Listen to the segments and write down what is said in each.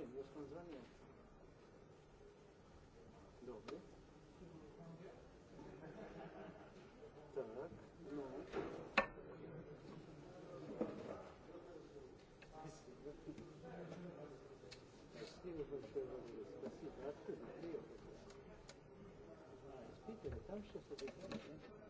wiem, już pan dzwonił. Dobry. Tak, no. Спасибо большое вам, спасибо. Откуда приехали? А, из Питера, там сейчас объяснили, да?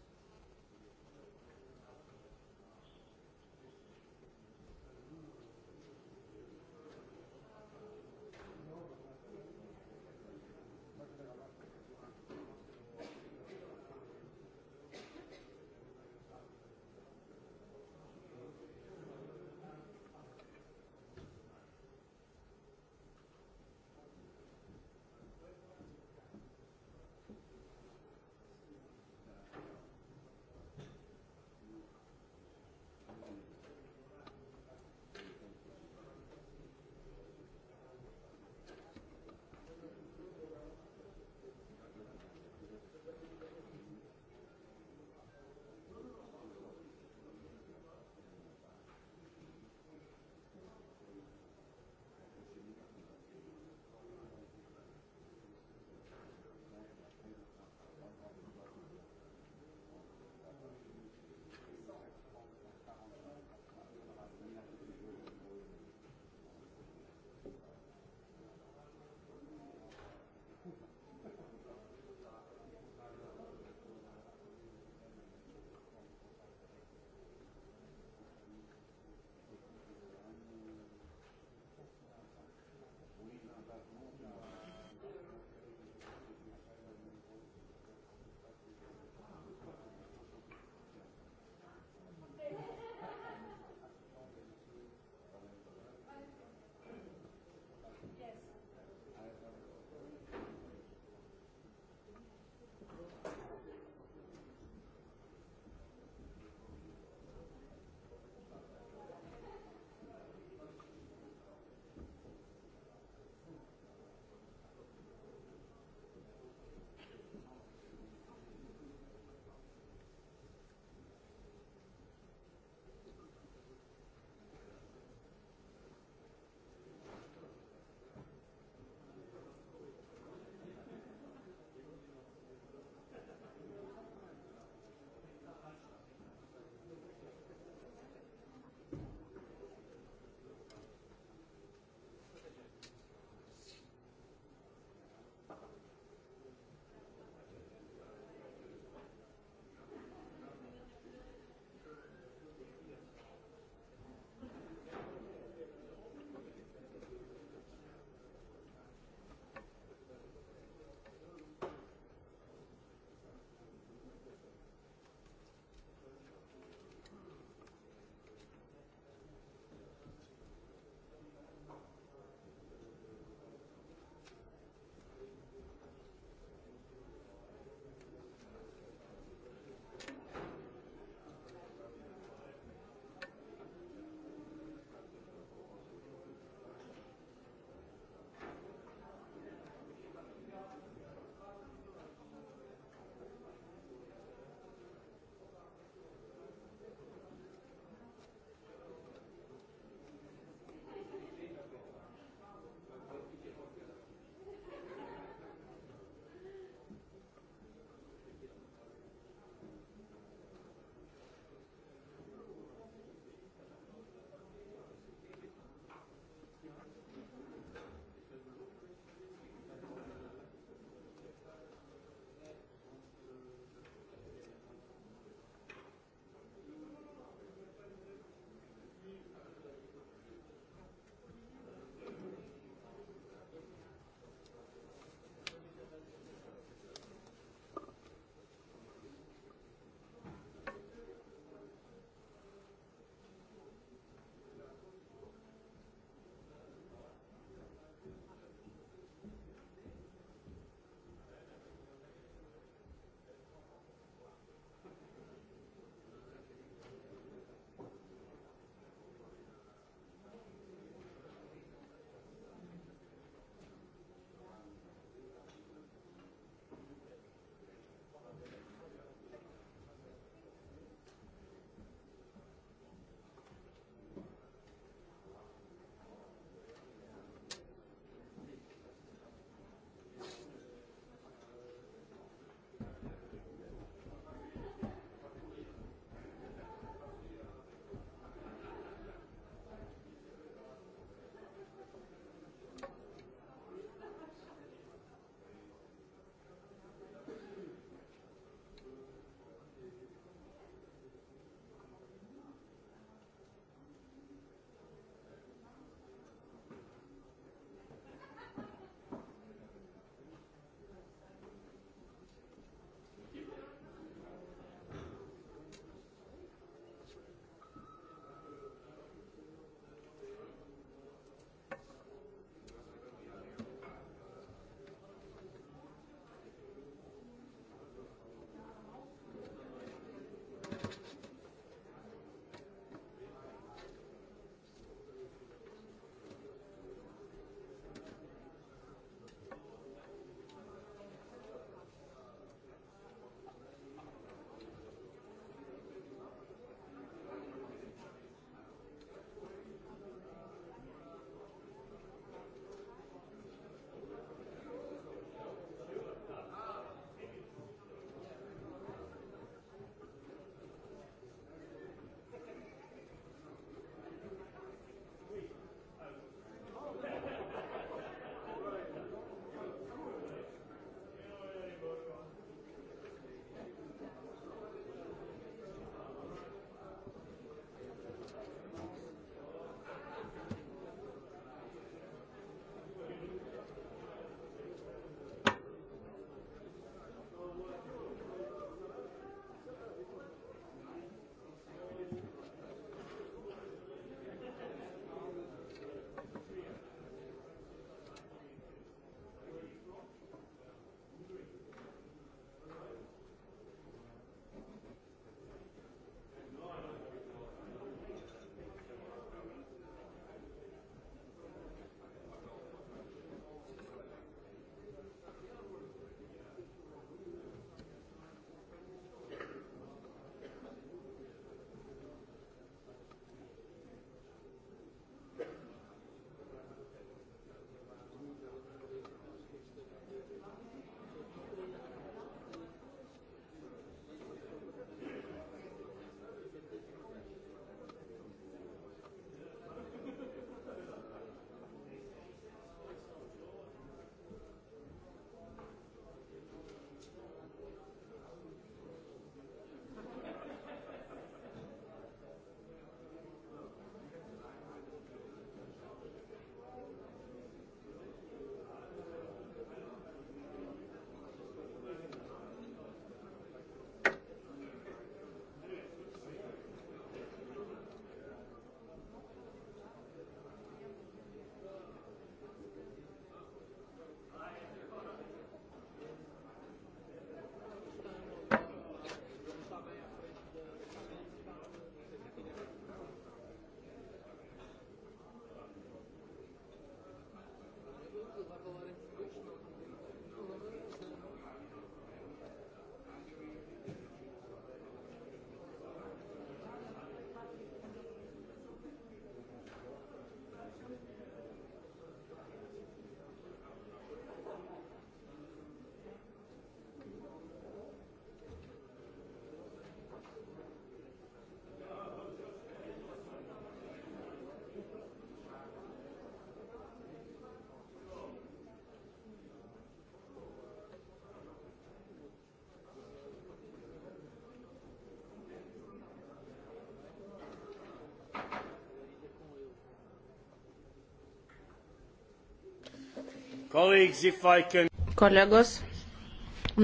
Kolegos,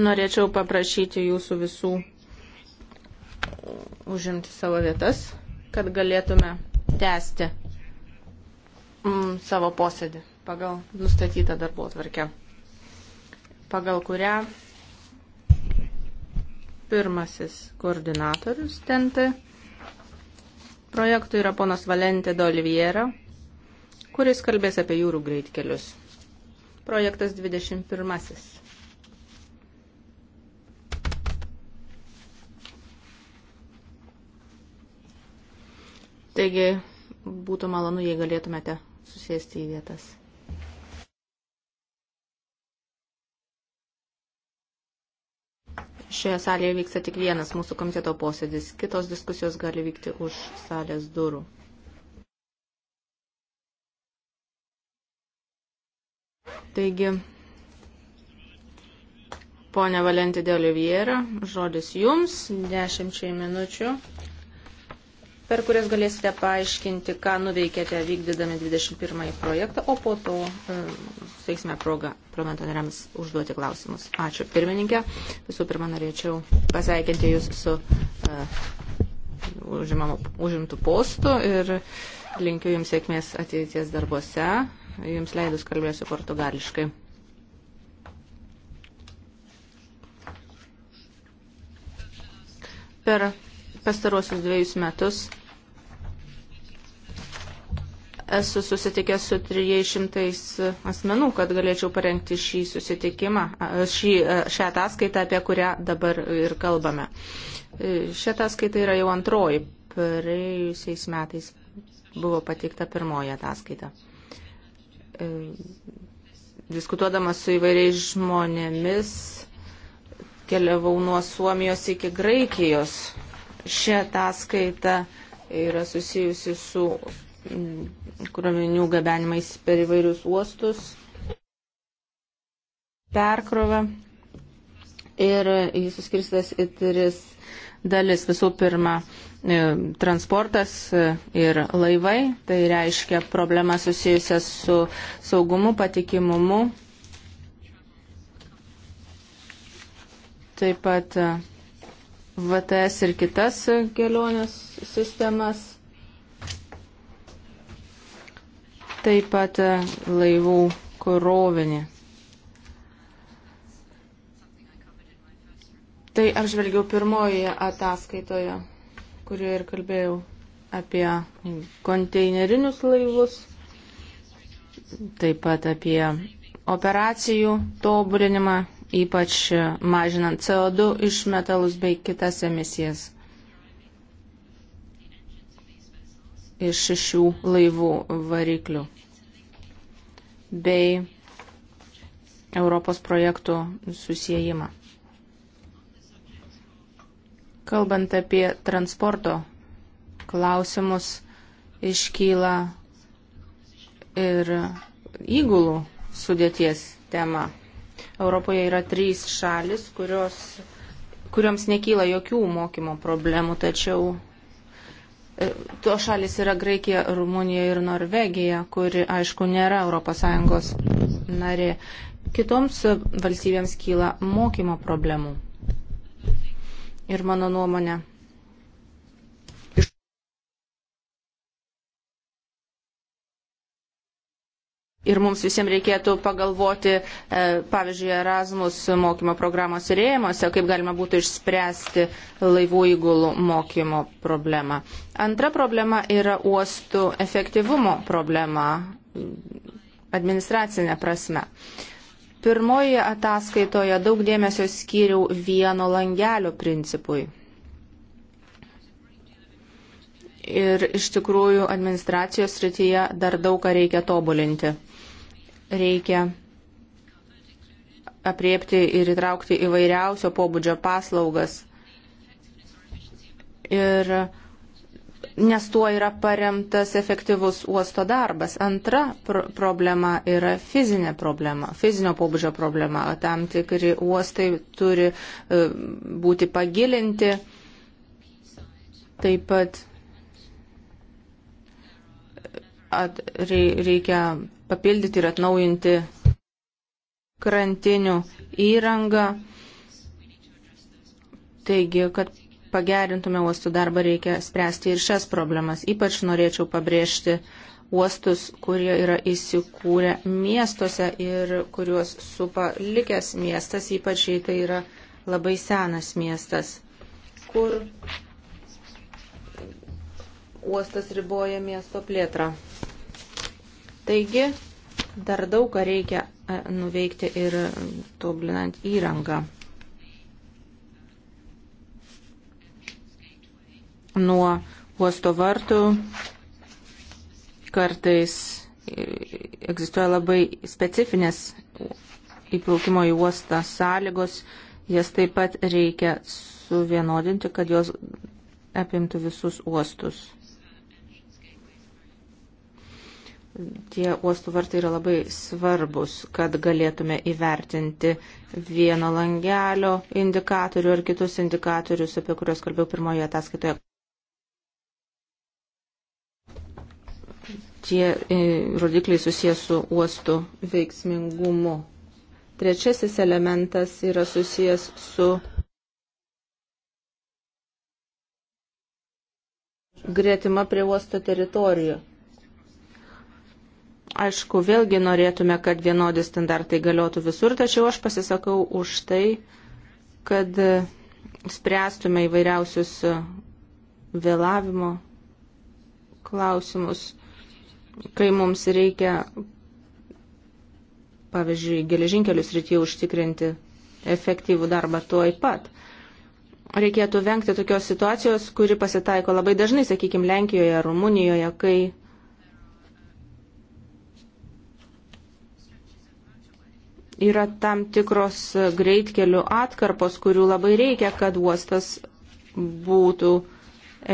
norėčiau paprašyti jūsų visų užimti savo vietas, kad galėtume tęsti mm, savo posėdį pagal nustatytą darbo tvarkę, pagal kurią pirmasis koordinatorius tentai projektų yra ponas Valentė Doliviera, kuris kalbės apie jūrų greitkelius. Projektas 21. Taigi būtų malonu, jei galėtumėte susėsti į vietas. Šioje salėje vyksta tik vienas mūsų komiteto posėdis. Kitos diskusijos gali vykti už salės durų. Taigi, ponė Valentė de Oliviera, žodis jums, dešimčiai minučių, per kurias galėsite paaiškinti, ką nuveikėte vykdydami 21 projektą, o po to e, sveiksime progą parlamentarėms užduoti klausimus. Ačiū, pirmininkė. Visų pirma, norėčiau pasveikinti jūs su uh, e, užimamu, užimtų postu ir uh, Linkiu Jums sėkmės ateities darbuose. Jums leidus kalbėsiu portugališkai. Per pastarosius dviejus metus esu susitikęs su 300 asmenų, kad galėčiau parengti šį susitikimą, šį, šią ataskaitą, apie kurią dabar ir kalbame. Šią ataskaitą yra jau antroji. Praėjusiais metais buvo pateikta pirmoji ataskaita. E, diskutuodamas su įvairiais žmonėmis, keliavau nuo Suomijos iki Graikijos. Ši ataskaita yra susijusi su mm, krovinių gabenimais per įvairius uostus, perkrovę. Ir jis suskirstas į tris dalis. Visų pirma, E, transportas e, ir laivai, tai reiškia problemas susijusias su saugumu, patikimumu. Taip pat e, VTS ir kitas kelionės sistemas. Taip pat laivų krovinį. Tai apžvelgiau pirmojoje ataskaitoje kurioje ir kalbėjau apie konteinerinius laivus, taip pat apie operacijų tobulinimą, ypač mažinant CO2 iš metalus bei kitas emisijas iš šių laivų variklių bei Europos projektų susijimą. Kalbant apie transporto klausimus, iškyla ir įgulų sudėties tema. Europoje yra trys šalis, kurios, kurioms nekyla jokių mokymo problemų, tačiau e, to šalis yra Graikija, Rumunija ir Norvegija, kuri, aišku, nėra ES narė. Kitoms valstybėms kyla mokymo problemų ir mano nuomonė. Iš... Ir mums visiems reikėtų pagalvoti, e, pavyzdžiui, Erasmus mokymo programos rėmose, kaip galima būtų išspręsti laivų įgulų mokymo problemą. Antra problema yra uostų efektyvumo problema administracinė prasme. Uh, Pirmoje ataskaitoje daug dėmesio skyriau vieno langelio principui. Ir iš tikrųjų administracijos srityje dar daug ką reikia tobulinti. Reikia apriepti ir įtraukti įvairiausio pobūdžio paslaugas. Ir nes tuo yra paremtas efektyvus uosto darbas. Antra pr problema yra fizinė problema, fizinio pobūdžio problema. Tam tikri uostai turi e, būti pagilinti. Taip pat e, at, reikia papildyti ir atnaujinti krantinių įrangą. Taigi, kad pagerintume uostų darbą, reikia spręsti ir šias problemas. Ypač norėčiau pabrėžti uostus, kurie yra įsikūrę miestuose ir kuriuos supa likęs miestas, ypač jei tai yra labai senas miestas, kur uostas riboja miesto plėtrą. Taigi, dar daug ką reikia e, nuveikti ir tobulinant įrangą. nuo uosto vartų. Kartais egzistuoja labai specifinės įplaukimo į uostą sąlygos. Jas taip pat reikia suvienodinti, kad jos apimtų visus uostus. tie uostų vartai yra labai svarbus, kad galėtume įvertinti vieno langelio indikatorių ar kitus indikatorius, apie kuriuos kalbėjau pirmoje ataskaitoje. tie e, rodikliai susijęs su uostų veiksmingumu. Trečiasis elementas yra susijęs su gretima prie uosto teritorijų. Aišku, vėlgi norėtume, kad vienodi standartai galiotų visur, tačiau aš pasisakau už tai, kad spręstume įvairiausius vėlavimo klausimus kai mums reikia, pavyzdžiui, geležinkelius rytyje užtikrinti efektyvų darbą tuoj pat. Reikėtų vengti tokios situacijos, kuri pasitaiko labai dažnai, sakykime, Lenkijoje, Rumunijoje, kai yra tam tikros greitkelių atkarpos, kurių labai reikia, kad uostas būtų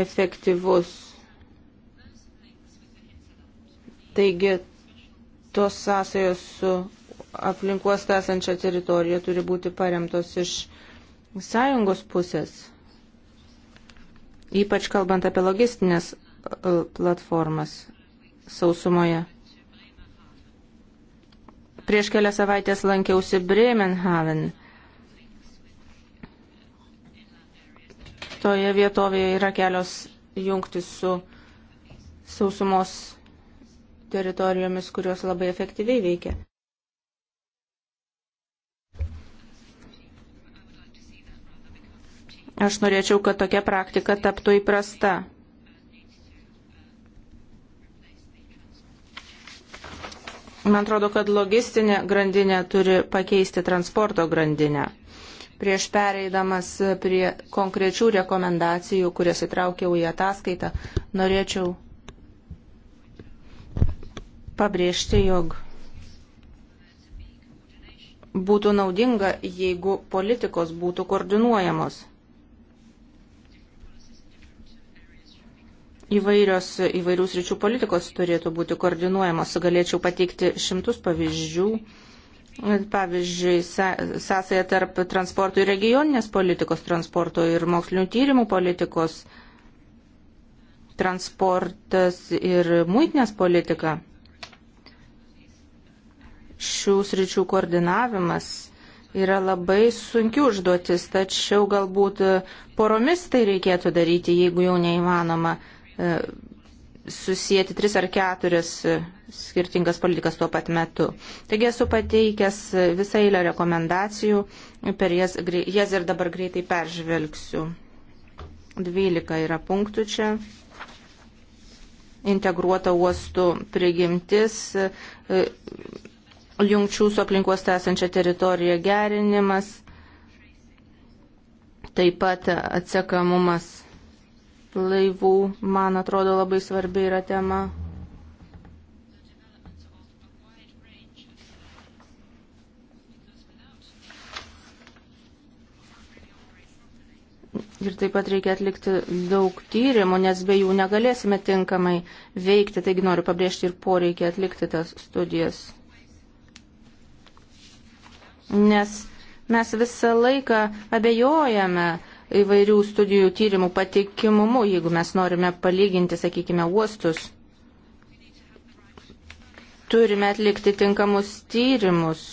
efektyvus. Taigi tos sąsajos su aplinkos esančia teritorija turi būti paremtos iš sąjungos pusės, ypač kalbant apie logistinės e, platformas sausumoje. Prieš kelias savaitės lankiausi Bremenhaven. Toje vietovėje yra kelios jungtis su sausumos teritorijomis, kurios labai efektyviai veikia. Aš norėčiau, kad tokia praktika taptų įprasta. Man atrodo, kad logistinė grandinė turi pakeisti transporto grandinę. Prieš pereidamas prie konkrečių rekomendacijų, kurias įtraukiau į ataskaitą, norėčiau pabrėžti, jog būtų naudinga, jeigu politikos būtų koordinuojamos. Įvairios, įvairių sričių politikos turėtų būti koordinuojamos. Galėčiau pateikti šimtus pavyzdžių. Pavyzdžiui, sąsaja tarp transporto ir regioninės politikos, transporto ir mokslinių tyrimų politikos, transportas ir muitinės politika šių sričių koordinavimas yra labai sunki užduotis, tačiau galbūt poromis tai reikėtų daryti, jeigu jau neįmanoma e, susijęti tris ar keturias e, skirtingas politikas tuo pat metu. Taigi esu pateikęs e, visą eilę rekomendacijų, per jas, jas ir dabar greitai peržvelgsiu. 12 yra punktų čia integruota uostų prigimtis, jungčių su aplinkos esančia teritorija gerinimas, taip pat atsekamumas laivų, man atrodo, labai svarbi yra tema. Ir taip pat reikia atlikti daug tyrimų, nes be jų negalėsime tinkamai veikti, taigi noriu pabrėžti ir poreikį atlikti tas studijas nes mes visą laiką abejojame įvairių studijų tyrimų patikimumu, jeigu mes norime palyginti, sakykime, uostus. Turime atlikti tinkamus tyrimus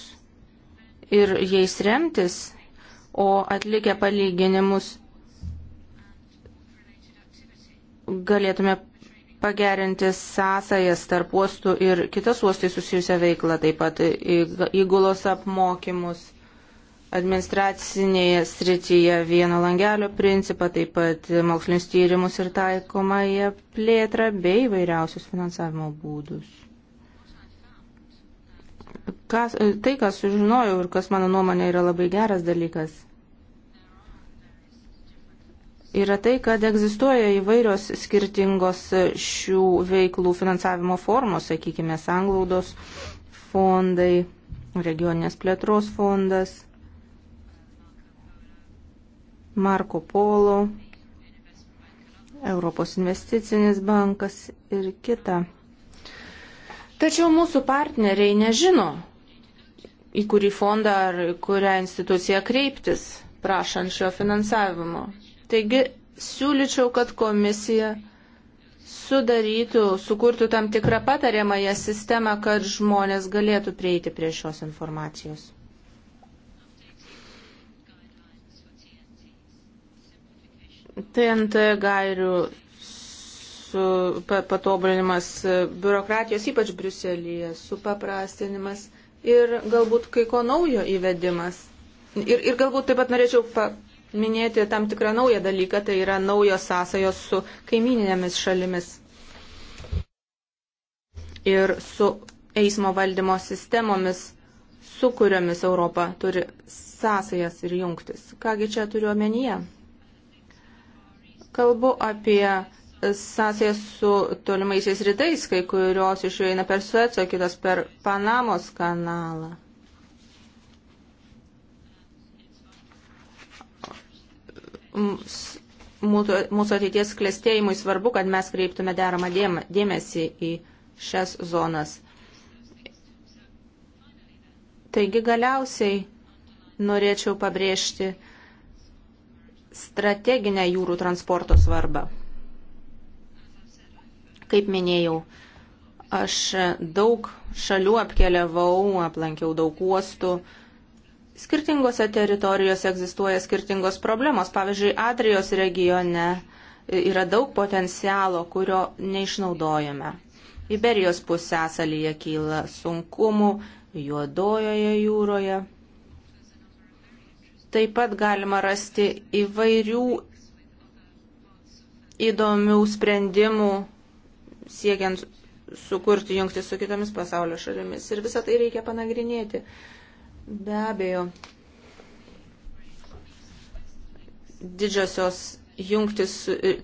ir jais remtis, o atlikę palyginimus galėtume pagerinti sąsajas tarp uostų ir kitas uostai susijusią veiklą, taip pat įgulos apmokymus administracinėje srityje vieno langelio principą, taip pat mokslinius tyrimus ir taikomąją plėtrą bei vairiausius finansavimo būdus. Kas, tai, kas sužinojau ir kas mano nuomonė yra labai geras dalykas, yra tai, kad egzistuoja įvairios skirtingos šių veiklų finansavimo formos, sakykime, sanglaudos fondai, regioninės plėtros fondas, Marko Polo, Europos investicinis bankas ir kita. Tačiau mūsų partneriai nežino, į kurį fondą ar kurią instituciją kreiptis, prašant šio finansavimo. Taigi siūlyčiau, kad komisija sudarytų, sukurtų tam tikrą patariamąją sistemą, kad žmonės galėtų prieiti prie šios informacijos. TNT gairių su patobulinimas e, biurokratijos, ypač Briuselyje, supaprastinimas ir galbūt kai ko naujo įvedimas. Ir, ir galbūt taip pat norėčiau pa minėti tam tikrą naują dalyką, tai yra naujos sąsajos su kaimininėmis šalimis ir su eismo valdymo sistemomis, su kuriomis Europa turi sąsajas ir jungtis. Kągi čia turiu omenyje? Kalbu apie sąsajas su tolimaisiais rytais, kai kurios iš jų eina per Sueco, kitos per Panamos kanalą. mūsų ateities klėstėjimui svarbu, kad mes kreiptume deramą dėmesį į šias zonas. Taigi galiausiai norėčiau pabrėžti strateginę jūrų transporto svarbą. Kaip minėjau, aš daug šalių apkeliavau, aplankiau daug uostų, Skirtingose teritorijose egzistuoja skirtingos problemos. Pavyzdžiui, Adrijos regione yra daug potencialo, kurio neišnaudojame. Iberijos pusėsalyje kyla sunkumų, juodojoje jūroje. Taip pat galima rasti įvairių įdomių sprendimų siekiant sukurti jungti su kitomis pasaulio šalimis. Ir visą tai reikia panagrinėti. Be abejo, didžiosios jungtis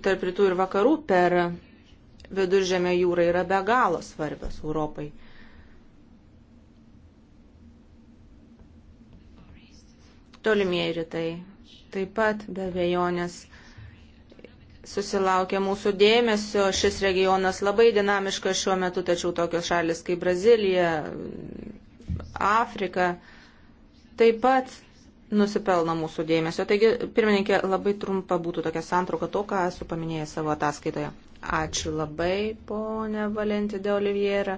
tarp rytų ir vakarų per viduržėmio jūrą yra be galo svarbios Europai. Tolimieji rytai taip pat be vėjonės susilaukia mūsų dėmesio. Šis regionas labai dinamiškas šiuo metu, tačiau tokios šalis kaip Brazilija, Afrika, taip pat nusipelno mūsų dėmesio. Taigi, pirmininkė, labai trumpa būtų tokia santrauka to, ką esu paminėjęs savo ataskaitoje. Ačiū labai, ponė Valentė de Oliviera.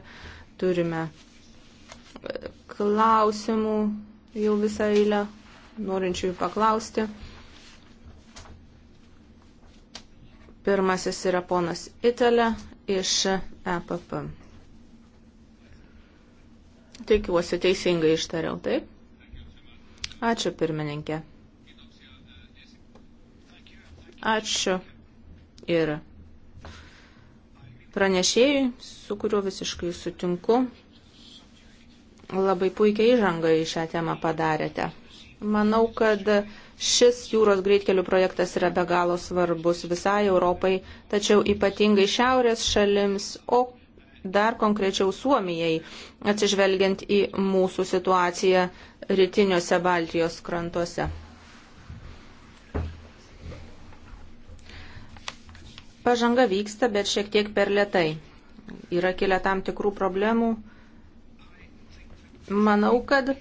Turime e, klausimų jau visą eilę, norinčių jų paklausti. Pirmasis yra ponas Italė iš EPP. Tikiuosi, teisingai ištariau, taip? Ačiū pirmininkė. Ačiū ir pranešėjui, su kuriuo visiškai sutinku. Labai puikiai įžangą į šią temą padarėte. Manau, kad šis jūros greitkelių projektas yra be galo svarbus visai Europai, tačiau ypatingai šiaurės šalims, o dar konkrečiau Suomijai, atsižvelgiant į mūsų situaciją rytiniuose Baltijos krantuose. Pažanga vyksta, bet šiek tiek per lietai. Yra kilę tam tikrų problemų. Manau, kad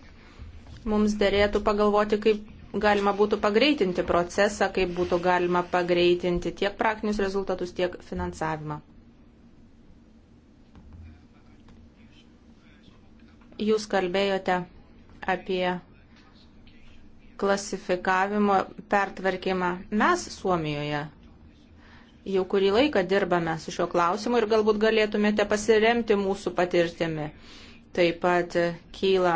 mums dėrėtų pagalvoti, kaip galima būtų pagreitinti procesą, kaip būtų galima pagreitinti tiek praktinius rezultatus, tiek finansavimą. Jūs kalbėjote apie klasifikavimo pertvarkymą. Mes Suomijoje jau kurį laiką dirbame su šiuo klausimu ir galbūt galėtumėte pasiremti mūsų patirtimi. Taip pat kyla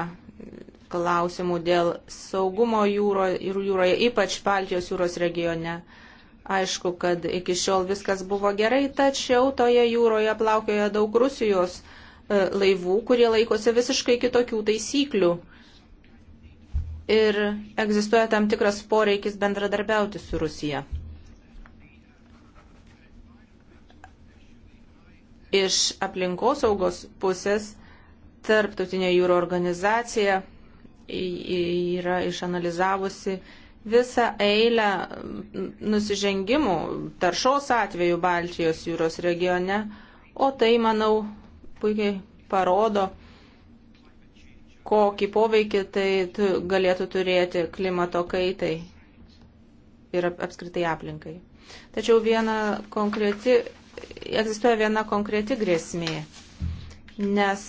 klausimų dėl saugumo jūro, jūroje, ypač Baltijos jūros regione. Aišku, kad iki šiol viskas buvo gerai, tačiau toje jūroje plaukioja daug Rusijos E, laivų, kurie laikosi visiškai kitokių taisyklių. Ir egzistuoja tam tikras poreikis bendradarbiauti su Rusija. Iš aplinkosaugos pusės Tarptautinė jūro organizacija yra išanalizavusi visą eilę nusižengimų taršos atveju Baltijos jūros regione, o tai, manau, puikiai parodo, kokį poveikį tai galėtų turėti klimato kaitai ir apskritai aplinkai. Tačiau viena konkreti, egzistuoja viena konkreti grėsmė, nes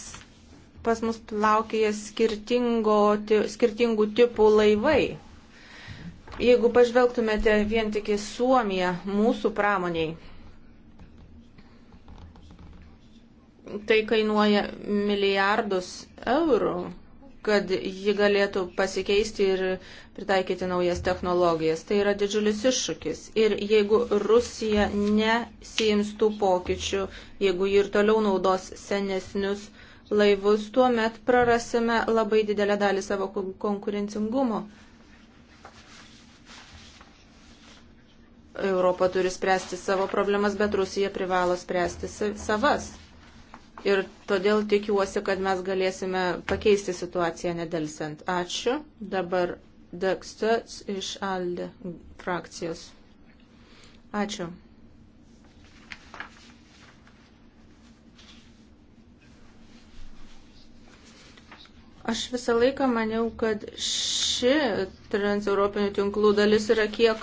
pas mus plaukėja skirtingų tipų laivai. Jeigu pažvelgtumėte vien tik į Suomiją, mūsų pramoniai, tai kainuoja milijardus eurų, kad ji galėtų pasikeisti ir pritaikyti naujas technologijas. Tai yra didžiulis iššūkis. Ir jeigu Rusija nesijims tų pokyčių, jeigu ji ir toliau naudos senesnius laivus, tuomet prarasime labai didelę dalį savo konkurencingumo. Europa turi spręsti savo problemas, bet Rusija privalo spręsti savas ir todėl tikiuosi, kad mes galėsime pakeisti situaciją nedelsiant. Ačiū. Dabar Dakstas iš Alde frakcijos. Ačiū. Aš visą laiką maniau, kad ši transeuropinių tinklų dalis yra kiek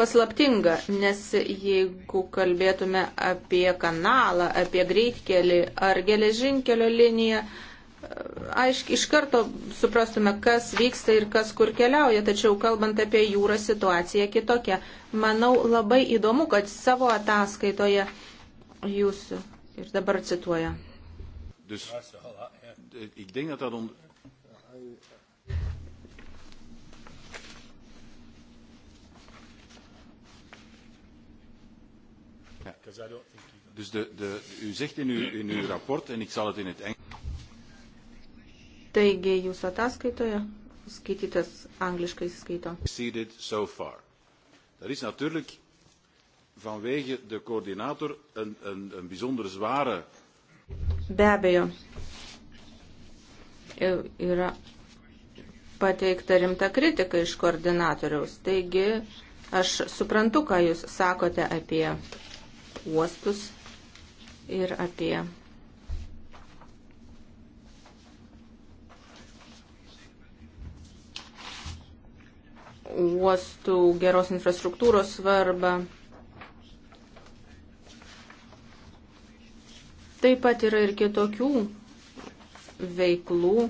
paslaptinga, nes jeigu kalbėtume apie kanalą, apie greitkelį ar geležinkelio liniją, aiškiai iš karto suprastume, kas vyksta ir kas kur keliauja, tačiau kalbant apie jūrą situacija kitokia. Manau labai įdomu, kad savo ataskaitoje jūs ir dabar cituoja. Dus, ik denk dat dat om because I don't think you... Dus de, de, u zegt in uw, in uw rapport, en ik zal het in het Engels... Taigi, jūsų ataskaitoje skaitytas angliškai skaito. ...proceeded so far. Dat er is natuurlijk vanwege de coördinator een, een, een bijzonder zware... Be abejo, e, yra pateikta rimta kritika iš koordinatoriaus. Taigi, aš suprantu, ką jūs sakote apie uostus ir apie uostų geros infrastruktūros svarbą. Taip pat yra ir kitokių veiklų,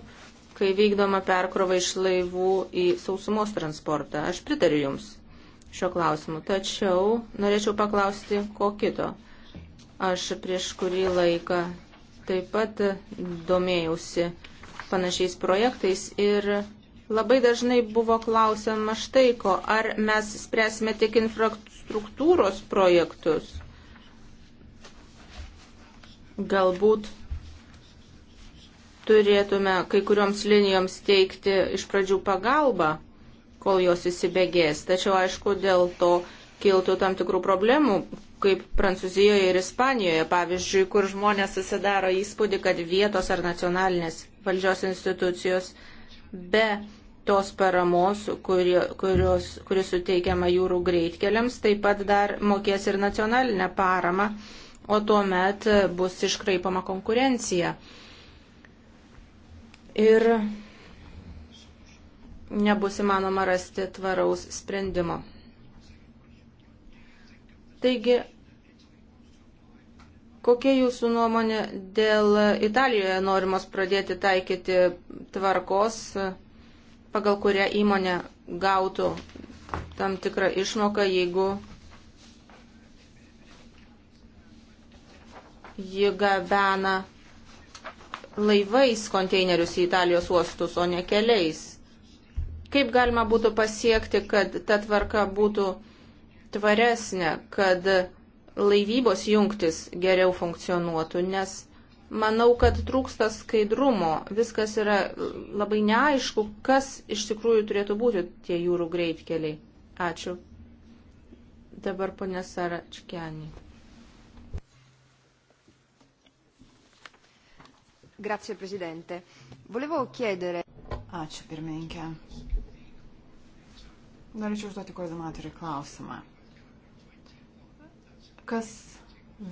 kai vykdoma perkrova iš laivų į sausumos transportą. Aš pritariu Jums šio klausimu. Tačiau norėčiau paklausti ko kito. Aš prieš kurį laiką taip pat domėjausi panašiais projektais ir labai dažnai buvo klausiama štai ko, ar mes spręsime tik infrastruktūros projektus. Galbūt turėtume kai kurioms linijoms teikti iš pradžių pagalbą kol jos įsibėgės. Tačiau, aišku, dėl to kiltų tam tikrų problemų, kaip Prancūzijoje ir Ispanijoje, pavyzdžiui, kur žmonės susidaro įspūdį, kad vietos ar nacionalinės valdžios institucijos be tos paramos, kuri, kurios, kuris suteikiama jūrų greitkeliams, taip pat dar mokės ir nacionalinę paramą, o tuo met bus iškraipama konkurencija. Ir nebus įmanoma rasti tvaraus sprendimo. Taigi, kokia jūsų nuomonė dėl Italijoje norimos pradėti taikyti tvarkos, pagal kurią įmonė gautų tam tikrą išmoką, jeigu ji gabena laivais konteinerius į Italijos uostus, o ne keliais? Kaip galima būtų pasiekti, kad ta tvarka būtų tvaresnė, kad laivybos jungtis geriau funkcionuotų, nes manau, kad trūksta skaidrumo, viskas yra labai neaišku, kas iš tikrųjų turėtų būti tie jūrų greitkeliai. Ačiū. Dabar ponė Sara Čkianį. Grazie, prezidente. Volevo chiedere. Ačiū, pirmininkė. Norėčiau užduoti koordinatoriui klausimą. Kas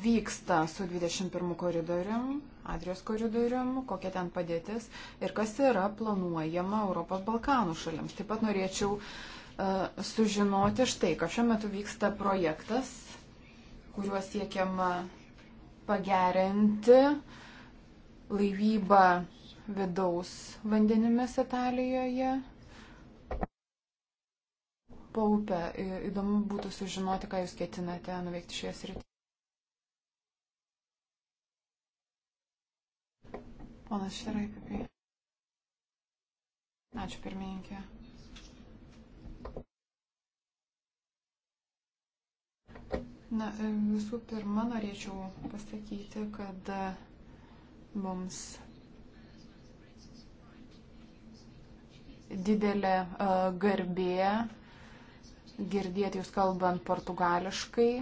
vyksta su 21 koridorium, Adrijos koridorium, kokia ten padėtis ir kas yra planuojama Europos Balkanų šalims. Taip pat norėčiau uh, sužinoti štai, kad šiuo metu vyksta projektas, kuriuo siekiama pagerinti laivybą vidaus vandenimis Italijoje kaupia. Įdomu būtų sužinoti, ką jūs ketinate nuveikti šioje srityje. Ponas Širaipipiai. Ačiū pirmininkė. Na, e, visų pirma, norėčiau pasakyti, kad e, mums didelė e, garbė girdėti jūs kalbant portugališkai,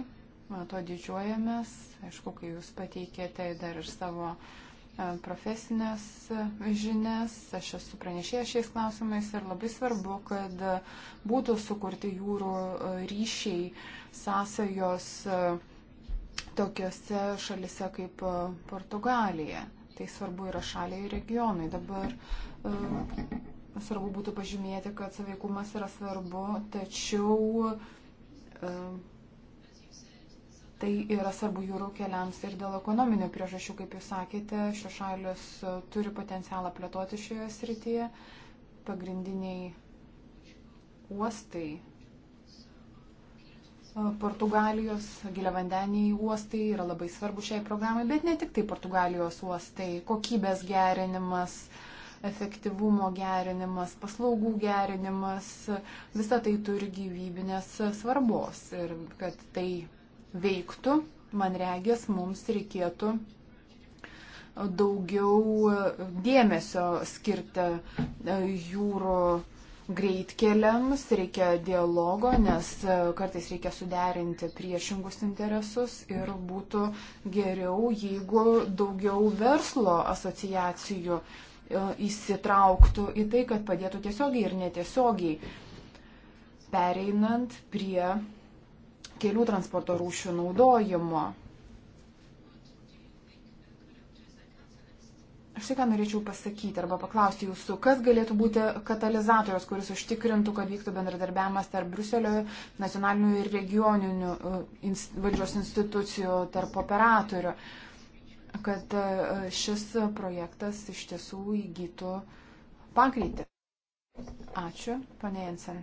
to didžiuojamės. Aišku, kai jūs pateikėte dar ir savo e, profesinės e, žinias, aš esu pranešėję šiais klausimais ir labai svarbu, kad būtų sukurti jūrų e, ryšiai, sąsajos tokiuose šalise kaip Portugalija. Tai svarbu yra šaliai ir regionui. Dabar Svarbu būtų pažymėti, kad saveikumas yra svarbu, tačiau e, tai yra svarbu jūrų keliams ir dėl ekonominių priežasčių, kaip jūs sakėte, šios šalis turi potencialą plėtoti šioje srityje. Pagrindiniai uostai e, Portugalijos giliavandeniai uostai yra labai svarbu šiai programai, bet ne tik tai Portugalijos uostai, kokybės gerinimas, uh, efektyvumo gerinimas, paslaugų gerinimas, visa tai turi gyvybinės svarbos. Ir kad tai veiktų, man regės, mums reikėtų daugiau dėmesio skirti e, jūrų greitkeliams, reikia dialogo, nes e, kartais reikia suderinti priešingus interesus ir būtų geriau, jeigu daugiau verslo asociacijų E, įsitrauktų į tai, kad padėtų tiesiogiai ir netiesiogiai. Pereinant prie kelių transporto rūšių naudojimo. Aš tai ką norėčiau pasakyti arba paklausti jūsų, kas galėtų būti katalizatorius, kuris užtikrintų, kad vyktų bendradarbiavimas tarp Bruselio nacionalinių ir regioninių e, valdžios institucijų, tarp operatorių. Uh, kad e, šis projektas iš tiesų įgytų pagreitį. Ačiū, ponė Jensen.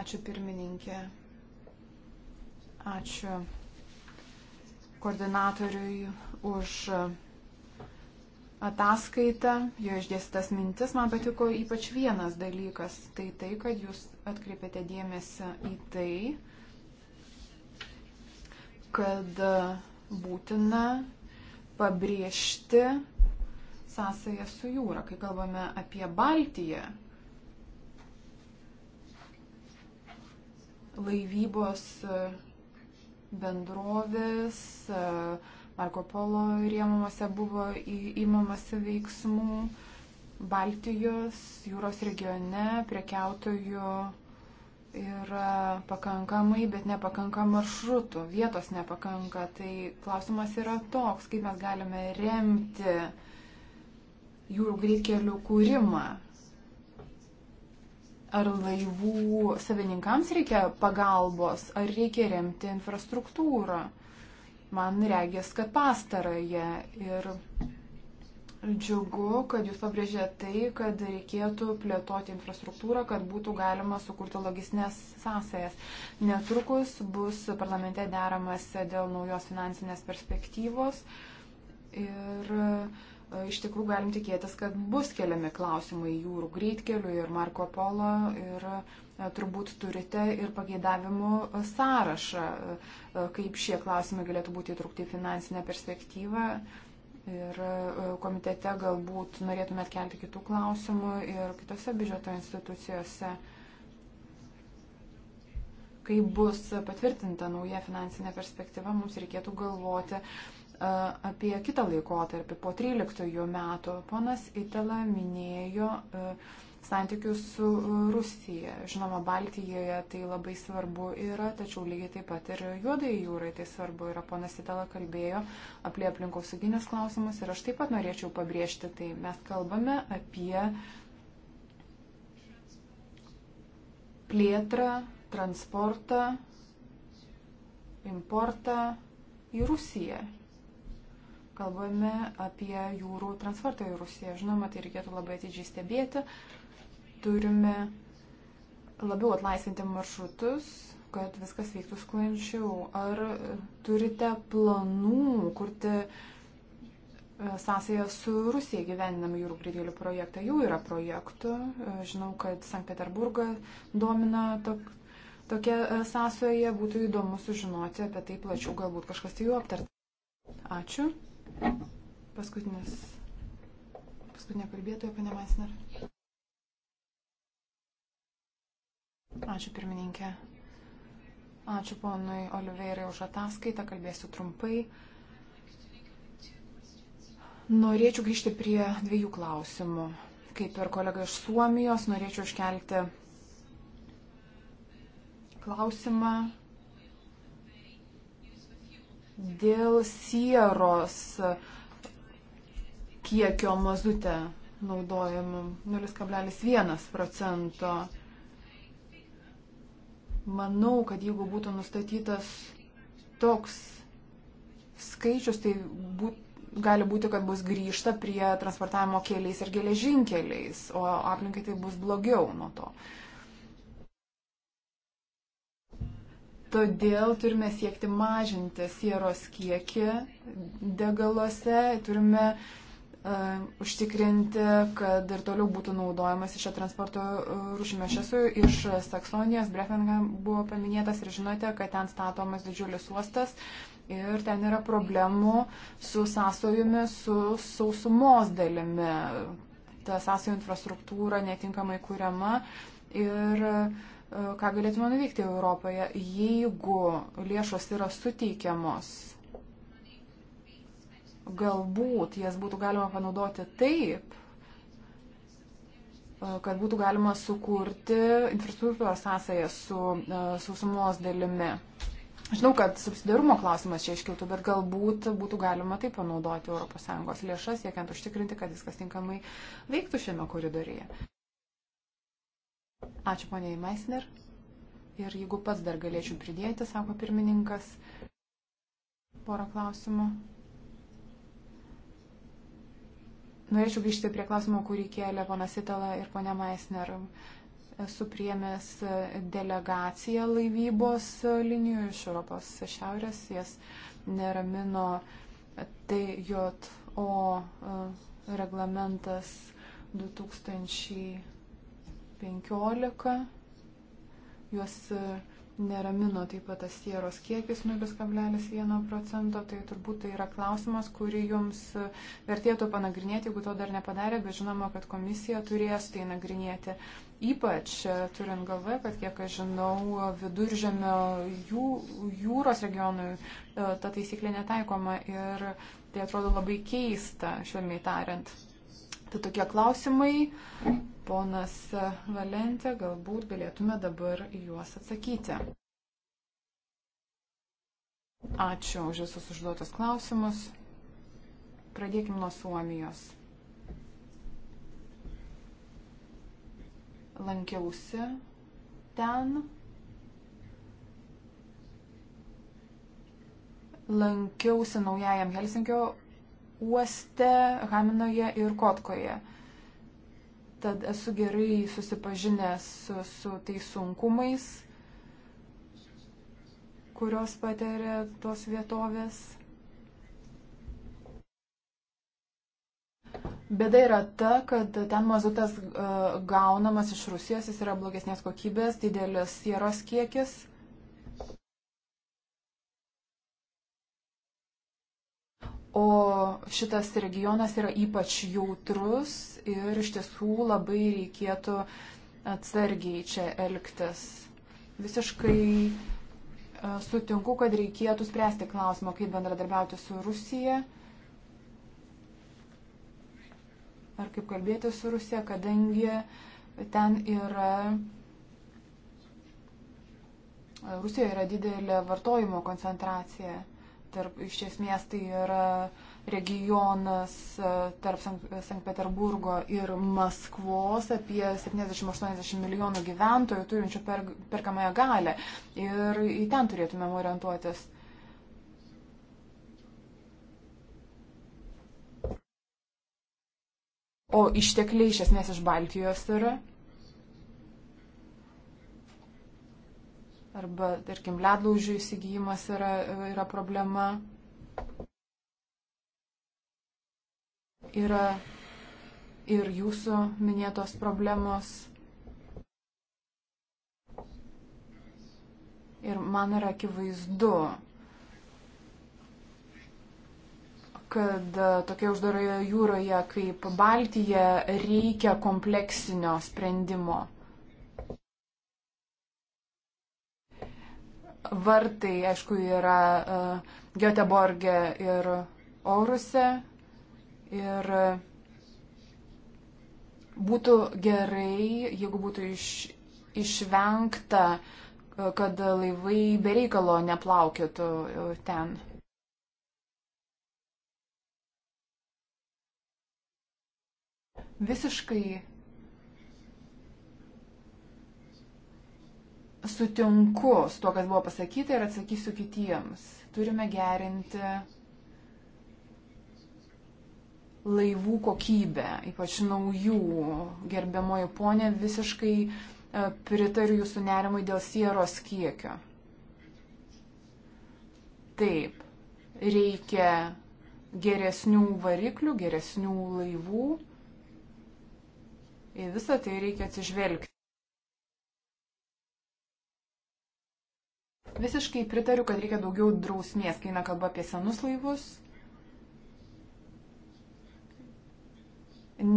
Ačiū pirmininkė. Ačiū koordinatoriui už ataskaitą, jo išdėstas mintis, man patiko ypač vienas dalykas. Tai tai, kad jūs atkreipėte dėmesį į tai, kad būtina pabrėžti sąsąją su jūra, kai kalbame apie Baltiją. Laivybos bendrovės, uh, Marko Polo rėmuose buvo įmamasi veiksmų. Baltijos jūros regione prekiautojų yra pakankamai, bet nepakanka maršrutų, vietos nepakanka. Tai klausimas yra toks, kaip mes galime remti jūrų greitkelių kūrimą. Ar laivų savininkams reikia pagalbos, ar reikia remti infrastruktūrą man regės, kad pastarąją. Ir džiugu, kad jūs pabrėžėte tai, kad reikėtų plėtoti infrastruktūrą, kad būtų galima sukurti logistinės sąsajas. Netrukus bus parlamente deramas dėl naujos finansinės perspektyvos. Ir uh, E, iš tikrųjų galim tikėtis, kad bus keliami klausimai jūrų greitkeliu ir Marko Polo ir e, turbūt turite ir pageidavimų sąrašą, e, kaip šie klausimai galėtų būti įtraukti į finansinę perspektyvą. Ir komitete galbūt norėtumėt kelti kitų klausimų ir kitose biudžeto institucijose, kai bus patvirtinta nauja finansinė perspektyva, mums reikėtų galvoti, uh, apie kitą laikotarpį po 13 metų. Ponas Itala minėjo santykius su Rusija. Žinoma, Baltijoje tai labai svarbu yra, tačiau lygiai taip pat ir Juodai jūrai tai svarbu yra. Ponas Itala kalbėjo apie aplinkosauginius klausimus ir aš taip pat norėčiau pabrėžti, tai mes kalbame apie plėtrą, transportą, importą į Rusiją kalbame apie jūrų transportą į Rusiją. Žinoma, tai reikėtų labai atidžiai stebėti. Turime labiau atlaisvinti maršrutus, kad viskas veiktų sklandžiau. Ar turite planų kurti e, sąsąją su Rusija gyveninam jūrų pridėlių projektą? Jau yra projektų. E, žinau, kad Sankt Peterburgą domina tok, tokia e, sąsoja. Būtų įdomu sužinoti apie tai plačiau, galbūt kažkas tai jau aptart. Ačiū. Paskutinis, paskutinė kalbėtoja, pane Masner. Ačiū pirmininkė. Ačiū ponui Oliveirai už ataskaitą, kalbėsiu trumpai. Norėčiau grįžti prie dviejų klausimų. Kaip ir kolega iš Suomijos, norėčiau iškelti klausimą dėl sieros kiekio mazute naudojimų 0,1 procento. Manau, kad jeigu būtų nustatytas toks skaičius, tai būt, gali būti, kad bus grįžta prie transportavimo keliais ir geležinkeliais, o aplinkai tai bus blogiau nuo to. Uh, Todėl turime siekti mažinti sieros kiekį degaluose, turime uh, užtikrinti, kad ir toliau būtų naudojamas šią transporto rūšimą. Aš esu iš Saksonijos, Brefenham buvo paminėtas ir žinote, kad ten statomas didžiulis uostas ir ten yra problemų su sąsojumi, su sausumos dalimi. Ta sąsojų infrastruktūra netinkamai kuriama ir uh, E, ką galėtume nuveikti Europoje, jeigu lėšos yra suteikiamos. Galbūt jas būtų galima panaudoti taip, e, kad būtų galima sukurti infrastruktūros sąsąją su e, sausumos dalimi. Žinau, kad subsidarumo klausimas čia iškiltų, bet galbūt būtų galima taip panaudoti ES lėšas, siekiant užtikrinti, kad viskas tinkamai veiktų šiame koridorėje. Ačiū poniai Meisner. Ir jeigu pats dar galėčiau pridėti, sako pirmininkas, porą klausimų. Norėčiau grįžti prie klausimo, kurį kėlė ponas Itala ir ponia Meisner. Esu priemęs delegaciją laivybos linijų iš Europos šiaurės. Jas neramino TJO e, reglamentas 2000. 15. Juos e, neramino taip pat tas sieros kiekis 0,1 procento. Tai turbūt tai yra klausimas, kurį jums e, vertėtų panagrinėti, jeigu to dar nepadarė, bet žinoma, kad komisija turės tai nagrinėti. Ypač e, turint galvoje, kad kiek aš žinau, viduržėmio jū, jūros regionui ta taisyklė netaikoma ir tai atrodo labai keista, švelniai tariant. Tai tokie klausimai ponas Valentė, galbūt galėtume dabar juos atsakyti. Ačiū už visus užduotus klausimus. Pradėkime nuo Suomijos. Lankiausi ten. Lankiausi naujajam Helsinkio uoste, Haminoje ir Kotkoje tad esu gerai susipažinęs su, su tais sunkumais, kurios patiria tos vietovės. Bėda yra ta, kad ten mazutas e, gaunamas iš Rusijos, jis yra blogesnės kokybės, didelis sieros kiekis. O šitas regionas yra ypač jautrus ir iš tiesų labai reikėtų atsargiai čia elgtis. Visiškai e, sutinku, kad reikėtų spręsti klausimą, kaip bendradarbiauti su Rusija ar kaip kalbėti su Rusija, kadangi ten yra. Rusijoje yra didelė vartojimo koncentracija tarp, iš esmės tai yra regionas e, tarp Sankt Peterburgo ir Maskvos apie 70-80 milijonų gyventojų turinčių per, perkamąją galę. Ir į ten turėtumėm orientuotis. O ištekliai iš esmės iš Baltijos yra. arba, tarkim, ledlaužių įsigijimas yra, yra problema. Yra ir jūsų minėtos problemos. Ir man yra akivaizdu, kad e, tokia uždaroje jūroje kaip Baltija reikia kompleksinio sprendimo. vartai, aišku, yra e, Göteborge ir Oruse. Ir būtų gerai, jeigu būtų iš, išvengta, e, kad laivai bereikalo neplaukėtų e, ten. Visiškai sutinku su to, kas buvo pasakyta ir atsakysiu kitiems. Turime gerinti laivų kokybę, ypač naujų. Gerbiamoji ponė, visiškai e, pritariu jūsų nerimui dėl sieros kiekio. Taip, reikia geresnių variklių, geresnių laivų. Į visą tai reikia atsižvelgti. Visiškai pritariu, kad reikia daugiau drausmės, kai eina kalba apie senus laivus.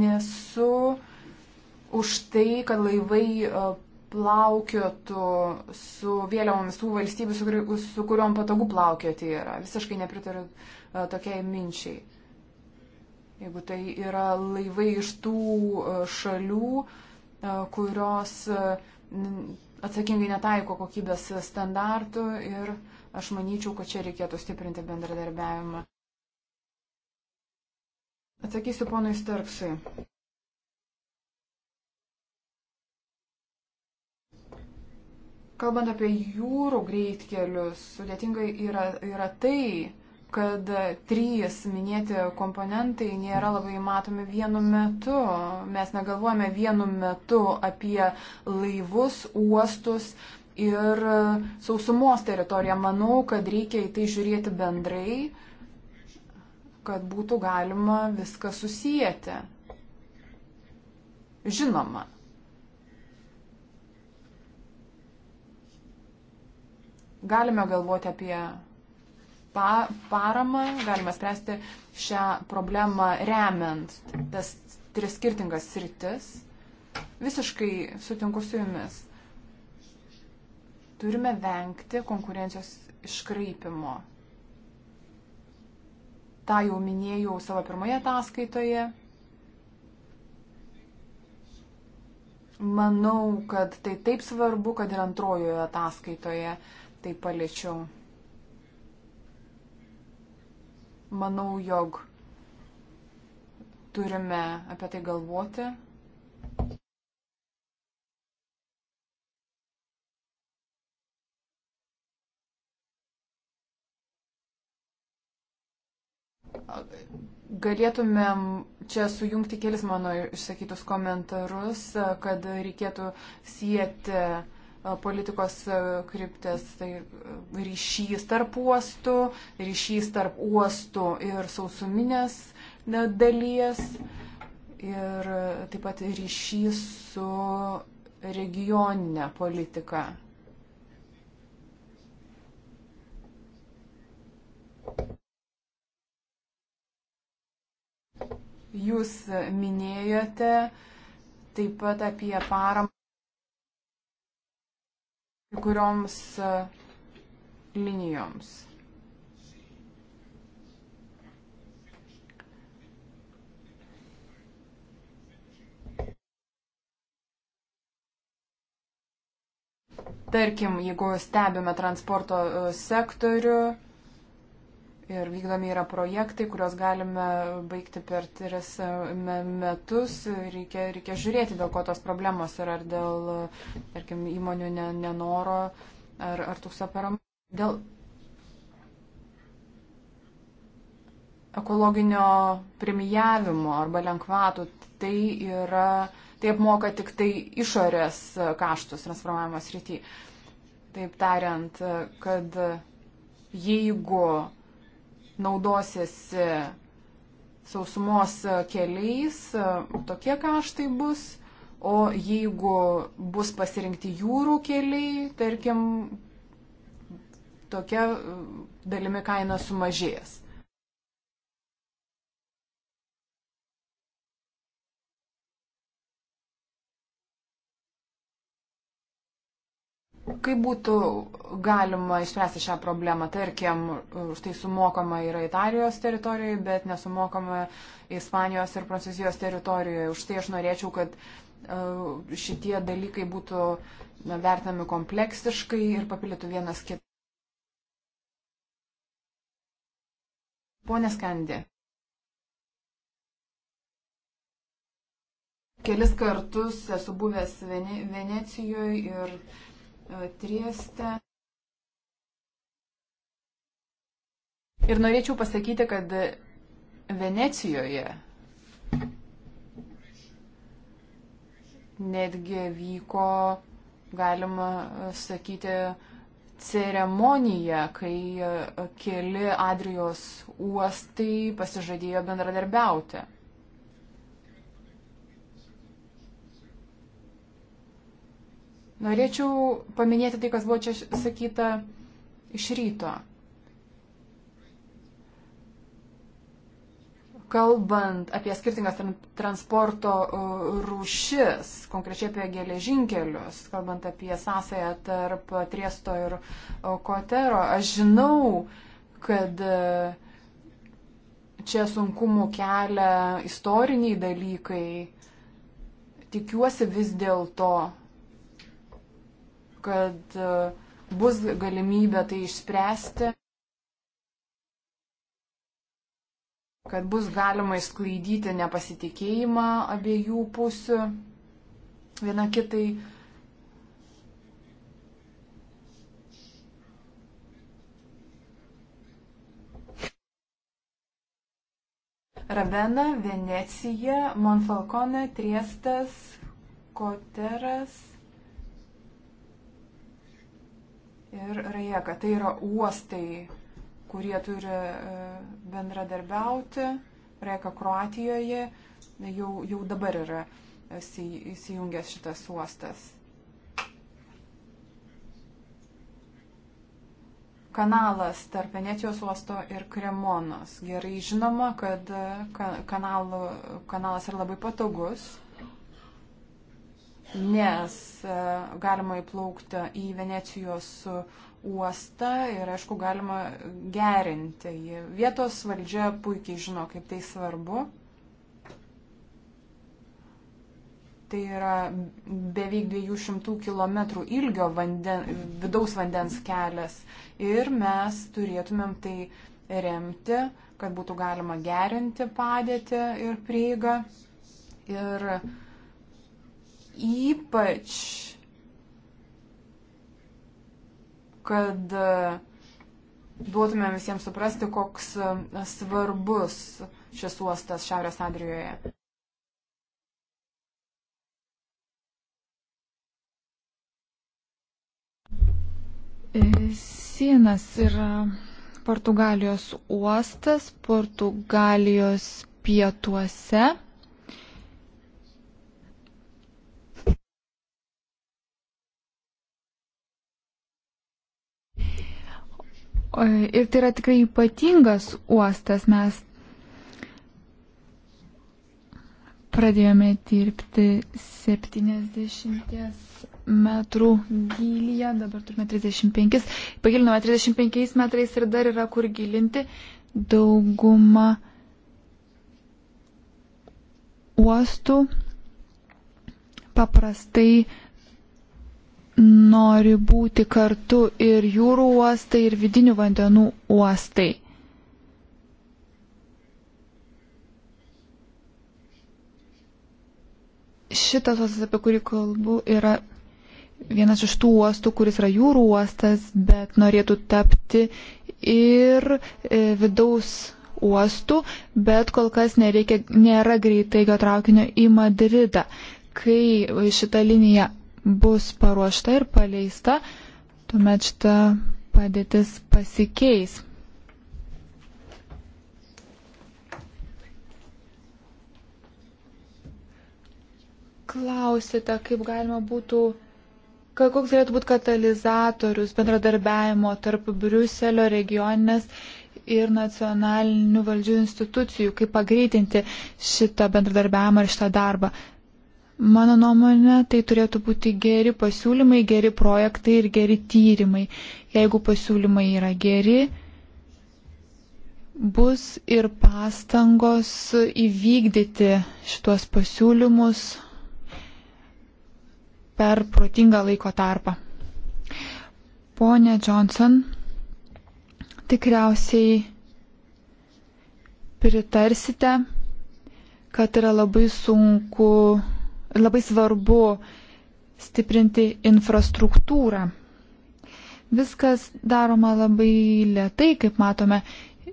Nesu už tai, kad laivai e, plaukiotų su vėliavomis tų valstybių, su, su kuriuom patogu plaukioti yra. Visiškai nepritariu e, tokiai minčiai. Jeigu tai yra laivai iš tų e, šalių, kurios atsakingai netaiko kokybės standartų ir aš manyčiau, kad čia reikėtų stiprinti bendradarbiavimą. Atsakysiu ponui Starksui. Kalbant apie jūrų greitkelius, sudėtingai yra, yra tai, kad trys minėti komponentai nėra labai matomi vienu metu. Mes negalvojame vienu metu apie laivus, uostus ir sausumos teritoriją. Manau, kad reikia į tai žiūrėti bendrai, kad būtų galima viską susijęti. Žinoma, galime galvoti apie pa, paramą, galima spręsti šią problemą remiant tas tris skirtingas sritis. Visiškai sutinku su jumis. Turime vengti konkurencijos iškraipimo. Ta jau minėjau savo pirmoje ataskaitoje. Manau, kad tai taip svarbu, kad ir antrojoje ataskaitoje tai paliečiau. Manau, jog turime apie tai galvoti. Galėtumėm čia sujungti kelis mano išsakytus komentarus, kad reikėtų sieti politikos kryptis, tai ryšys tarp uostų, ryšys tarp uostų ir sausuminės dalies ir taip pat ryšys su regioninė politika. Jūs minėjote taip pat apie paramą kai kurioms e, linijoms. Tarkim, jeigu stebime transporto e, sektorių, ir vykdomi yra projektai, kuriuos galime baigti per tris e, metus. Reikia, reikia žiūrėti, dėl ko tos problemos yra, ar dėl, tarkim, įmonių nenoro, ar, ar tūksa param. Dėl ekologinio premijavimo arba lengvatų, tai yra, tai apmoka tik tai išorės kaštus transformavimo srity. Taip tariant, kad jeigu naudosis e, sausumos e, keliais, e, tokie kaštai bus. O jeigu bus pasirinkti jūrų keliai, tarkim, tokia dalimi kaina sumažės. Kaip būtų galima išspręsti šią problemą? Tarkim, už tai sumokama yra Italijos teritorijoje, bet nesumokama Ispanijos ir Prancūzijos teritorijoje. Už tai aš norėčiau, kad e, šitie dalykai būtų vertinami kompleksiškai ir papildytų vienas kitą. Pone Skandi. Kelis kartus esu buvęs Venecijoje ir Trieste. Ir norėčiau pasakyti, kad Venecijoje netgi vyko, galima sakyti, ceremonija, kai keli Adrijos uostai pasižadėjo bendradarbiauti. Norėčiau paminėti tai, kas buvo čia sakyta iš ryto. Kalbant apie skirtingas transporto rūšis, konkrečiai apie geležinkelius, kalbant apie sąsąją tarp Triesto ir Kotero, aš žinau, kad e, čia sunkumų kelia istoriniai dalykai. Tikiuosi vis dėlto, kad e, bus galimybė tai išspręsti, kad bus galima išsklaidyti nepasitikėjimą abiejų pusių viena kitai. Rabena, Venecija, Monfalcone, Triestas, Koteras, ir Rajeka. Tai yra uostai, kurie turi e, bendradarbiauti. Rajeka Kroatijoje jau, jau dabar yra e, įsijungęs šitas uostas. kanalas tarp Venecijos uosto ir Kremonos. Gerai žinoma, kad e, kanalų, kanalas yra labai patogus nes e, galima įplaukti į Venecijos uostą ir, aišku, galima gerinti. Vietos valdžia puikiai žino, kaip tai svarbu. Tai yra beveik 200 km ilgio vanden, vidaus vandens kelias ir mes turėtumėm tai remti, kad būtų galima gerinti padėtį ir prieigą. Ir uh, ypač, kad e, duotumėm visiems suprasti, koks e, svarbus šis uostas Šiaurės Adrijoje. E, Sienas yra Portugalijos uostas, Portugalijos pietuose. Ir tai yra tikrai ypatingas uostas. Mes pradėjome dirbti 70 metrų gylyje, dabar turime 35, pagilinome 35 metrais ir dar yra kur gilinti. Dauguma uostų paprastai nori būti kartu ir jūrų uostai, ir vidinių vandenų uostai. Šitas uostas, apie kurį kalbu, yra vienas iš tų uostų, kuris yra jūrų uostas, bet norėtų tapti ir e, vidaus uostų, bet kol kas nereikia, nėra greitai jo traukinio į Madridą. Kai šita linija bus paruošta ir paleista, tuomet šita padėtis pasikeis. Klausite, kaip galima būtų koks galėtų būti katalizatorius bendradarbiavimo tarp Briuselio regioninės ir nacionalinių valdžių institucijų, kaip pagreitinti šitą bendradarbiavimą ir šitą darbą. Mano nuomonė, tai turėtų būti geri pasiūlymai, geri projektai ir geri tyrimai. Jeigu pasiūlymai yra geri, bus ir pastangos įvykdyti šitos pasiūlymus per protingą laiko tarpą. Pone Johnson, tikriausiai pritarsite, kad yra labai sunku labai svarbu stiprinti infrastruktūrą. Viskas daroma labai lietai, kaip matome.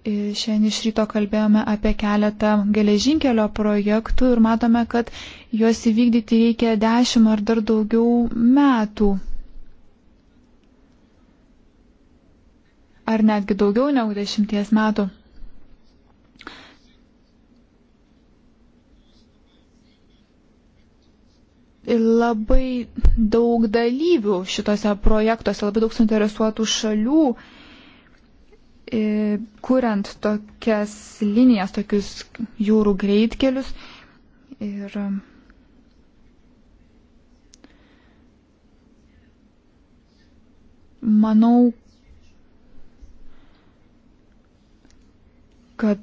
Šiandien iš ryto kalbėjome apie keletą geležinkelio projektų ir matome, kad juos įvykdyti reikia dešimt ar dar daugiau metų. Ar netgi daugiau negu dešimties metų. labai daug dalyvių šitose projektuose, labai daug suinteresuotų šalių, e, kuriant tokias linijas, tokius jūrų greitkelius. Ir manau, kad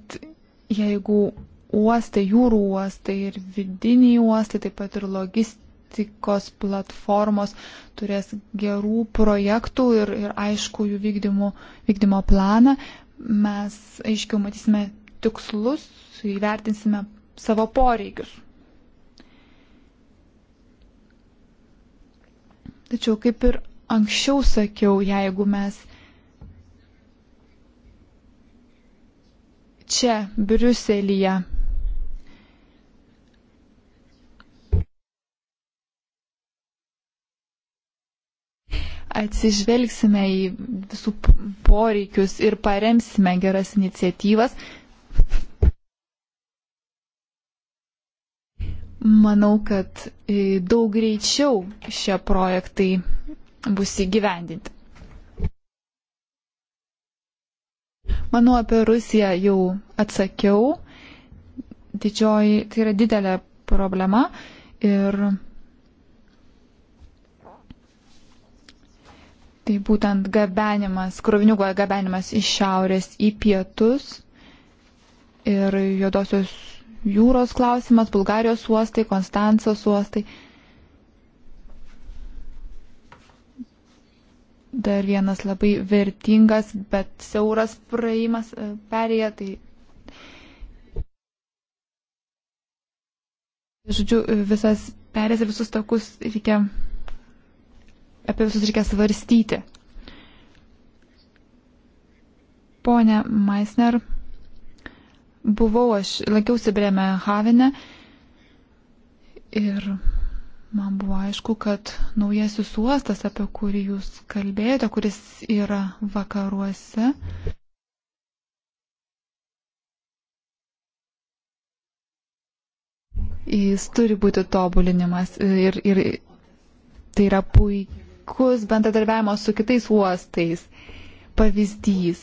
jeigu uostai, jūrų uostai ir vidiniai uostai, taip pat ir logistika, politikos platformos turės gerų projektų ir, ir aišku jų vykdymų, vykdymo planą. Mes aiškiau matysime tikslus, įvertinsime savo poreikius. Tačiau, kaip ir anksčiau sakiau, jeigu mes čia, Briuselyje, atsižvelgsime į visų poreikius ir paremsime geras iniciatyvas. Manau, kad e, daug greičiau šie projektai bus įgyvendinti. Manau, apie Rusiją jau atsakiau. Didžioji, tai yra didelė problema ir Tai būtent gabenimas, krovinių gabenimas iš šiaurės į pietus ir juodosios jūros klausimas, Bulgarijos uostai, Konstancos uostai. Dar vienas labai vertingas, bet siauras praėjimas e, perėja, tai žodžiu, visas perės ir visus takus reikia apie visus reikia svarstyti. Pone Maisner, buvau aš, lankiausi Brėme Havene ir man buvo aišku, kad naujasis uostas, apie kurį jūs kalbėjote, kuris yra vakaruose, jis turi būti tobulinimas ir, ir tai yra puikiai puikus bendradarbiavimo su kitais uostais pavyzdys.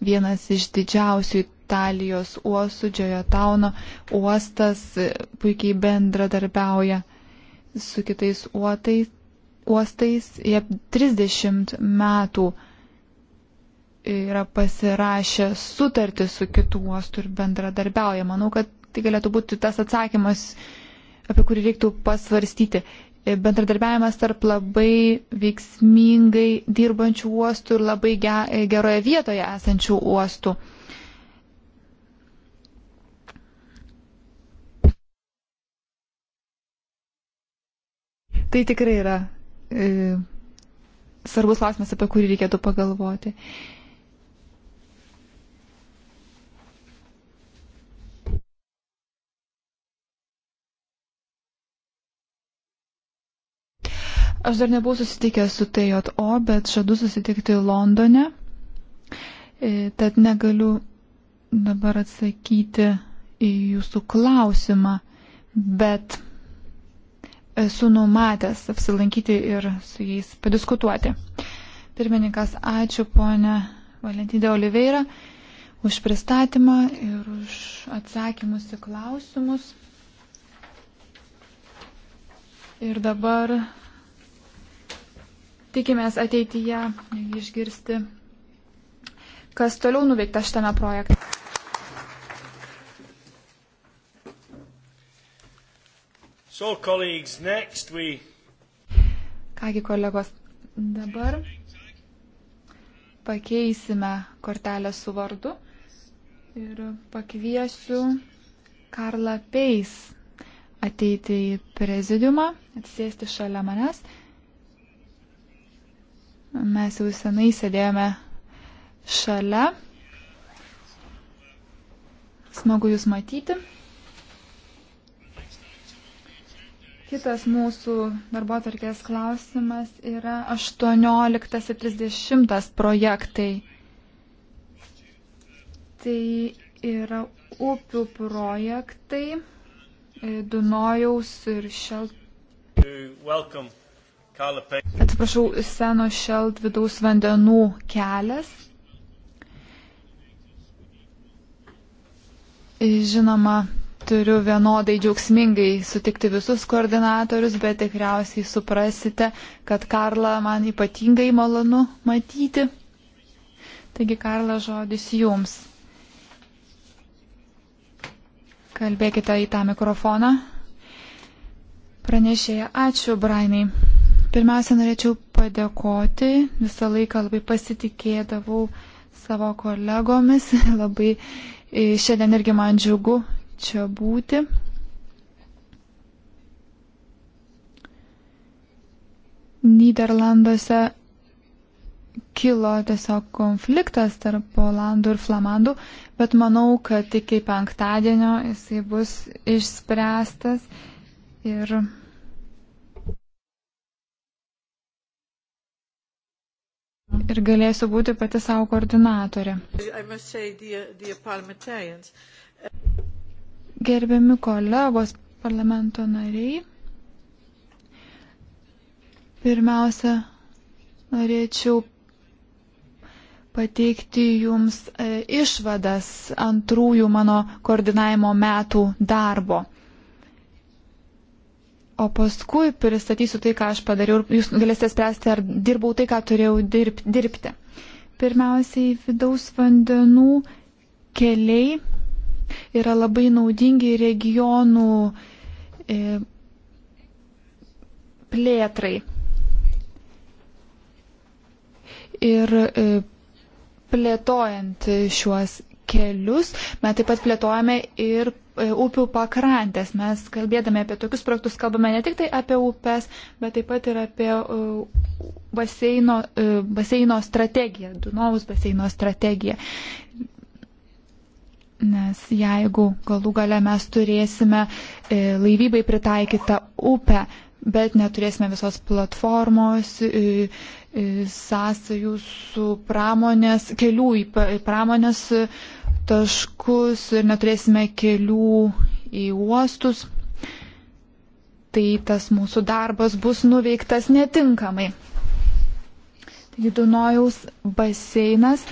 Vienas iš didžiausių Italijos uostų, Džiojo Tauno uostas, puikiai bendradarbiauja su kitais uotais, uostais. Jie 30 metų yra pasirašę sutartį su kitų uostų ir bendradarbiauja. Manau, kad tai galėtų būti tas atsakymas, apie kurį reiktų pasvarstyti bendradarbiavimas tarp labai veiksmingai dirbančių uostų ir labai geroje vietoje esančių uostų. Tai tikrai yra e, svarbus klausimas, apie kurį reikėtų pagalvoti. E, Aš dar nebuvau susitikęs su TJO, bet žadu susitikti Londone. E, tad negaliu dabar atsakyti į jūsų klausimą, bet esu numatęs apsilankyti ir su jais padiskutuoti. Pirmininkas, ačiū ponė Valentydė Oliveira už pristatymą ir už atsakymus į klausimus. Ir dabar tikimės ateityje išgirsti, kas toliau nuveikta šitame projekte. So, colleagues, next we... Kągi kolegos, dabar pakeisime kortelę su vardu ir pakviesiu Karla Peis ateiti į prezidiumą, atsėsti šalia manęs. Mes jau senai sėdėjome šalia. Smagu Jūs matyti. Kitas mūsų darbo atvarkės klausimas yra 18.30 projektai. Tai yra upių projektai Dunojaus ir Šel. Welcome. Atsiprašau, seno šelt vidaus vandenų kelias. Žinoma, turiu vienodai džiaugsmingai sutikti visus koordinatorius, bet tikriausiai suprasite, kad Karla man ypatingai malonu matyti. Taigi, Karla, žodis jums. Kalbėkite į tą mikrofoną. Pranešėja, ačiū, Brainai. Pirmiausia, norėčiau padėkoti. Visą laiką labai pasitikėdavau savo kolegomis. Labai e, šiandien irgi man džiugu čia būti. Niderlanduose kilo tiesiog konfliktas tarp Olandų ir Flamandų, bet manau, kad iki penktadienio jisai bus išspręstas ir ir galėsiu būti pati savo koordinatorė. Gerbiami kolegos parlamento nariai, pirmiausia, norėčiau pateikti jums e, išvadas antrųjų mano koordinavimo metų darbo. O paskui pristatysiu tai, ką aš padariau ir jūs galėsite spręsti, ar dirbau tai, ką turėjau dirb, dirbti. Pirmiausiai, vidaus vandenų keliai yra labai naudingi regionų e, plėtrai. Ir e, plėtojant šiuos kelius, mes taip pat plėtojame ir E, upių pakrantės. Mes kalbėdami apie tokius projektus kalbame ne tik tai apie upes, bet taip pat ir apie e, baseino, e, baseino strategiją, Dunovus baseino strategiją. Nes jeigu galų gale mes turėsime laivybai pritaikytą upę, bet neturėsime visos platformos, sąsajų su pramonės, kelių į pramonės taškus ir neturėsime kelių į uostus, tai tas mūsų darbas bus nuveiktas netinkamai. Taigi Dunojaus baseinas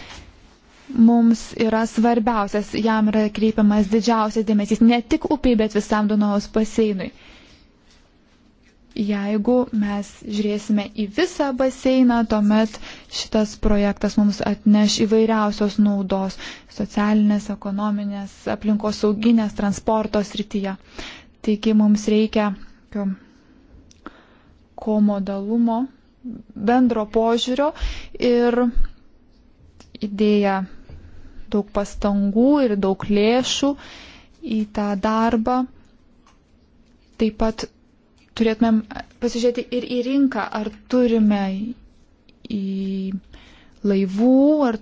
mums yra svarbiausias, jam yra kreipiamas didžiausias dėmesys ne tik upiai, bet visam Dunojaus baseinui jeigu mes žiūrėsime į visą baseiną, tuomet šitas projektas mums atneš įvairiausios naudos socialinės, ekonominės, aplinkos sauginės, transporto srityje. Taigi mums reikia komodalumo, bendro požiūrio ir idėja daug pastangų ir daug lėšų į tą darbą. Taip pat turėtumėm pasižiūrėti ir į rinką, ar turime į laivų, ar,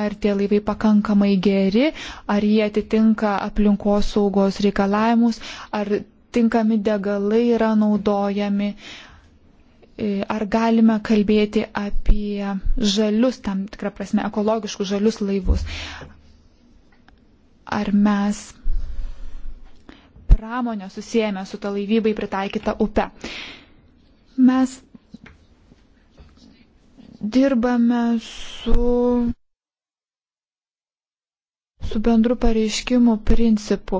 ar tie laivai pakankamai geri, ar jie atitinka aplinkos saugos reikalavimus, ar tinkami degalai yra naudojami, e, ar galime kalbėti apie žalius, tam tikrą prasme, ekologiškus žalius laivus. Ar mes pramonę susijęme su ta laivybai pritaikyta upe. Mes dirbame su su bendru pareiškimu principu.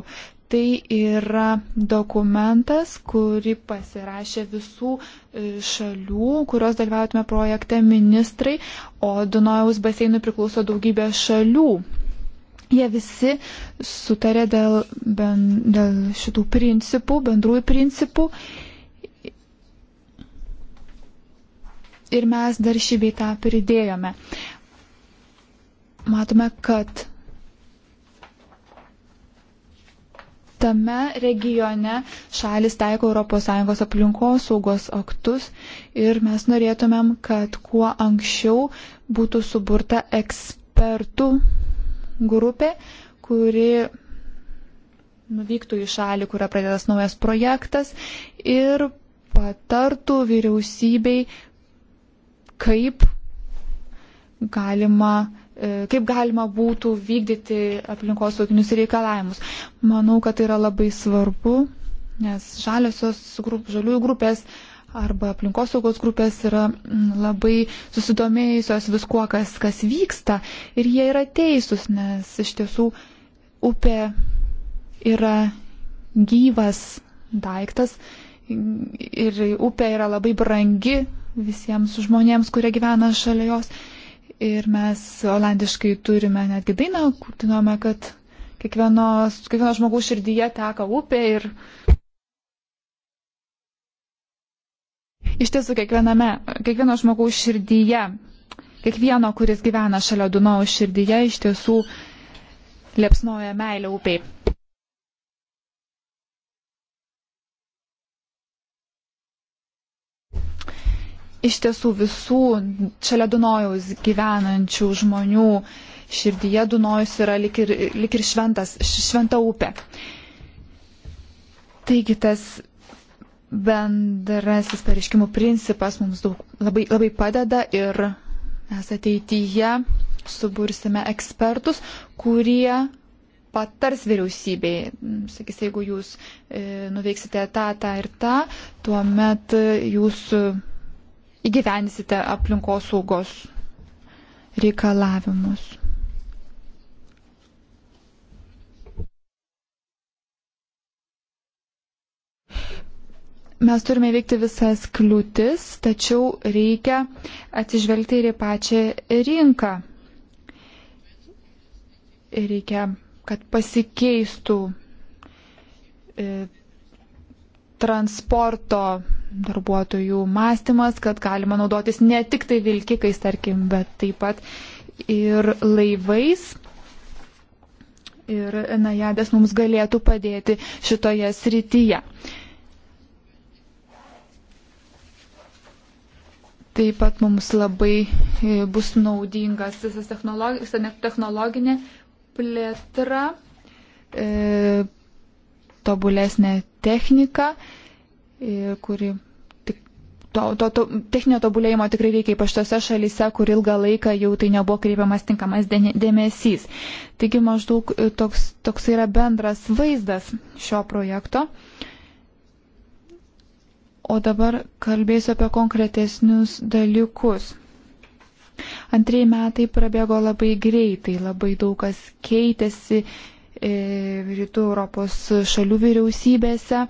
Tai yra dokumentas, kurį pasirašė visų e, šalių, kurios dalyvautume projekte ministrai, o Dunojaus baseinui priklauso daugybė šalių. Jie visi sutarė dėl, ben, dėl šitų principų, bendrųjų principų. Ir mes dar šį beitą pridėjome. Matome, kad tame regione šalis taiko ES aplinkos saugos aktus ir mes norėtumėm, kad kuo anksčiau būtų suburta ekspertų grupė, kuri nuvyktų į šalį, kur yra pradėtas naujas projektas ir patartų vyriausybei, kaip galima e, kaip galima būtų vykdyti aplinkosauginius reikalavimus. Manau, kad tai yra labai svarbu, nes žaliosios grup, žaliųjų grupės uh, arba aplinkosaugos grupės yra mm, labai susidomėjusios viskuo, kas, kas vyksta. Ir jie yra teisūs, nes iš tiesų upė yra gyvas daiktas ir upė yra labai brangi visiems žmonėms, kurie gyvena šalia jos. Ir mes olandiškai turime netgi dainą, kur žinome, kad kiekvienos, kiekvienos žmogaus širdyje teka upė ir Iš tiesų, kiekvieno žmogaus širdyje, kiekvieno, kuris gyvena šalia Dunojų širdyje, iš tiesų liepsnoja meilė upiai. Iš tiesų visų šalia Dunojaus gyvenančių žmonių širdyje Dunojus yra lik ir, lik ir šventas, šventa upė. Taigi tas bendrasis pareiškimų principas mums daug, labai, labai padeda ir mes ateityje subursime ekspertus, kurie patars vyriausybei. Sakys, jeigu jūs e, nuveiksite tą, tą ir tą, tuomet jūs įgyvenysite aplinkosaugos reikalavimus. Mes turime veikti visas kliūtis, tačiau reikia atsižvelgti ir į pačią rinką. Reikia, kad pasikeistų e, transporto darbuotojų mąstymas, kad galima naudotis ne tik tai vilkikais, tarkim, bet taip pat ir laivais. Ir Najadės mums galėtų padėti šitoje srityje. Taip pat mums labai e, bus naudingas visas technologinė plėtra, e, tobulesnė technika, e, kuri to, to, to techninio tobulėjimo tikrai reikia ypač tose šalyse, kur ilgą laiką jau tai nebuvo kreipiamas tinkamas dėmesys. Taigi maždaug e, toks, toks yra bendras vaizdas šio projekto. E, O dabar kalbėsiu apie konkretesnius dalykus. Antrieji metai prabėgo labai greitai, labai daug kas keitėsi e, rytų Europos šalių vyriausybėse.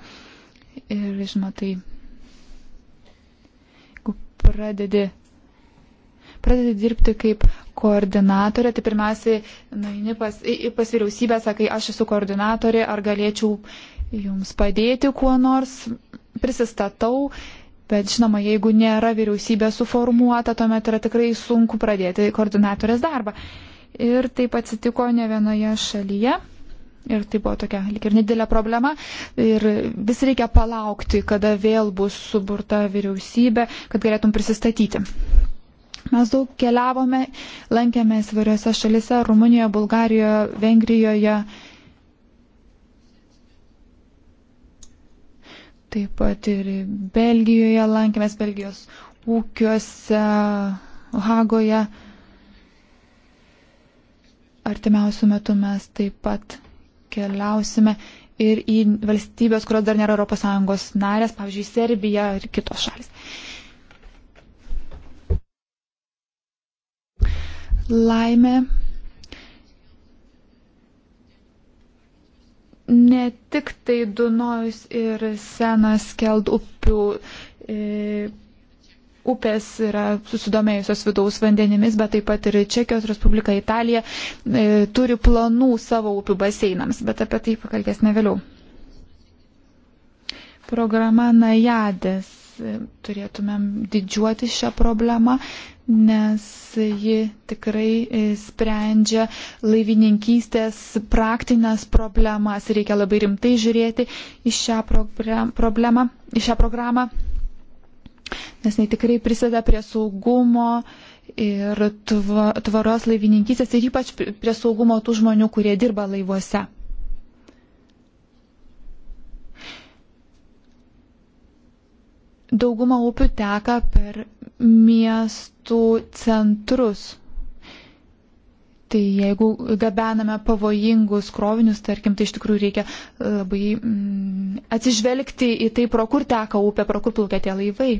Ir, žinoma, tai, jeigu pradedi, pradedi dirbti kaip koordinatorė, tai pirmiausiai, na, nu, pas, pas vyriausybę sakai, aš esu koordinatorė, ar galėčiau jums padėti kuo nors prisistatau, bet žinoma, jeigu nėra vyriausybė suformuota, tuomet yra tikrai sunku pradėti koordinatorės darbą. Ir taip atsitiko ne vienoje šalyje. Ir tai buvo tokia lik ir nedidelė problema. Ir vis reikia palaukti, kada vėl bus suburta vyriausybė, kad galėtum prisistatyti. Mes daug keliavome, lankėmės įvairiose šalise - Rumunijoje, Bulgarijoje, Vengrijoje, Taip pat ir Belgijoje lankėmės Belgijos ūkiuose, Hagoje. Artimiausių metų mes taip pat keliausime ir į valstybės, kurios dar nėra ES narės, pavyzdžiui, Serbija ir kitos šalis. Laimė ne tik tai Dunojus ir Senas keld upių. E, upės yra susidomėjusios vidaus vandenimis, bet taip pat ir Čekijos Respublika, Italija e, turi planų savo upių baseinams, bet apie tai pakalbėsime vėliau. Programa Najadės turėtumėm didžiuoti šią problemą, nes ji tikrai e, sprendžia laivininkystės praktinės problemas. Reikia labai rimtai žiūrėti į šią, problemą, į šią programą, nes jis tikrai prisideda prie saugumo ir tvaros laivininkystės ir ypač prie saugumo tų žmonių, kurie dirba laivuose. Dauguma upių teka per miestų centrus. Tai jeigu gabename pavojingus krovinius, tarkim, tai iš tikrųjų reikia e, labai mm, atsižvelgti į tai, pro kur teka upė, pro kur plaukia tie laivai.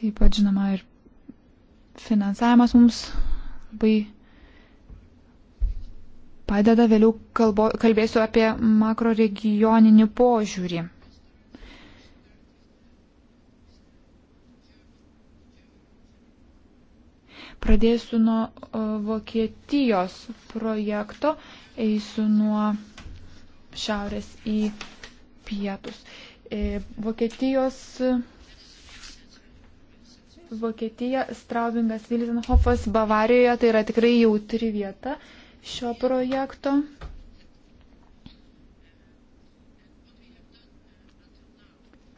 Taip pat, žinoma, ir finansavimas mums labai padeda. Vėliau kalbo, kalbėsiu apie makro regioninį požiūrį. Pradėsiu nuo Vokietijos projekto, eisiu nuo šiaurės į pietus. E, Vokietijos Vokietija, Straubingas, Vilzenhofas, Bavarijoje tai yra tikrai jautri vieta šio projekto.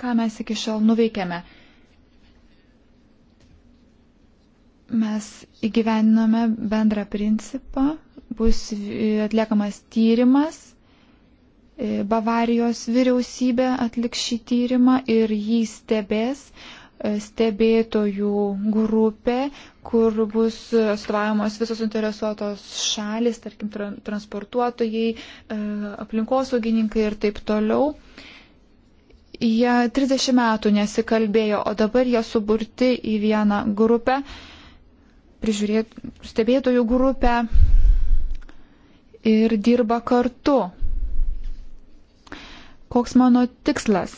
Ką mes iki šiol nuveikėme? Mes įgyveninome bendrą principą, bus atliekamas tyrimas e, Bavarijos vyriausybė atliks šį tyrimą ir jį stebės stebėtojų grupė, kur bus atstovaujamos visos interesuotos šalis, tarkim, transportuotojai, e, aplinkosaugininkai ir taip toliau. Jie 30 metų nesikalbėjo, o dabar jie suburti į vieną grupę, stebėtojų grupę ir dirba kartu. Koks mano tikslas?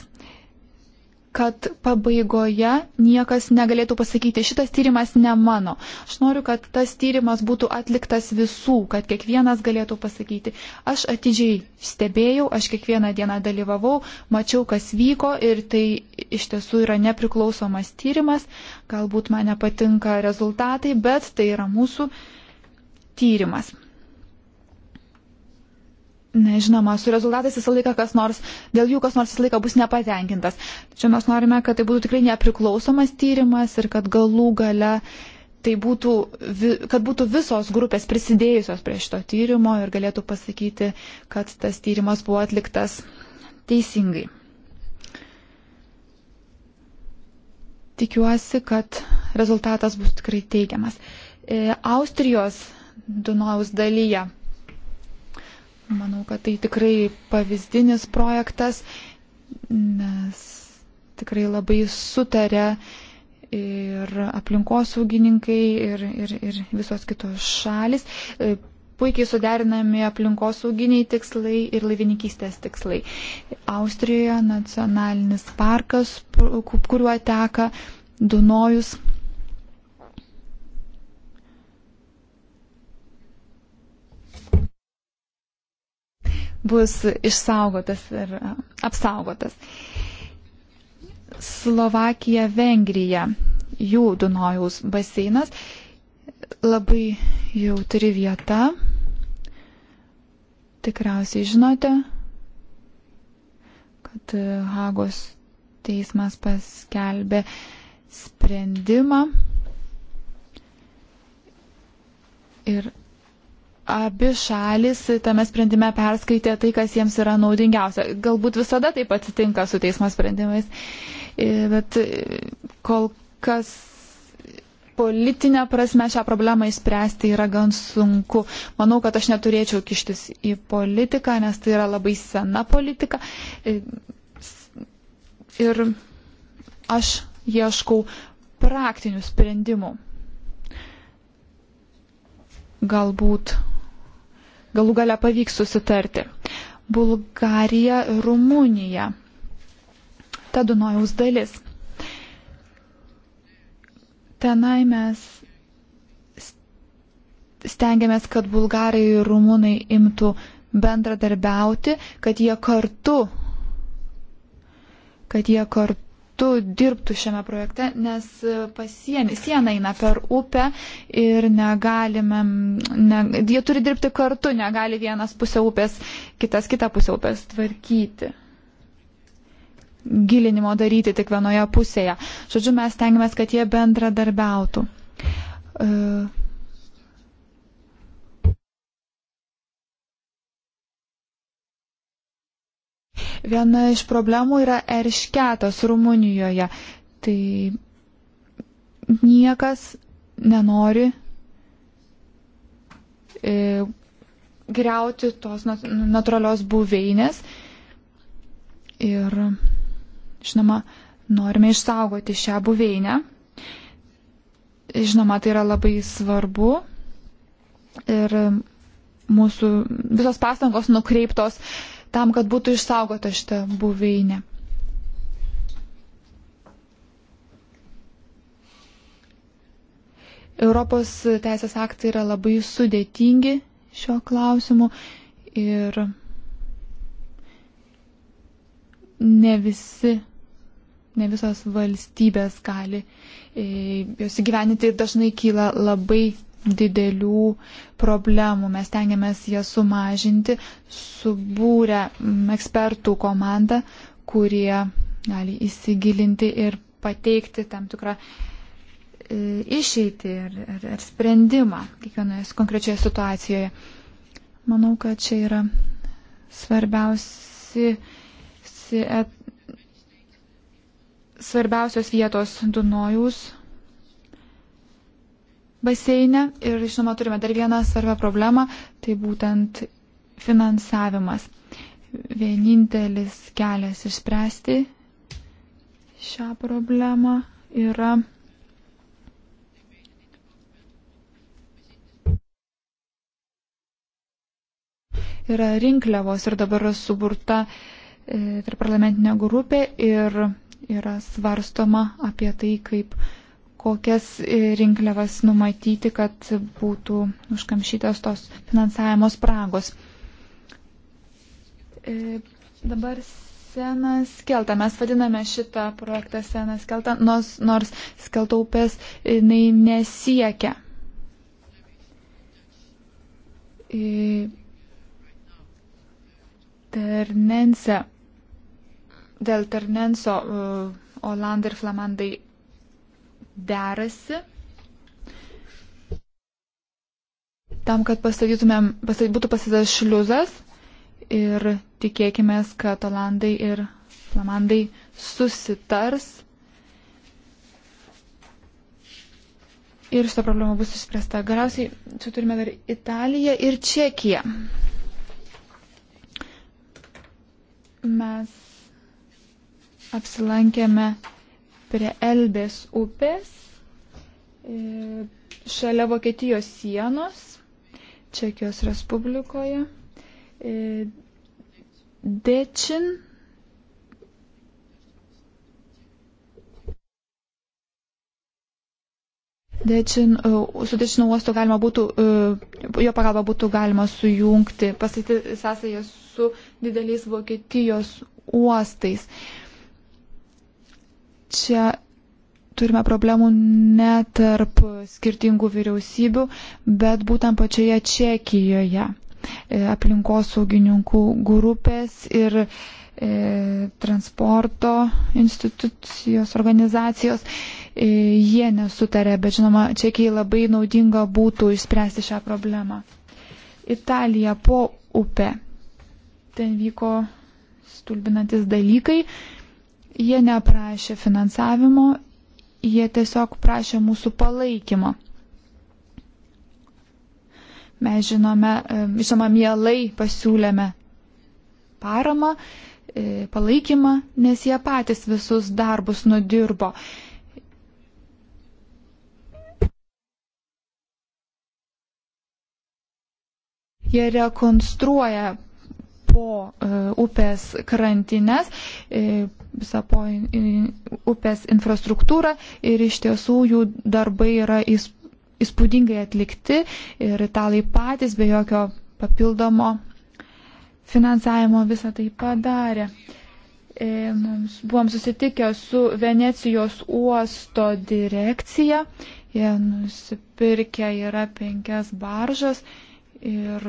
kad pabaigoje niekas negalėtų pasakyti, šitas tyrimas ne mano. Aš noriu, kad tas tyrimas būtų atliktas visų, kad kiekvienas galėtų pasakyti. Aš atidžiai stebėjau, aš kiekvieną dieną dalyvavau, mačiau, kas vyko ir tai iš tiesų yra nepriklausomas tyrimas. Galbūt man nepatinka rezultatai, bet tai yra mūsų tyrimas. Nežinoma, su rezultatais visą laiką kas nors, dėl jų kas nors visą laiką bus nepatenkintas. Tačiau mes norime, kad tai būtų tikrai nepriklausomas tyrimas ir kad galų gale tai būtų, kad būtų visos grupės prisidėjusios prie šito tyrimo ir galėtų pasakyti, kad tas tyrimas buvo atliktas teisingai. Tikiuosi, kad rezultatas bus tikrai teigiamas. E, Austrijos Dunojaus dalyje Manau, kad tai tikrai pavyzdinis projektas, nes tikrai labai sutarė ir aplinkosaugininkai, ir, ir, ir visos kitos šalis. E, puikiai suderinami aplinkosauginiai tikslai ir laivininkystės tikslai. Austrijoje nacionalinis parkas, kuriuo teka Dunojus, bus išsaugotas ir apsaugotas. Slovakija, Vengrija, jų Dunojaus baseinas labai jautri vieta. Tikriausiai žinote, kad e, Hagos teismas paskelbė sprendimą ir abi šalis tame sprendime perskaitė tai, kas jiems yra naudingiausia. Galbūt visada taip atsitinka su teismo sprendimais, e, bet e, kol kas politinė prasme šią problemą išspręsti yra gan sunku. Manau, kad aš neturėčiau kištis į politiką, nes tai yra labai sena politika. E, ir aš ieškau praktinių sprendimų. Galbūt galų gale pavyks susitarti. Bulgarija, Rumunija. Ta Dunojaus dalis. Tenai mes stengiamės, kad bulgarai ir rumunai imtų bendradarbiauti, kad jie kartu, kad jie kartu kartu dirbtų šiame projekte, nes pasienį, siena eina per upę ir negalime, ne, jie turi dirbti kartu, negali vienas pusę upės, kitas kitą pusę upės tvarkyti gilinimo daryti tik vienoje pusėje. Žodžiu, mes tengiamės, kad jie bendradarbiautų. Uh Viena iš problemų yra eršketas Rumunijoje. Tai niekas nenori e, greuti tos nat natūralios buveinės. Ir, žinoma, norime išsaugoti šią buveinę. Žinoma, tai yra labai svarbu. Ir mūsų visos pastangos nukreiptos tam, kad būtų išsaugota šitą buveinę. Europos teisės aktai yra labai sudėtingi šiuo klausimu ir ne visi, ne visos valstybės gali e, jos įgyveninti ir dažnai kyla labai didelių problemų. Mes tengiamės jas sumažinti, subūrę mm, ekspertų komandą, kurie gali įsigilinti ir pateikti tam tikrą e, išeitį ir, ir, ir sprendimą kiekvienoje konkrečioje situacijoje. Manau, kad čia yra svarbiausi, svarbiausios vietos Dunojaus baseine. Ir žinoma, turime dar vieną svarbę problemą, tai būtent finansavimas. Vienintelis kelias išspręsti šią problemą yra yra rinkliavos ir dabar yra suburta e, tarp parlamentinė grupė ir yra svarstoma apie tai, kaip kokias e, rinkliavas numatyti, kad būtų užkamšytos tos finansavimo spragos. E, dabar Senas Kelta, mes vadiname šitą projektą Senas Kelta, nors, nors Skelta upės e, jinai nesiekia. Ternense, dėl Ternenso uh, Olandai ir Flamandai derasi tam, kad pastatytumėm, pastat, būtų pastatytas šliuzas ir tikėkime, kad Olandai ir Flamandai susitars ir šita problema bus išspręsta. Galiausiai čia turime dar Italiją ir Čekiją. Mes apsilankėme prie Elbės upės, e, šalia Vokietijos sienos, Čekijos Respublikoje. E, Dečin. Dečin, e, su dešinio uostu galima būtų, jo pagalba būtų galima sujungti, pasakyti sąsąją su dideliais Vokietijos uostais. Uh, čia turime problemų ne tarp skirtingų vyriausybių, bet būtent pačioje Čekijoje e, aplinkosaugininkų grupės ir e, transporto institucijos, organizacijos, e, jie nesutarė, bet žinoma, Čekijai labai naudinga būtų išspręsti šią problemą. Italija po upę. Ten vyko stulbinantis dalykai. E, Jie neprašė finansavimo, jie tiesiog prašė mūsų palaikymo. Mes žinome, e, žinoma, mielai pasiūlėme paramą, e, palaikymą, nes jie patys visus darbus nudirbo. Jie rekonstruoja po e, upės krantines, visą po upės infrastruktūrą ir iš tiesų jų darbai yra įspūdingai atlikti ir italai patys be jokio papildomo finansavimo visą tai padarė. E, mums buvom susitikę su Venecijos uosto direkcija, jie nusipirkę yra penkias baržas ir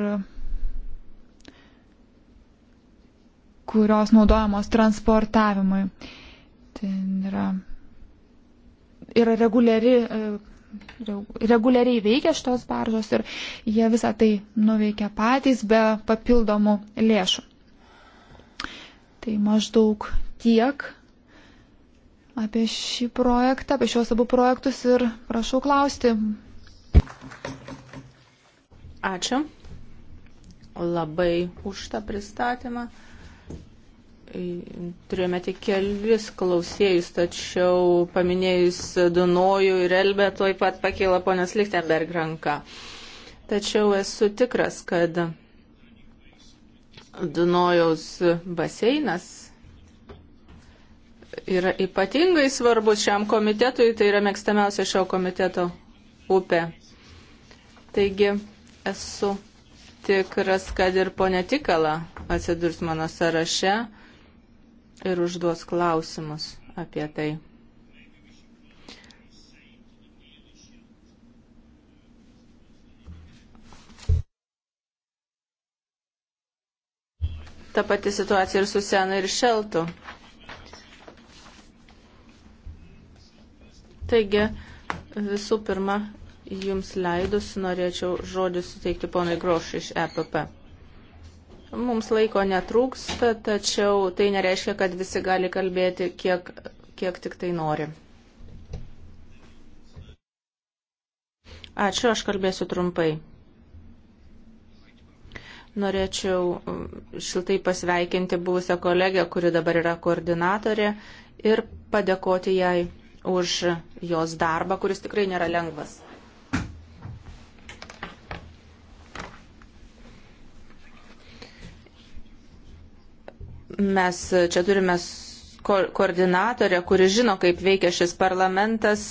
kurios naudojamos transportavimui. Ten tai yra, yra reguliari, e, reguliariai veikia šitos baržos ir jie visą tai nuveikia patys be papildomų lėšų. Tai maždaug tiek apie šį projektą, apie šios abu projektus ir prašau klausti. Ačiū labai už tą pristatymą. Turėjome tik kelis klausėjus, tačiau paminėjus Dunojų ir Elbę, tuoj pat pakėlė ponas Lichtenberg ranką. Tačiau esu tikras, kad Dunojaus baseinas yra ypatingai svarbus šiam komitetui, tai yra mėgstamiausia šio komiteto upė. Taigi esu tikras, kad ir ponė Tikala atsidurs mano sąraše ir užduos klausimus apie tai. Ta pati situacija ir su senu ir šeltu. Taigi, visų pirma, jums leidus norėčiau žodį suteikti ponui Grošui iš EPP. Mums laiko netrūksta, tačiau tai nereiškia, kad visi gali kalbėti, kiek, kiek tik tai nori. Ačiū, aš kalbėsiu trumpai. Norėčiau šiltai pasveikinti buvusią kolegę, kuri dabar yra koordinatorė, ir padėkoti jai už jos darbą, kuris tikrai nėra lengvas. Mes čia turime ko koordinatorę, kuri žino, kaip veikia šis parlamentas,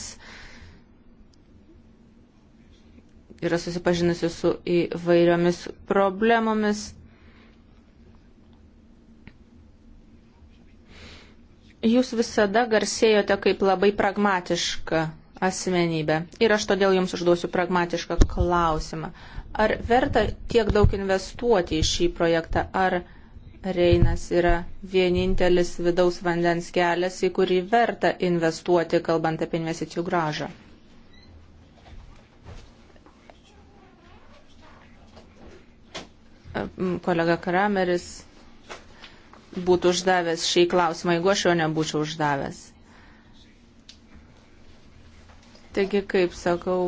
yra susipažinusi su įvairiomis problemomis. Jūs visada garsėjote kaip labai pragmatiška asmenybė. Ir aš todėl jums užduosiu pragmatišką klausimą. Ar verta tiek daug investuoti į šį projektą, ar Reinas yra vienintelis vidaus vandens kelias, į kurį verta investuoti, kalbant apie investicijų gražą. Kolega Krameris būtų uždavęs šį klausimą, jeigu aš jo nebūčiau uždavęs. Taigi, kaip sakau,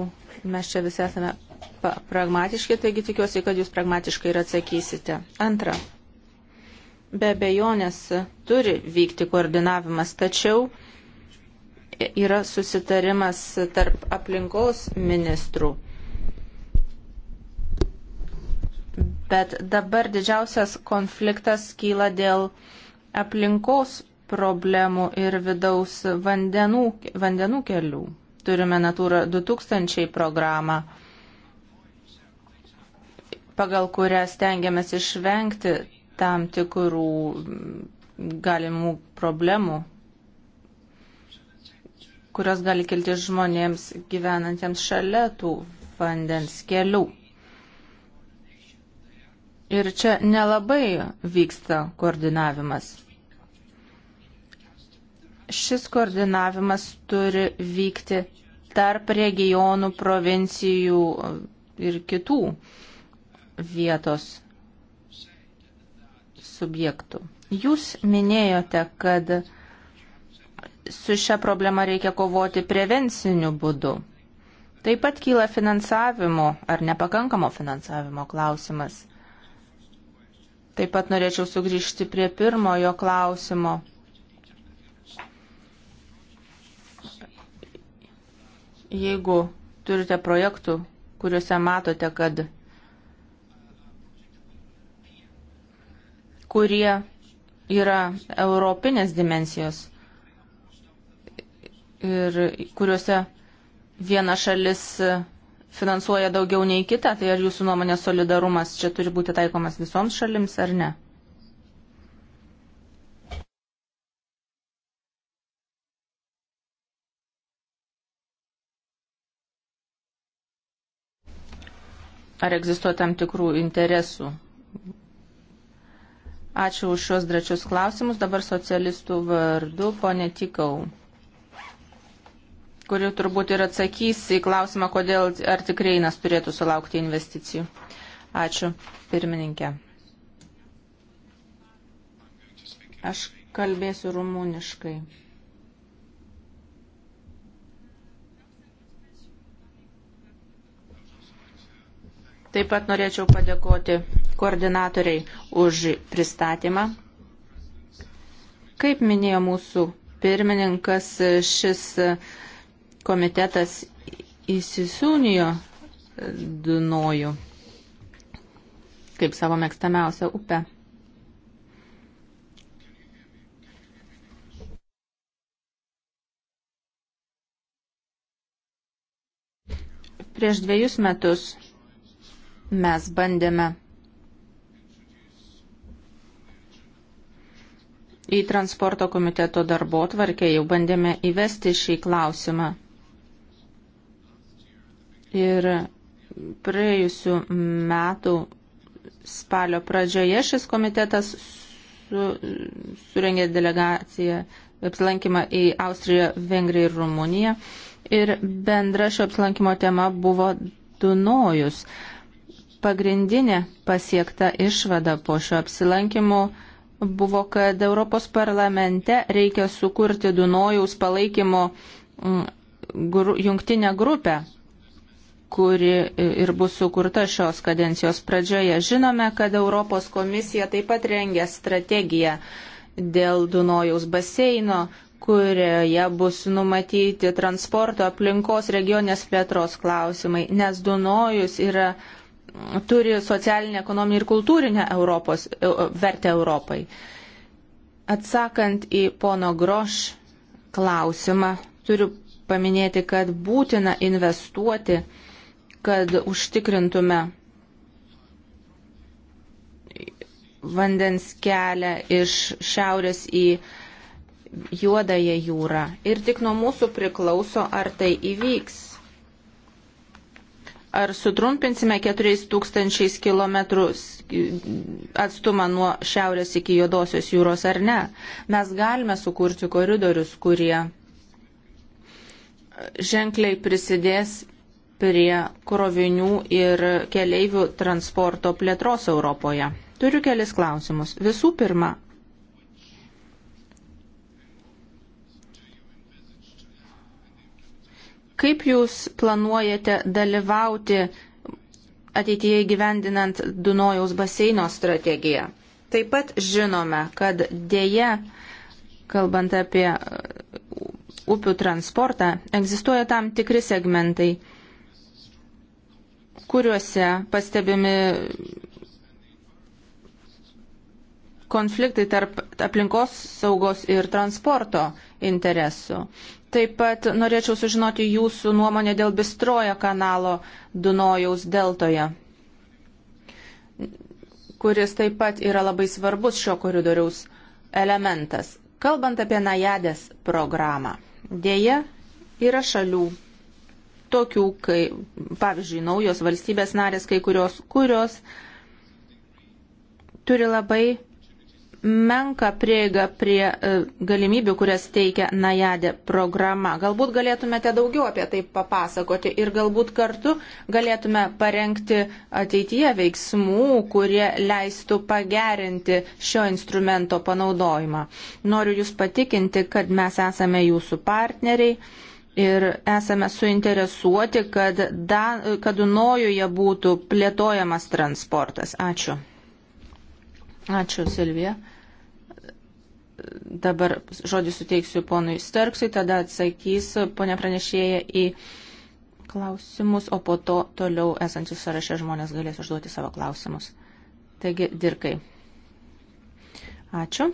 mes čia visi esame pragmatiški, taigi tikiuosi, kad jūs pragmatiškai ir atsakysite. Antra be bejonės turi vykti koordinavimas, tačiau yra susitarimas tarp aplinkos ministrų. Bet dabar didžiausias konfliktas kyla dėl aplinkos problemų ir vidaus vandenų, vandenų kelių. Turime Natūra 2000 programą pagal kurią stengiamės išvengti tam tikrų galimų problemų, kurios gali kilti žmonėms gyvenantiems šalia tų vandens kelių. Ir čia nelabai vyksta koordinavimas. Šis koordinavimas turi vykti tarp regionų, provincijų ir kitų vietos subjektų. Jūs minėjote, kad su šia problema reikia kovoti prevenciniu būdu. Taip pat kyla finansavimo ar nepakankamo finansavimo klausimas. Taip pat norėčiau sugrįžti prie pirmojo klausimo. Jeigu turite projektų, kuriuose matote, kad kurie yra europinės dimensijos ir kuriuose viena šalis finansuoja daugiau nei kita, tai ar jūsų nuomonė solidarumas čia turi būti taikomas visoms šalims ar ne? Ar egzistuoja tam tikrų interesų Ačiū už šios drečius klausimus. Dabar socialistų vardu, ponė Tikau kuri turbūt ir atsakys į klausimą, kodėl ar tikrai Einas turėtų sulaukti investicijų. Ačiū, pirmininkė. Aš kalbėsiu rumuniškai. Taip pat norėčiau padėkoti koordinatoriai už pristatymą. Kaip minėjo mūsų pirmininkas, šis komitetas įsisūnijo Dunojų kaip savo mėgstamiausią upę. Prieš dviejus metus mes bandėme Į transporto komiteto darbo tvarkę jau bandėme įvesti šį klausimą. Ir praėjusiu metu spalio pradžioje šis komitetas su, surengė delegaciją apsilankymą į Austriją, Vengriją ir Rumuniją. Ir bendra šio apsilankimo tema buvo Dunojus. Pagrindinė pasiekta išvada po šio apsilankimo buvo, kad Europos parlamente reikia sukurti Dunojaus palaikymo mm, gru, jungtinę grupę, kuri e, ir bus sukurta šios kadencijos pradžioje. Žinome, kad Europos komisija taip pat rengia strategiją dėl Dunojaus baseino, kurioje bus numatyti transporto aplinkos regionės plėtros klausimai, nes Dunojus yra turi socialinę, ekonominę ir kultūrinę Europos, e, vertę Europai. Atsakant į pono Groš klausimą, turiu paminėti, kad būtina investuoti, kad užtikrintume vandens kelią iš šiaurės į juodąją jūrą. Ir tik nuo mūsų priklauso, ar tai įvyks ar sutrumpinsime 4000 km atstumą nuo šiaurės iki juodosios jūros ar ne. Mes galime sukurti koridorius, kurie ženkliai prisidės prie krovinių ir keleivių transporto plėtros Europoje. Turiu kelis klausimus. Visų pirma, Kaip jūs planuojate dalyvauti ateityje įgyvendinant Dunojaus baseino strategiją? Taip pat žinome, kad dėje, kalbant apie uh, upių transportą, egzistuoja tam tikri segmentai, kuriuose pastebimi konfliktai tarp aplinkos saugos ir transporto interesų. Taip pat norėčiau sužinoti jūsų nuomonę dėl Bistrojo kanalo Dunojaus deltoje, kuris taip pat yra labai svarbus šio koridoriaus elementas. Kalbant apie Najadės programą, dėja yra šalių tokių, kai, pavyzdžiui, naujos valstybės narės, kai kurios, kurios turi labai menka prieiga prie e, galimybių, kurias teikia Najadė programa. Galbūt galėtumėte daugiau apie tai papasakoti ir galbūt kartu galėtume parengti ateityje veiksmų, kurie leistų pagerinti šio instrumento panaudojimą. Noriu Jūs patikinti, kad mes esame Jūsų partneriai. Ir esame suinteresuoti, kad, da, kad Dunojuje būtų plėtojamas transportas. Ačiū. Ačiū, Silvija. Dabar žodį suteiksiu ponui Sterksui, tada atsakys ponia pranešėja į klausimus, o po to toliau esančius sąraše žmonės galės užduoti savo klausimus. Taigi, dirkai. Ačiū.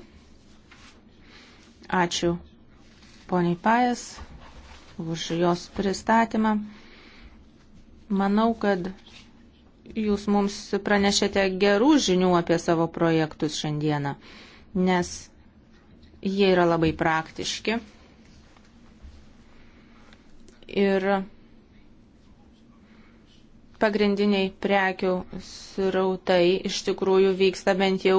Ačiū poniai Pajas už jos pristatymą. Manau, kad Jūs mums pranešėte gerų žinių apie savo projektus šiandieną, nes jie yra labai praktiški. Ir pagrindiniai prekių srautai iš tikrųjų vyksta bent jau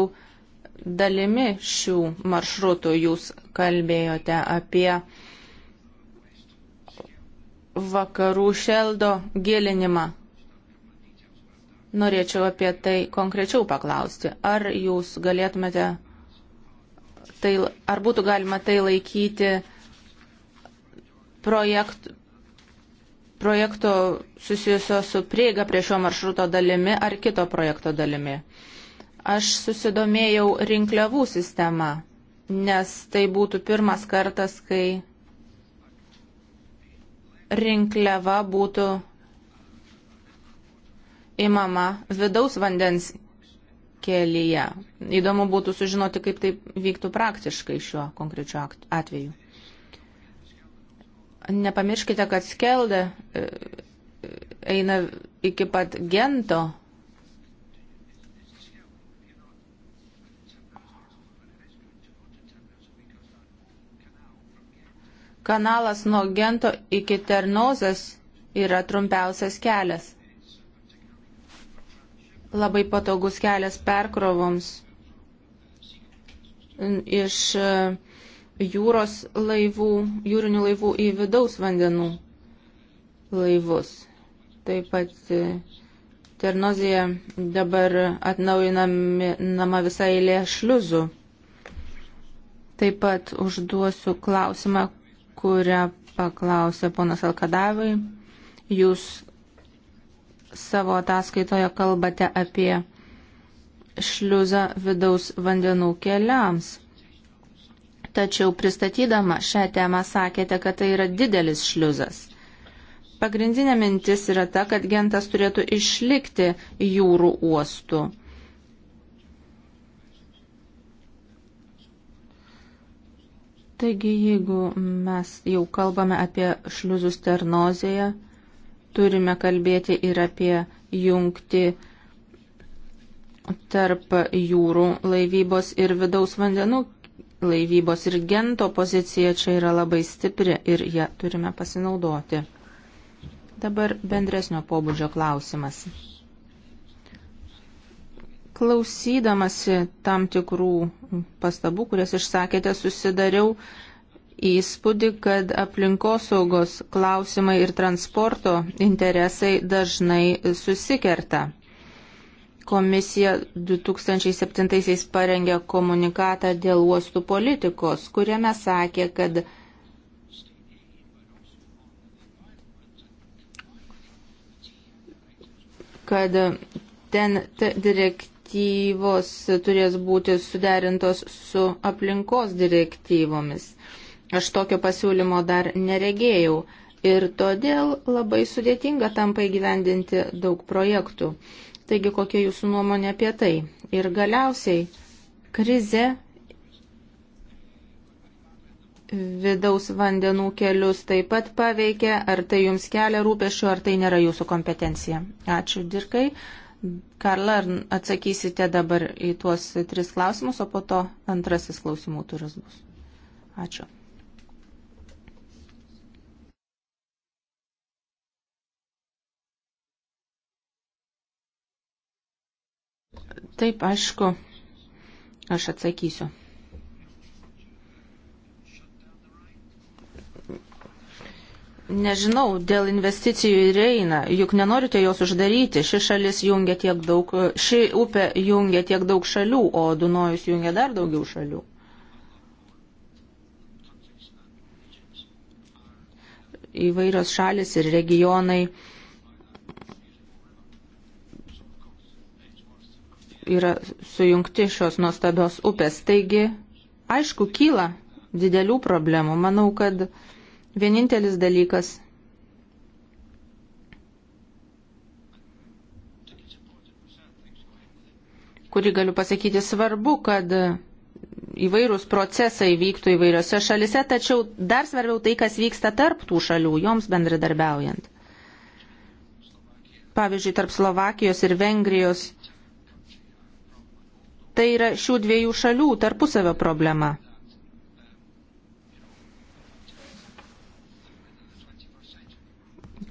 dalimi šių maršrutų. Jūs kalbėjote apie vakarų šeldo gilinimą Norėčiau apie tai konkrečiau paklausti. Ar jūs galėtumėte, tai, ar būtų galima tai laikyti projekt, projekto susijusio su prieiga prie šio maršruto dalimi ar kito projekto dalimi? Aš susidomėjau rinkliavų sistema, nes tai būtų pirmas kartas, kai rinkliava būtų imama vidaus vandens kelyje. Įdomu būtų sužinoti, kaip tai vyktų praktiškai šiuo konkrečiu atveju. Nepamirškite, kad skeldė e, e, eina iki pat gento. Kanalas nuo gento iki ternozas yra trumpiausias kelias labai patogus kelias perkrovoms iš e, jūros laivų, jūrinių laivų į vidaus vandenų laivus. Taip pat e, Ternozija dabar atnaujinama visai eilė šliuzų. Taip pat užduosiu klausimą, kurią paklausė ponas Alkadavai. Jūs savo ataskaitoje kalbate apie šliuzą vidaus vandenų keliams. Tačiau pristatydama šią temą sakėte, kad tai yra didelis šliuzas. Pagrindinė mintis yra ta, kad gentas turėtų išlikti jūrų uostų. Taigi, jeigu mes jau kalbame apie šliuzus ternozėje, turime kalbėti ir apie jungti tarp jūrų laivybos ir vidaus vandenų laivybos ir gento pozicija čia yra labai stipri ir ją turime pasinaudoti. Dabar bendresnio pobūdžio klausimas. Klausydamasi tam tikrų pastabų, kurias išsakėte, susidariau įspūdį, kad aplinkosaugos klausimai ir transporto interesai dažnai susikerta. Komisija 2007 parengė komunikatą dėl uostų politikos, kuriame sakė, kad kad ten direktyvos turės būti suderintos su aplinkos direktyvomis. Aš tokio pasiūlymo dar neregėjau ir todėl labai sudėtinga tampa įgyvendinti daug projektų. Taigi, kokia jūsų nuomonė apie tai? Ir galiausiai, krize vidaus vandenų kelius taip pat paveikia, ar tai jums kelia rūpešių, ar tai nėra jūsų kompetencija. Ačiū, Dirkai. Karla, ar atsakysite dabar į tuos tris klausimus, o po to antrasis klausimų turas bus. Ačiū. Taip, aišku, aš atsakysiu. Nežinau, dėl investicijų į Reiną, juk nenorite jos uždaryti, ši šalis jungia tiek daug, ši upė jungia tiek daug šalių, o Dunojus jungia dar daugiau šalių. Įvairios šalis ir regionai yra sujungti šios nuostabios upės. Taigi, aišku, kyla didelių problemų. Manau, kad vienintelis dalykas. kurį galiu pasakyti, svarbu, kad įvairūs procesai vyktų įvairiose šalise, tačiau dar svarbiau tai, kas vyksta tarp tų šalių, joms bendradarbiaujant. Pavyzdžiui, tarp Slovakijos ir Vengrijos Tai yra šių dviejų šalių tarpusavio problema.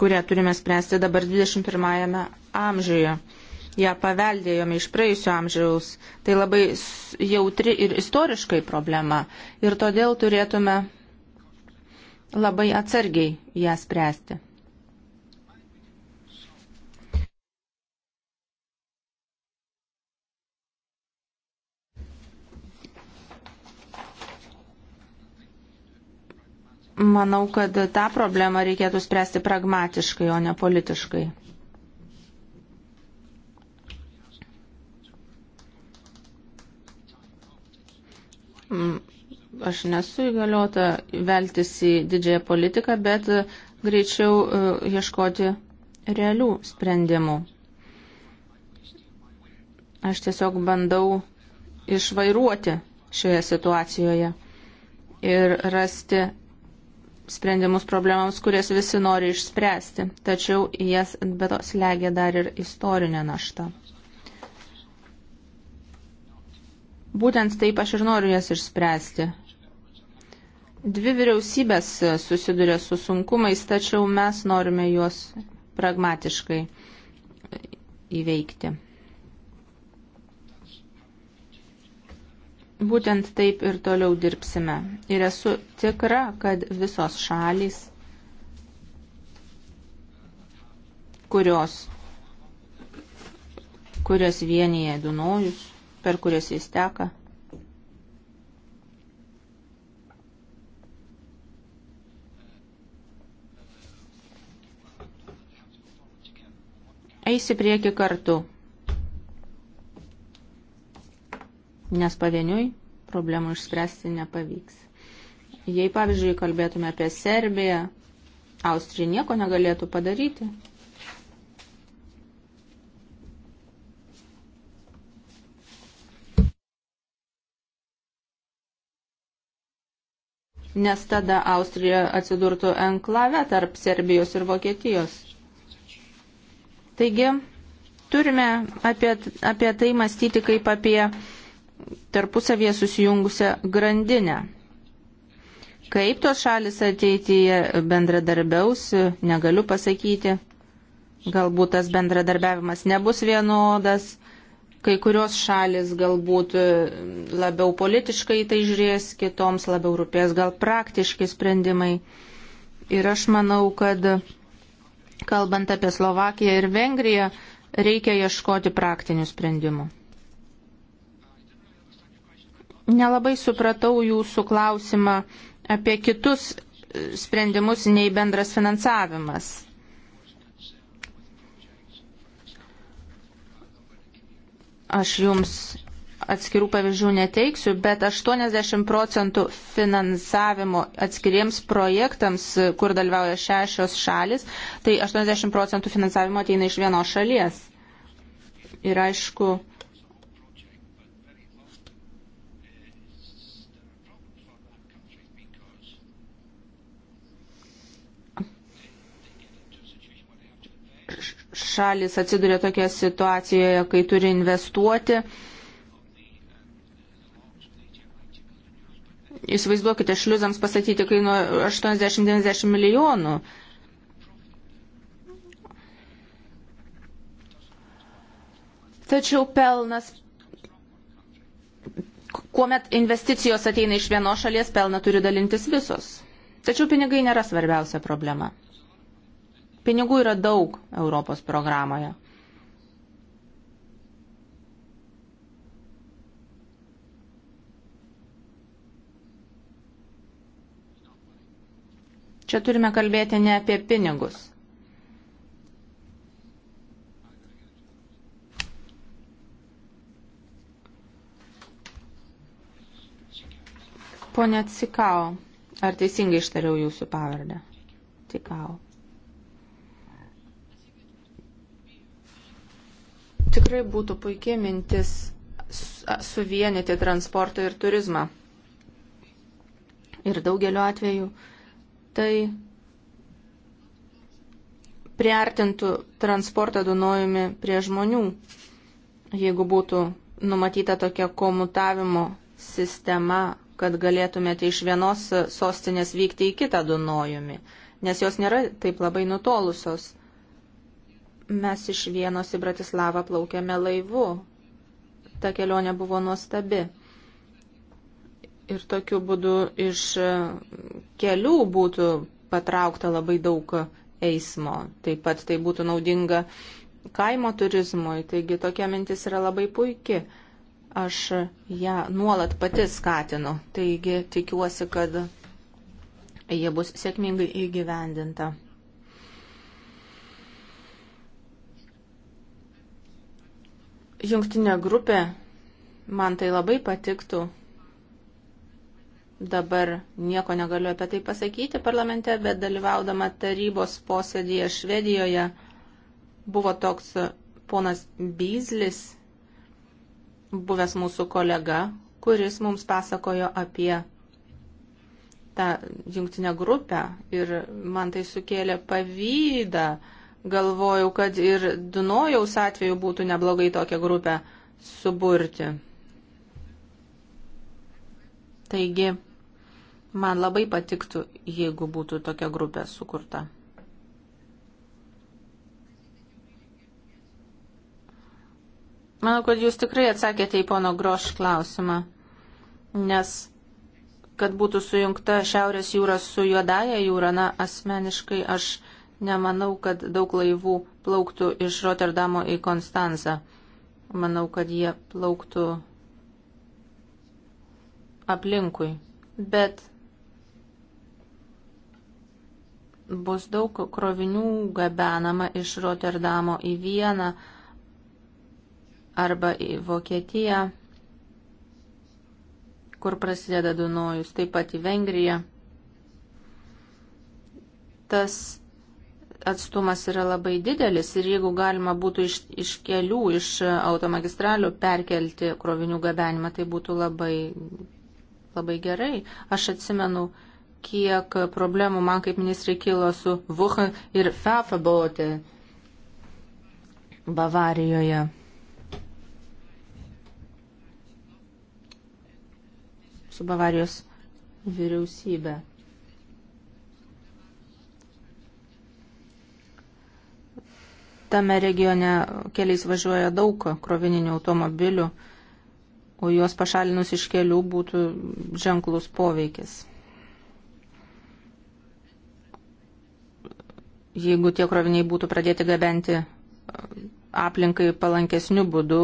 kurią turime spręsti dabar 21 amžiuje. Ja paveldėjome iš praėjusio amžiaus. Tai labai jautri ir istoriškai problema. Ir todėl turėtume labai atsargiai ją spręsti. Manau, kad tą problemą reikėtų spręsti pragmatiškai, o ne politiškai. Mm, aš nesu įgaliota veltis į didžiąją politiką, bet greičiau e, ieškoti realių sprendimų. Aš tiesiog bandau išvairuoti šioje situacijoje ir rasti sprendimus problemams, kurias visi nori išspręsti, tačiau jas be to slegia dar ir istorinė našta. Būtent taip aš ir noriu jas išspręsti. Dvi vyriausybės susiduria su sunkumais, tačiau mes norime juos pragmatiškai įveikti. Būtent taip ir toliau dirbsime. Ir esu tikra, kad visos šalys, kurios, kurias vienyje Dunojus, per kurias jis teka, eisi prieki kartu nes pavieniui problemų išspręsti nepavyks. Jei, pavyzdžiui, kalbėtume apie Serbiją, Austrija nieko negalėtų padaryti. Nes tada Austrija atsidurtų enklave tarp Serbijos ir Vokietijos. Taigi, turime apie, apie tai mąstyti kaip apie tarpusavie susijungusią grandinę. Kaip tos šalis ateityje bendradarbiaus, negaliu pasakyti. Galbūt tas bendradarbiavimas nebus vienodas, kai kurios šalis galbūt labiau politiškai tai žiūrės, kitoms labiau rūpės gal praktiški sprendimai. Ir aš manau, kad kalbant apie Slovakiją ir Vengriją, reikia ieškoti praktinių sprendimų. Nelabai supratau jūsų klausimą apie kitus e, sprendimus nei bendras finansavimas. Aš jums atskirų pavyzdžių neteiksiu, bet 80 procentų finansavimo atskiriems projektams, e, kur dalyvauja šešios šalis, tai 80 procentų finansavimo ateina iš vienos šalies. Ir aišku, šalis atsiduria tokia situacijoje, kai turi investuoti. Įsivaizduokite, šliuzams pasakyti kainuoja 80-90 milijonų. Tačiau pelnas, kuomet investicijos ateina iš vienos šalies, pelną turi dalintis visos. Tačiau pinigai nėra svarbiausia problema. Pinigų yra daug Europos programoje. Čia turime kalbėti ne apie pinigus. Pone Cikau, ar teisingai ištariau jūsų pavardę? Cikau. Tikrai būtų puikiai mintis suvienyti transportą ir turizmą. Ir daugeliu atveju tai priartintų transportą Dunojumi prie žmonių, jeigu būtų numatyta tokia komutavimo sistema, kad galėtumėte iš vienos sostinės vykti į kitą Dunojumi, nes jos nėra taip labai nutolusios. Mes iš Vienos į Bratislavą plaukėme laivu. Ta kelionė buvo nuostabi. Ir tokiu būdu iš e, kelių būtų patraukta labai daug eismo. Taip pat tai būtų naudinga kaimo turizmui. Taigi tokia mintis yra labai puikia aš ją nuolat pati skatinu, taigi tikiuosi, kad jie bus sėkmingai įgyvendinta. jungtinė grupė, man tai labai patiktų. Dabar nieko negaliu apie tai pasakyti parlamente, bet dalyvaudama tarybos posėdėje Švedijoje buvo toks ponas Byzlis, buvęs mūsų kolega, kuris mums pasakojo apie tą jungtinę grupę ir man tai sukėlė pavydą galvojau, kad ir Dunojaus atveju būtų neblogai tokią grupę suburti. Taigi, man labai patiktų, jeigu būtų tokia grupė sukurta. Manau, kad jūs tikrai atsakėte į pono Groš klausimą, nes kad būtų sujungta Šiaurės jūra su Juodaja jūra, na, asmeniškai aš Nemanau, kad daug laivų plauktų iš Rotterdamo į Konstanzą. Manau, kad jie plauktų aplinkui. Bet bus daug krovinių gabenama iš Rotterdamo į Vieną arba į Vokietiją, kur prasideda Dunojus, taip pat į Vengriją. Tas atstumas yra labai didelis ir jeigu galima būtų iš, iš kelių, iš automagistralių perkelti krovinių gabenimą, tai būtų labai, labai gerai. Aš atsimenu, kiek problemų man kaip ministrai kilo su Vuha ir Fafabote Bavarijoje. Su Bavarijos vyriausybė. Tame regione keliais važiuoja daug krovininių automobilių, o juos pašalinus iš kelių būtų ženklus poveikis. Jeigu tie kroviniai būtų pradėti gabenti aplinkai palankesnių būdų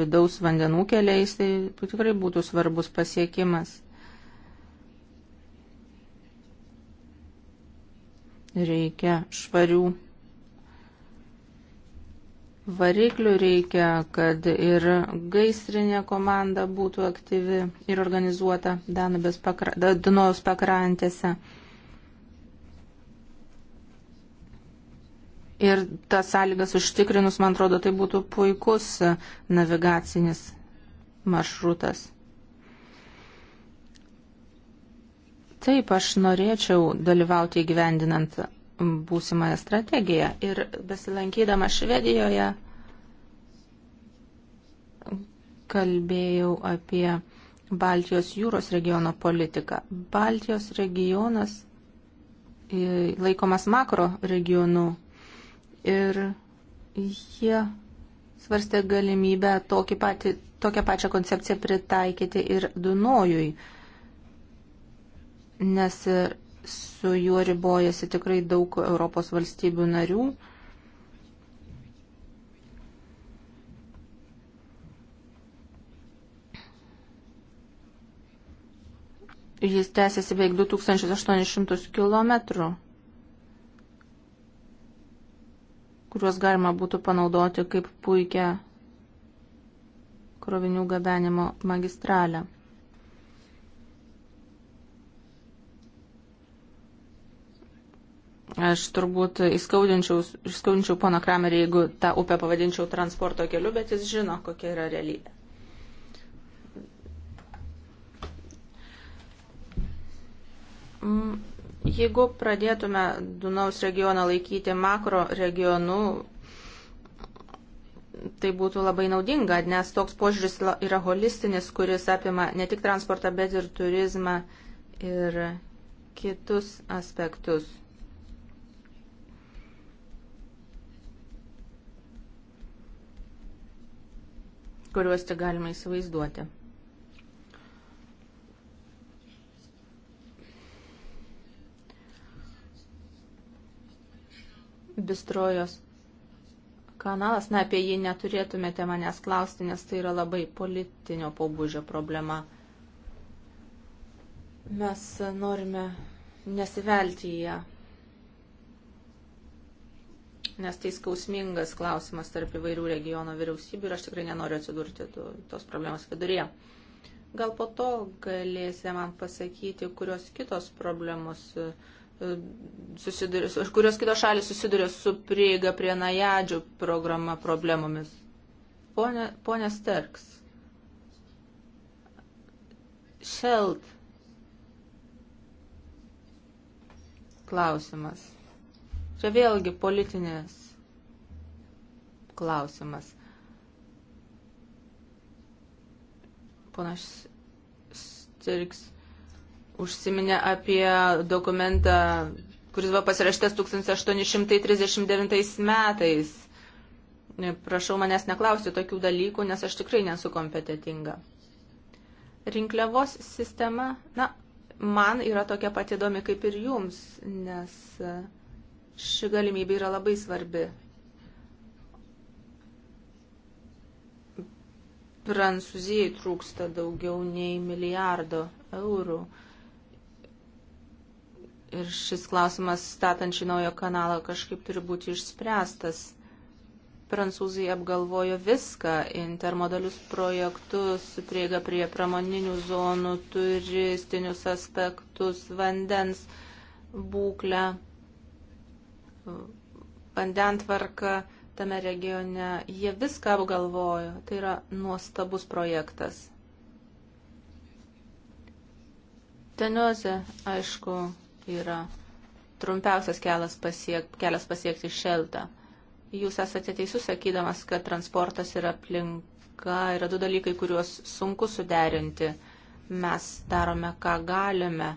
vidaus vandenų keliais, tai tikrai būtų svarbus pasiekimas. Reikia švarių Variklių reikia, kad ir gaisrinė komanda būtų aktyvi ir organizuota pakra, Dunojaus pakrantėse. Ir tas sąlygas užtikrinus, man atrodo, tai būtų puikus navigacinis maršrutas. Taip, aš norėčiau dalyvauti įgyvendinant būsimąją strategiją. Ir besilankydama Švedijoje kalbėjau apie Baltijos jūros regiono politiką. Baltijos regionas e, laikomas makro regionu ir jie svarstė galimybę tokį patį, tokią pačią koncepciją pritaikyti ir Dunojui, nes su juo ribojasi tikrai daug Europos valstybių narių. Jis tęsiasi beveik 2800 km, kuriuos galima būtų panaudoti kaip puikia krovinių gabenimo magistralę. Aš turbūt įskaudinčiau pono Kramerį, jeigu tą upę pavadinčiau transporto keliu, bet jis žino, kokia yra realybė. Mm, jeigu pradėtume Dunaus regioną laikyti makro regionu, tai būtų labai naudinga, nes toks požiūris yra holistinis, kuris apima ne tik transportą, bet ir turizmą ir kitus aspektus. kuriuos tik galima įsivaizduoti. Bistrojos kanalas, na apie jį neturėtumėte manęs klausti, nes tai yra labai politinio pobūdžio problema. Mes norime nesivelti į ją nes tai skausmingas klausimas tarp įvairių regiono vyriausybių ir aš tikrai nenoriu atsidurti to, tos problemos viduryje. Gal po to galėsite man pasakyti, kurios kitos problemos e, e, susiduria, kurios kitos šalis susiduria su prieiga prie najadžių programa problemomis. Pone, pone Sterks. Šelt. Klausimas. Čia vėlgi politinės klausimas. Ponas Stirks užsiminė apie dokumentą, kuris buvo pasirašytas 1839 metais. Prašau manęs neklausti tokių dalykų, nes aš tikrai nesu kompetitinga. Rinkliavos sistema, na, man yra tokia pat įdomi kaip ir jums, nes uh, Ši galimybė yra labai svarbi. Prancūzijai trūksta daugiau nei milijardo eurų. Ir šis klausimas statant šį naują kanalą kažkaip turi būti išspręstas. Prancūzai apgalvojo viską - intermodalius projektus, prieiga prie pramoninių zonų, turistinius aspektus, vandens būklę vandentvarka tame regione, jie viską apgalvojo. Tai yra nuostabus projektas. Teniozė, aišku, yra trumpiausias kelias, pasiek, kelias pasiekti šeltą. Jūs esate teisus, sakydamas, kad transportas ir aplinka yra du dalykai, kuriuos sunku suderinti. Mes darome, ką galime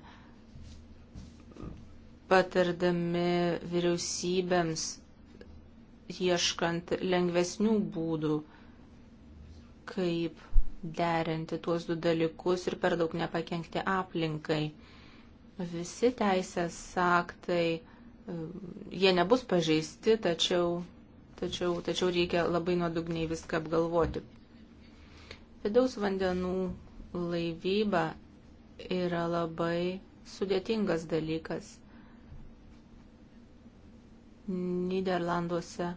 patardami vyriausybėms, ieškant lengvesnių būdų, kaip derinti tuos du dalykus ir per daug nepakenkti aplinkai. Visi teisės aktai, e, jie nebus pažeisti, tačiau, tačiau, tačiau reikia labai nuodugniai viską apgalvoti. Vidaus vandenų laivyba yra labai sudėtingas dalykas Niderlanduose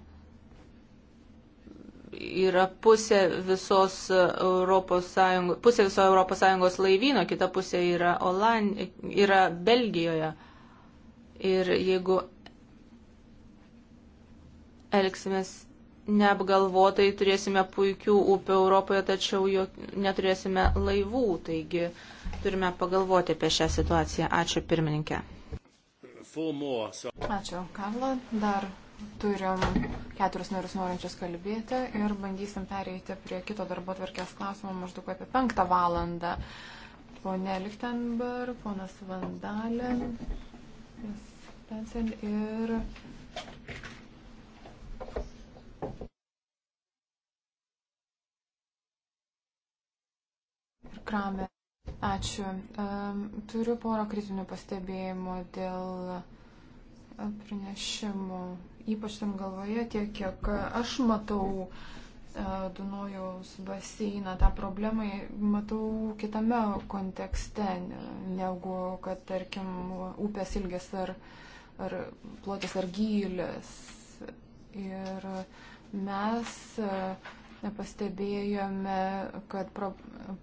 yra pusė visos Europos Sąjungos, pusė viso Europos Sąjungos laivyno, kita pusė yra, Oland... yra Belgijoje. Ir jeigu elgsimės neapgalvotai, turėsime puikių upių Europoje, tačiau jo neturėsime laivų. Taigi turime pagalvoti apie šią situaciją. Ačiū pirmininkė. Ačiū, Karla. Dar turim keturis narius norinčius kalbėti ir bandysim pereiti prie kito darbo tvarkės klausimo maždaug apie penktą valandą. Pone Lichtenberg, ponas Vandalin ir Kramer. Ačiū. Turiu porą kritinių pastebėjimų dėl pranešimų. Ypač tam galvoje tiek, kiek aš matau Dunojaus baseiną, tą problemą matau kitame kontekste, negu kad, tarkim, upės ilgis ar, ar plotis ar gylis. Ir mes pastebėjome, kad pro,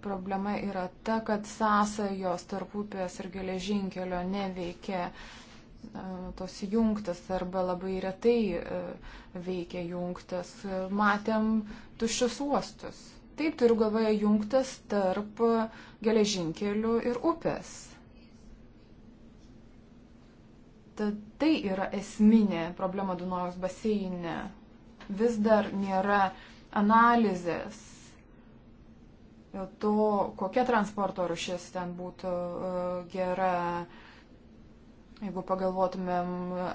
problema yra ta, kad sąsajos tarp upės ir geležinkelio neveikia tos jungtas arba labai retai e, veikia jungtas. Matėm tuščius uostus. Taip turiu galvoje jungtas tarp geležinkelių ir upės. Tad tai yra esminė problema Dunojaus baseine. Vis dar nėra uh, analizės to, kokia transporto rušis ten būtų e, gera, jeigu pagalvotumėm,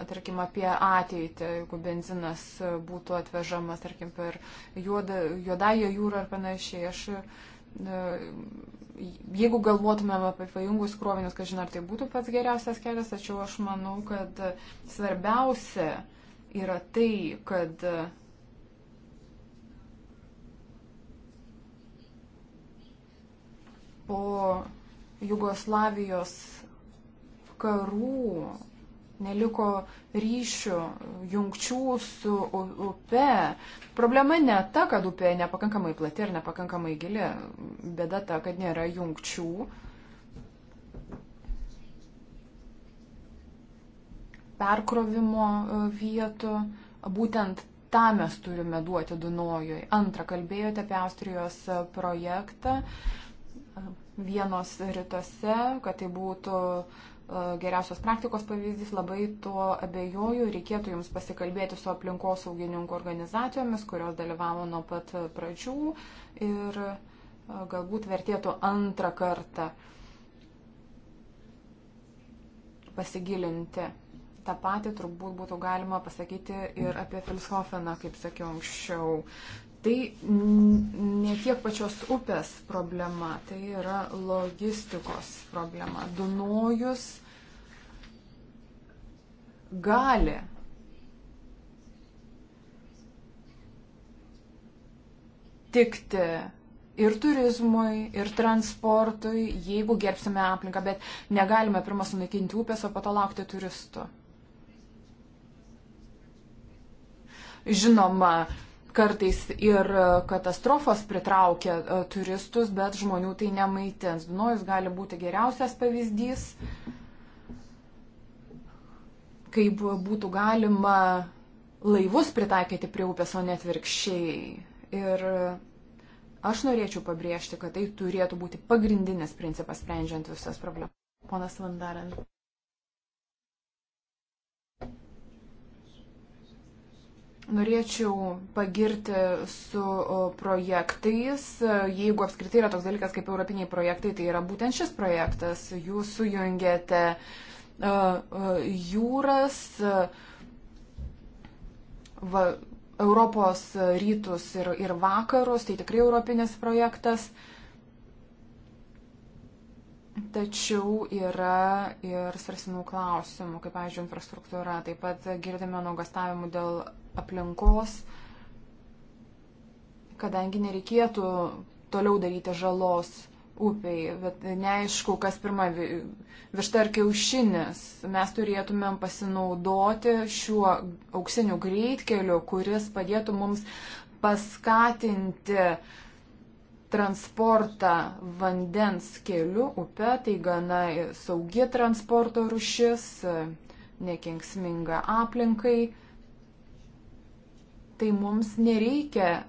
tarkim, apie ateitį, jeigu benzinas būtų atvežamas, tarkim, per juodą, juodąją jūrą ar panašiai. Aš, e, jeigu galvotumėm apie pajungus krovinius, kažin ar tai būtų pats geriausias kelias, tačiau aš manau, kad svarbiausia yra tai, kad po Jugoslavijos karų neliko ryšių, jungčių su upe. Problema ne ta, kad upė nepakankamai plati ir nepakankamai gili, bėda ta, kad nėra jungčių. perkrovimo e, vietų. Būtent tą mes turime duoti Dunojui. Antra, kalbėjote apie Austrijos e, projektą. Uh, vienos rytuose, kad tai būtų e, geriausios praktikos pavyzdys, labai tuo abejoju, reikėtų jums pasikalbėti su aplinkosaugininkų organizacijomis, kurios dalyvavo nuo pat pradžių ir e, galbūt vertėtų antrą kartą pasigilinti. Ta pati turbūt būtų galima pasakyti ir apie Filshofeną, kaip sakiau anksčiau. Tai ne tiek pačios upės problema, tai yra logistikos problema. Dunojus gali tikti ir turizmui, ir transportui, jeigu gerbsime aplinką, bet negalime pirmą sunaikinti upės, o po to laukti turistų. Žinoma, kartais ir e, katastrofos pritraukia e, turistus, bet žmonių tai nemaitins. Dunojus gali būti geriausias pavyzdys, kaip būtų galima laivus pritaikyti prie upės, o net virkščiai. Ir e, aš norėčiau pabrėžti, kad tai turėtų būti pagrindinis principas sprendžiant visas problemas. Ponas Vandaran. Norėčiau pagirti su projektais. Jeigu apskritai yra toks dalykas kaip europiniai projektai, tai yra būtent šis projektas. Jūs sujungėte jūras, va, Europos rytus ir, ir vakarus, tai tikrai europinis projektas. Tačiau yra ir svarsimų klausimų, kaip, pavyzdžiui, infrastruktūra. Taip pat girdime nuogastavimų dėl aplinkos, kadangi nereikėtų toliau daryti žalos upiai, bet neaišku, kas pirma višta ar kiaušinis. Mes turėtumėm pasinaudoti šiuo auksiniu greitkeliu, kuris padėtų mums paskatinti transportą vandens keliu upe, tai gana saugi transporto rušis, nekenksminga aplinkai tai mums nereikia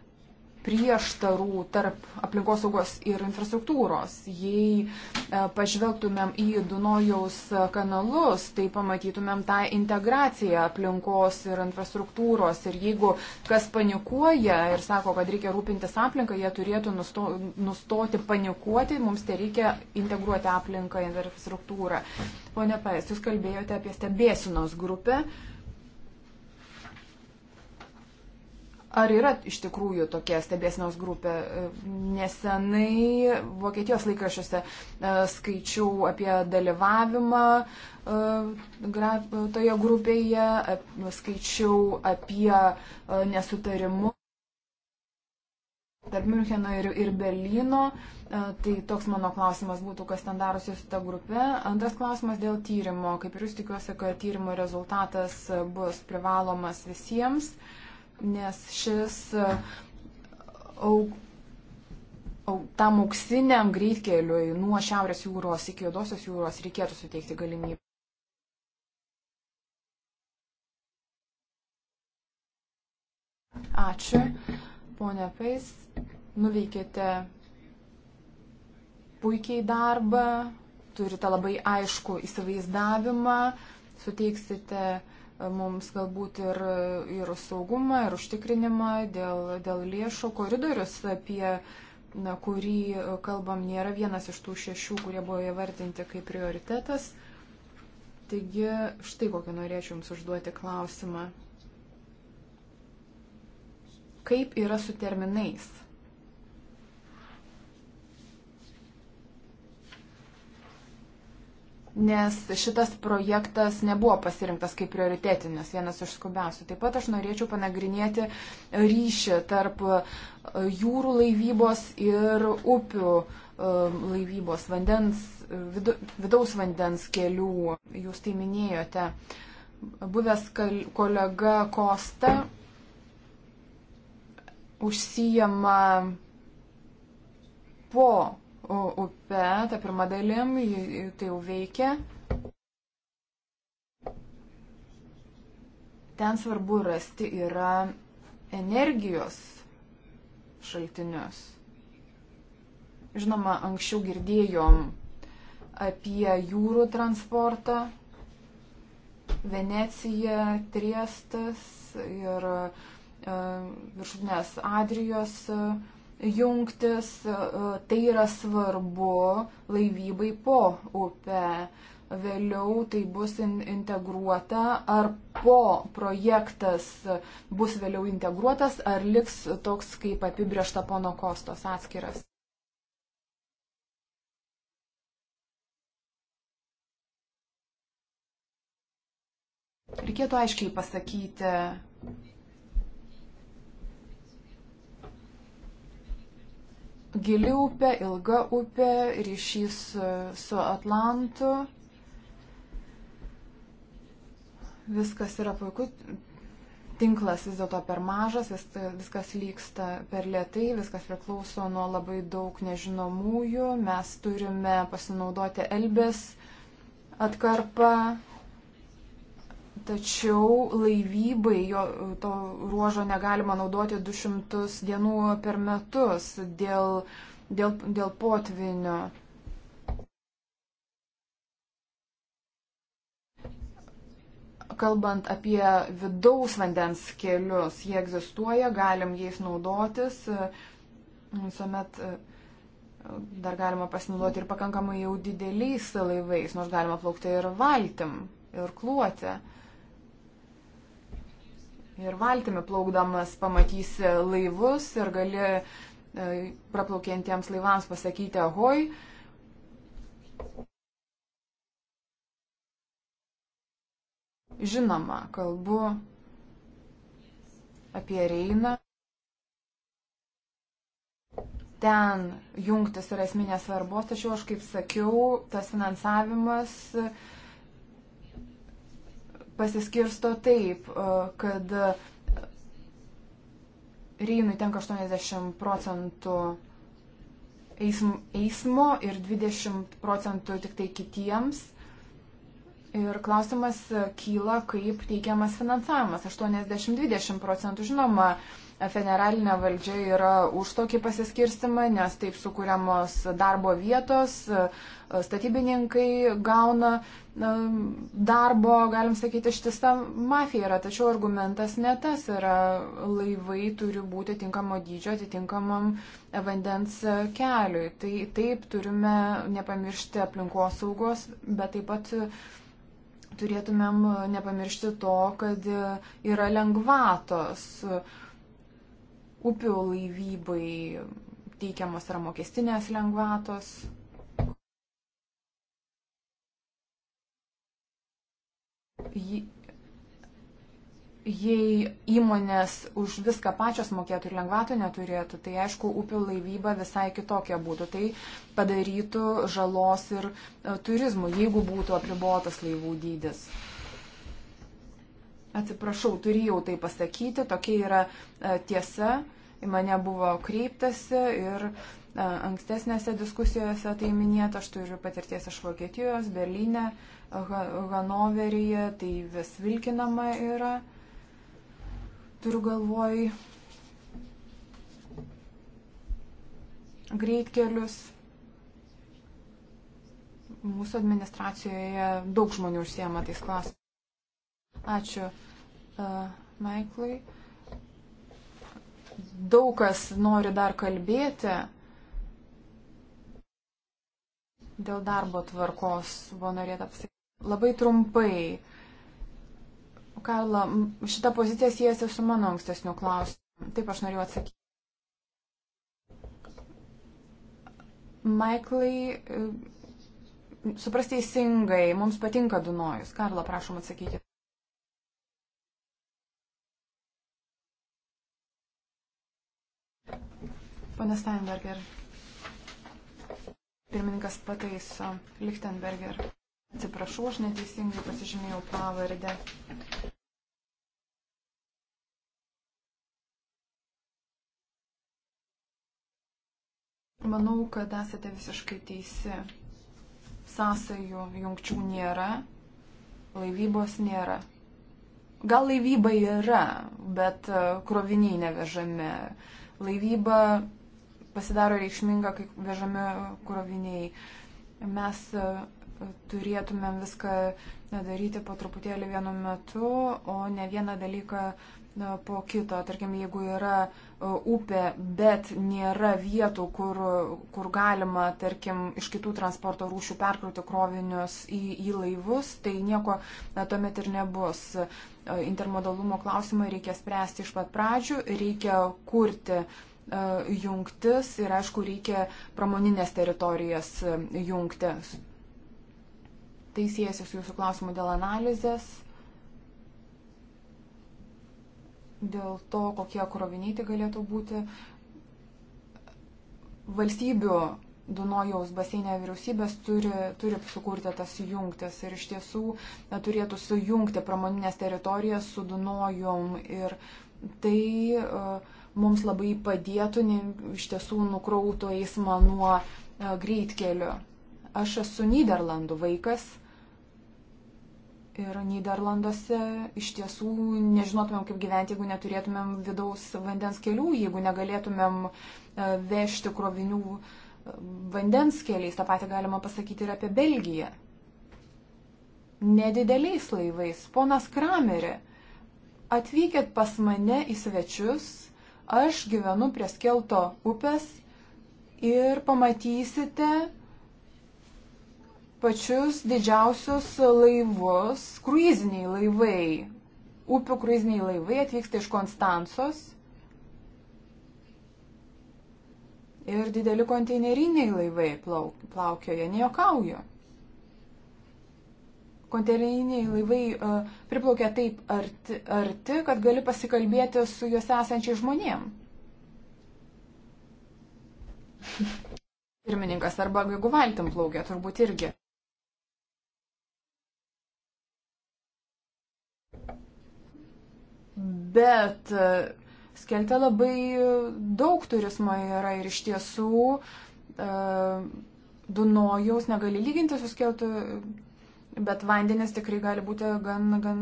prieštarų tarp aplinkosaugos ir infrastruktūros. Jei e, pažvelgtumėm į Dunojaus kanalus, tai pamatytumėm tą integraciją aplinkos ir infrastruktūros. Ir jeigu kas panikuoja ir sako, kad reikia rūpintis aplinką, jie turėtų nusto, nustoti panikuoti, mums tai reikia integruoti aplinką ir infrastruktūrą. Pone Paes, jūs kalbėjote apie stebėsinos grupę. Uh, Ar yra iš tikrųjų tokia stebėsnos grupė? Nesenai Vokietijos laikrašiuose e, skaičiau apie dalyvavimą e, toje grupėje, skaičiau apie e, nesutarimus tarp Müncheno ir, ir Berlyno. Tai toks mano klausimas būtų, kas ten darosi su ta grupe. Antras klausimas dėl tyrimo. Kaip ir jūs tikiuosi, kad tyrimo rezultatas bus privalomas visiems. Uh, nes šis aug, e, aug, tam auksiniam greitkeliui nuo Šiaurės jūros iki Jodosios jūros reikėtų suteikti galimybę. Ačiū, ponė Pais, nuveikėte puikiai darbą, turite labai aišku įsivaizdavimą, suteiksite mums galbūt ir, ir saugumą, ir užtikrinimą dėl, dėl lėšų koridorius, apie na, kurį kalbam, nėra vienas iš tų šešių, kurie buvo įvardinti kaip prioritetas. Taigi štai kokį norėčiau Jums užduoti klausimą. Kaip yra su terminais? nes šitas projektas nebuvo pasirinktas kaip prioritetinis, vienas iš skubiausių. Taip pat aš norėčiau panagrinėti ryšį tarp e, jūrų laivybos ir upių e, laivybos, vandens, vidaus vandens kelių. Jūs tai minėjote. Buvęs kolega Kosta užsijama po upe, ta pirma dalim, tai jau veikia. Ten svarbu rasti yra energijos šaltinius. Žinoma, anksčiau girdėjom apie jūrų transportą, Venecija, Triestas ir e, viršutinės Adrijos. E, jungtis, e, tai yra svarbu laivybai po upę. Vėliau tai bus integruota, ar po projektas bus vėliau integruotas, ar liks toks kaip apibriešta pono Kostos atskiras. Reikėtų aiškiai pasakyti, gili upė, ilga upė, ryšys e, su Atlantu. Viskas yra puiku. Tinklas vis dėlto per mažas, vis, e, viskas vyksta per lietai, viskas priklauso nuo labai daug nežinomųjų. Mes turime pasinaudoti Elbės atkarpą, Tačiau laivybai jo, to ruožo negalima naudoti 200 dienų per metus dėl, dėl, dėl potvinio. Kalbant apie vidaus vandens kelius, jie egzistuoja, galim jais naudotis. Visuomet e, dar galima pasinaudoti ir pakankamai jau dideliais laivais, nors galima plaukti ir valtim, ir kluoti ir valtimi plaukdamas pamatysi laivus ir gali e, praplaukiantiems laivams pasakyti ahoj. Žinoma, kalbu apie Reiną. Ten jungtis yra esminės svarbos, tačiau aš kaip sakiau, tas finansavimas uh, pasiskirsto taip, e, kad Reinui tenka 80 procentų eismo ir 20 procentų tik tai kitiems. Ir klausimas kyla, kaip teikiamas finansavimas. 80-20 procentų, žinoma, federalinė valdžia yra už tokį pasiskirstimą, nes taip sukūriamos darbo vietos, statybininkai gauna darbo, galim sakyti, ištisa mafija yra, tačiau argumentas ne tas yra, laivai turi būti tinkamo dydžio atitinkamam vandens keliui. Tai taip turime nepamiršti aplinkosaugos, bet taip pat turėtumėm nepamiršti to, kad yra lengvatos upių laivybai teikiamos yra mokestinės lengvatos. Jei įmonės už viską pačios mokėtų ir lengvatų neturėtų, tai aišku, upių laivyba visai kitokia būtų. Tai padarytų žalos ir e, turizmų, jeigu būtų apribotas laivų dydis. Atsiprašau, turėjau tai pasakyti, tokia yra e, tiesa, į mane buvo kreiptasi ir e, ankstesnėse diskusijose tai minėta, aš turiu patirties iš Vokietijos, Berlyne, Hanoveryje, tai vis vilkinama yra, turiu galvoj greitkelius. Mūsų administracijoje daug žmonių užsiema tais klausimais. Ačiū, uh, e, Maiklai. Daug kas nori dar kalbėti dėl darbo tvarkos, buvo norėta apsakyti. Labai trumpai. Karla, šitą poziciją siejasi su mano ankstesniu klausimu. Taip aš norėjau atsakyti. Maiklai, e, suprasti teisingai, mums patinka Dunojus. Karla, prašom atsakyti. Pane Steinberger. Pirmininkas pataiso Lichtenberger. Atsiprašau, aš neteisingai pasižymėjau pavardę. Manau, kad esate visiškai teisi. Sąsajų jungčių nėra, laivybos nėra. Gal laivyba yra, bet e, kroviniai nevežami. Laivyba pasidaro reikšminga, kai vežami kroviniai. Mes e, turėtumėm viską e, daryti po truputėlį vienu metu, o ne vieną dalyką e, po kito. Tarkim, jeigu yra upė, bet nėra vietų, kur, kur galima, tarkim, iš kitų transporto rūšių perkrauti krovinius į, į laivus, tai nieko tuomet ir nebus. Intermodalumo klausimą reikia spręsti iš pat pradžių, reikia kurti uh, E, jungtis ir aišku reikia pramoninės teritorijas e, jungti. Tai siejasi su jūsų klausimu dėl analizės, dėl to, kokie kroviniai tai galėtų būti. Valstybių Dunojaus baseinė vyriausybės turi, turi sukurti tas jungtis ir iš tiesų na, turėtų sujungti pramoninės teritorijas su Dunojom ir tai uh, mums labai padėtų, ne, iš tiesų nukrautų eismą nuo e, greitkeliu. Aš esu Niderlandų vaikas ir Niderlanduose iš tiesų nežinotumėm, kaip gyventi, jeigu neturėtumėm vidaus vandens kelių, jeigu negalėtumėm e, vežti krovinių e, vandens keliais. Ta pati galima pasakyti ir apie Belgiją. Nedideliais laivais. Ponas Krameri, atvykit pas mane į svečius Aš gyvenu prie Skelto upės ir pamatysite pačius didžiausius laivus, kruiziniai laivai. Upių kruiziniai laivai atvyksta iš Konstancos. Ir dideli konteineriniai laivai plaukioja, nejuokauju konteineriniai laivai uh, priplaukia taip arti, arti, kad gali pasikalbėti su juose esančiai žmonėm. Pirmininkas arba jeigu valtim plaukia, turbūt irgi. Bet uh, e, skeltė labai daug turizmo yra ir iš tiesų uh, Dunojaus negali lyginti su skeltu bet vandenis tikrai gali būti gan, gan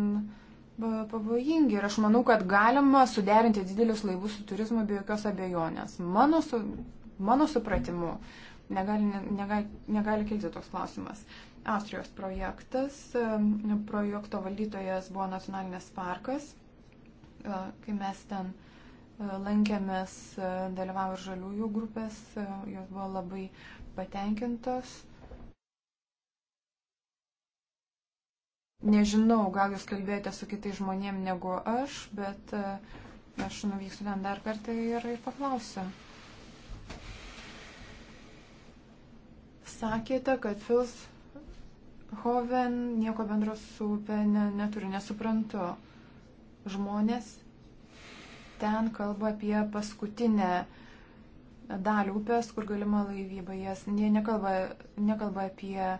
pavojingi. Ir aš manau, kad galima suderinti didelius laivus su turizmu be jokios abejonės. Mano, su, mano supratimu negali, negali, negali kilti toks klausimas. Austrijos projektas, e, projekto valdytojas buvo nacionalinės parkas, e, kai mes ten e, lankėmės, dalyvavo ir žaliųjų grupės, jos buvo labai patenkintos Nežinau, gal jūs kalbėjote su kitais žmonėm negu aš, bet e, aš nuvyksiu ten dar kartą ir paklausiu. Sakėte, kad Fils Hoven nieko bendro su upė ne, neturi, nesuprantu. Žmonės ten kalba apie paskutinę dalį upės, kur galima laivyba. Jie nekalba, nekalba apie e,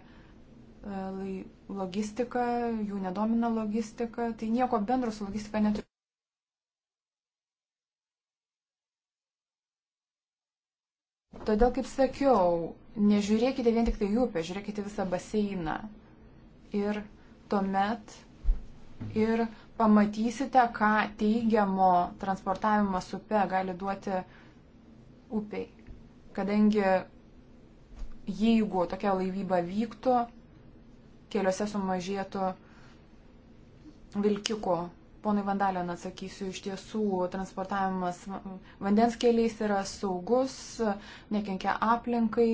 lai, logistika, jų nedomina logistika, tai nieko bendro su logistika neturi. Todėl, kaip sakiau, nežiūrėkite vien tik tai upę, žiūrėkite visą baseiną. Ir tuomet ir pamatysite, ką teigiamo transportavimas upe gali duoti upiai. Kadangi jeigu tokia laivyba vyktų, keliuose sumažėtų vilkiko. Ponai Vandalėn atsakysiu, iš tiesų transportavimas vandens keliais yra saugus, nekenkia aplinkai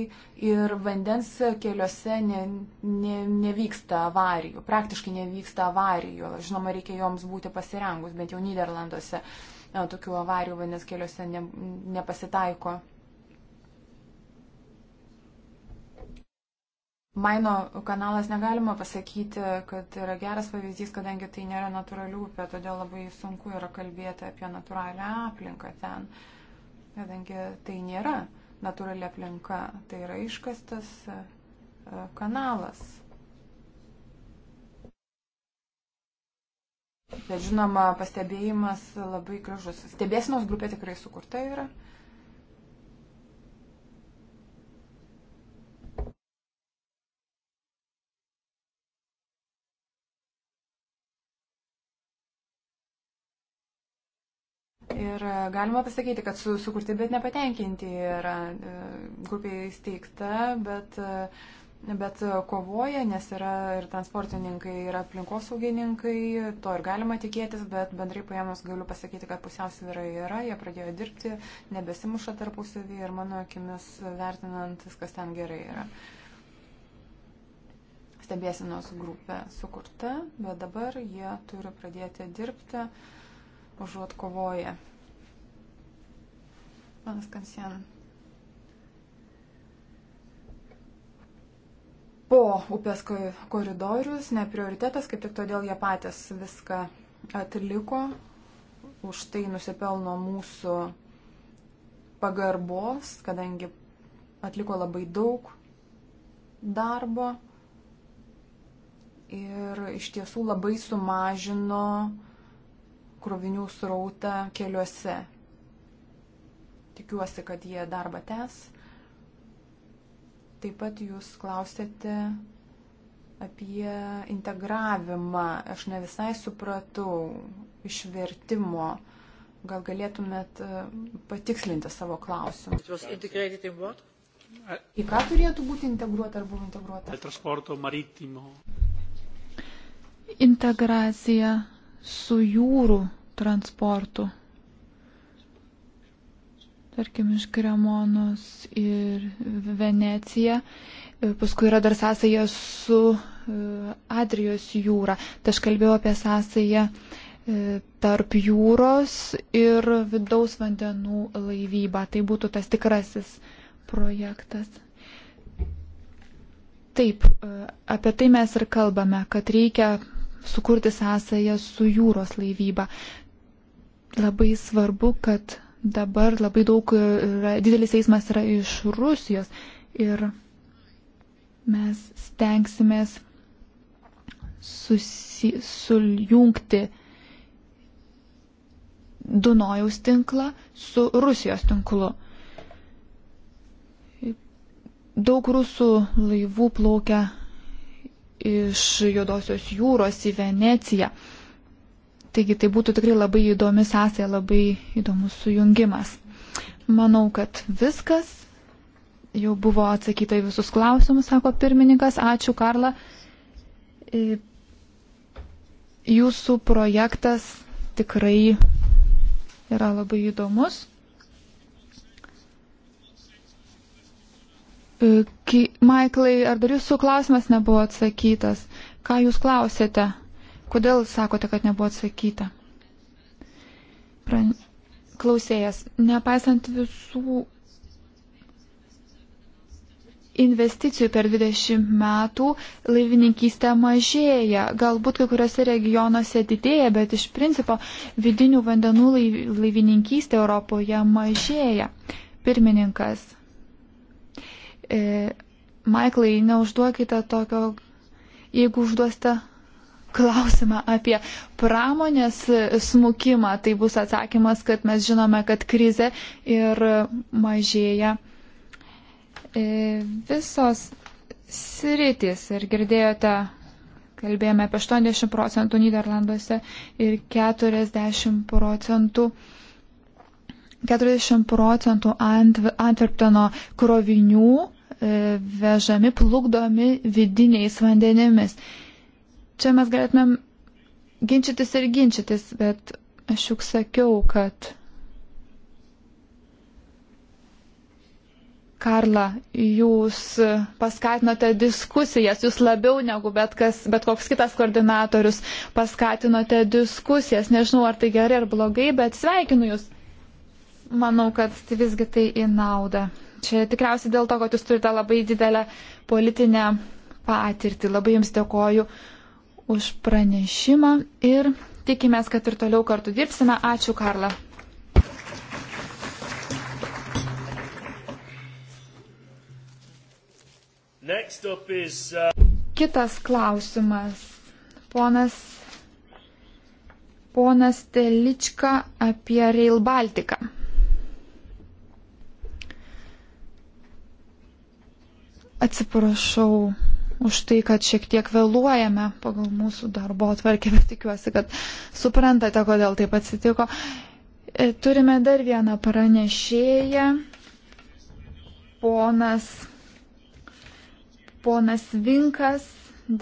ir vandens keliuose ne, ne, nevyksta avarijų, praktiškai nevyksta avarijų. Žinoma, reikia joms būti pasirengus, bent jau Niderlanduose e, tokių avarijų vandens keliuose ne, nepasitaiko. Maino kanalas negalima pasakyti, kad yra geras pavyzdys, kadangi tai nėra natūrali upė, todėl labai sunku yra kalbėti apie natūralią aplinką ten, kadangi tai nėra natūrali aplinka, tai yra iškastas e, kanalas. Bet žinoma, pastebėjimas labai gražus. Stebėsinos grupė tikrai sukurta yra. Ir e, galima pasakyti, kad su, sukurti, bet nepatenkinti yra e, grupiai steigta, bet, e, bet kovoja, nes yra ir transportininkai, ir aplinkosaugininkai, to ir galima tikėtis, bet bendrai paėmus galiu pasakyti, kad pusiausvyrą yra, jie pradėjo dirbti, nebesimuša tarpusavį ir mano akimis vertinant, viskas ten gerai yra. Stebėsinos grupė sukurta, bet dabar jie turi pradėti dirbti. Uh, užuot kovoję. Panas Kansien. Po upės koridorius neprioritetas, kaip tik todėl jie patys viską atliko, už tai nusipelno mūsų pagarbos, kadangi atliko labai daug darbo ir iš tiesų labai sumažino krovinių srautą keliuose. Tikiuosi, kad jie darbą tęs. Taip pat jūs klausėte apie integravimą. Aš ne visai supratau išvertimo. Gal galėtumėt e, patikslinti savo klausimą. Į ką turėtų būti integruota ar buvo integruota? Integracija su jūrų transportu. Tarkim, iš Kremonos ir Venecija. E, paskui yra dar sąsaja su e, Adrijos jūra. Tai aš kalbėjau apie sąsają e, tarp jūros ir vidaus vandenų laivybą. Tai būtų tas tikrasis projektas. Taip, apie tai mes ir kalbame, kad reikia sukurti sąsąją su jūros laivyba. Labai svarbu, kad dabar labai daug yra, didelis eismas yra iš Rusijos ir mes stengsimės susi, suljungti Dunojaus tinklą su Rusijos tinklu. Daug rusų laivų plaukia iš Juodosios jūros į Veneciją. Taigi tai būtų tikrai labai įdomi sąsaja, labai įdomus sujungimas. Manau, kad viskas. Jau buvo atsakyta į visus klausimus, sako pirmininkas. Ačiū, Karla. E, jūsų projektas tikrai yra labai įdomus. E, Maiklai, ar dar jūsų klausimas nebuvo atsakytas? Ką jūs klausėte? Kodėl sakote, kad nebuvo atsakyta? Pran... Klausėjas, nepaisant visų investicijų per 20 metų laivininkystė mažėja. Galbūt kai kuriuose regionuose didėja, bet iš principo vidinių vandenų laivininkystė Europoje mažėja. Pirmininkas. E, Maiklai, neužduokite tokio, jeigu užduosite klausimą apie pramonės smukimą, tai bus atsakymas, kad mes žinome, kad krize ir mažėja e, visos sritis. Ir girdėjote, kalbėjome apie 80 procentų Niderlanduose ir 40 procentų. 40 procentų Antverpteno krovinių E, vežami, plukdomi vidiniais vandenimis. Čia mes galėtumėm ginčytis ir ginčytis, bet aš juk sakiau, kad Karla, jūs paskatinote diskusijas, jūs labiau negu bet, kas, bet koks kitas koordinatorius paskatinote diskusijas. Nežinau, ar tai gerai ar blogai, bet sveikinu jūs. Manau, kad visgi tai į naudą. Čia tikriausiai dėl to, kad jūs turite labai didelę politinę patirtį. Labai jums dėkoju už pranešimą ir tikimės, kad ir toliau kartu dirbsime. Ačiū, Karla. Is, uh... Kitas klausimas. Ponas, ponas Telička apie Rail Baltica. Atsiprašau už tai, kad šiek tiek vėluojame pagal mūsų darbo atvarkę, bet tikiuosi, kad suprantate, kodėl taip atsitiko. E, turime dar vieną pranešėją, ponas, ponas Vinkas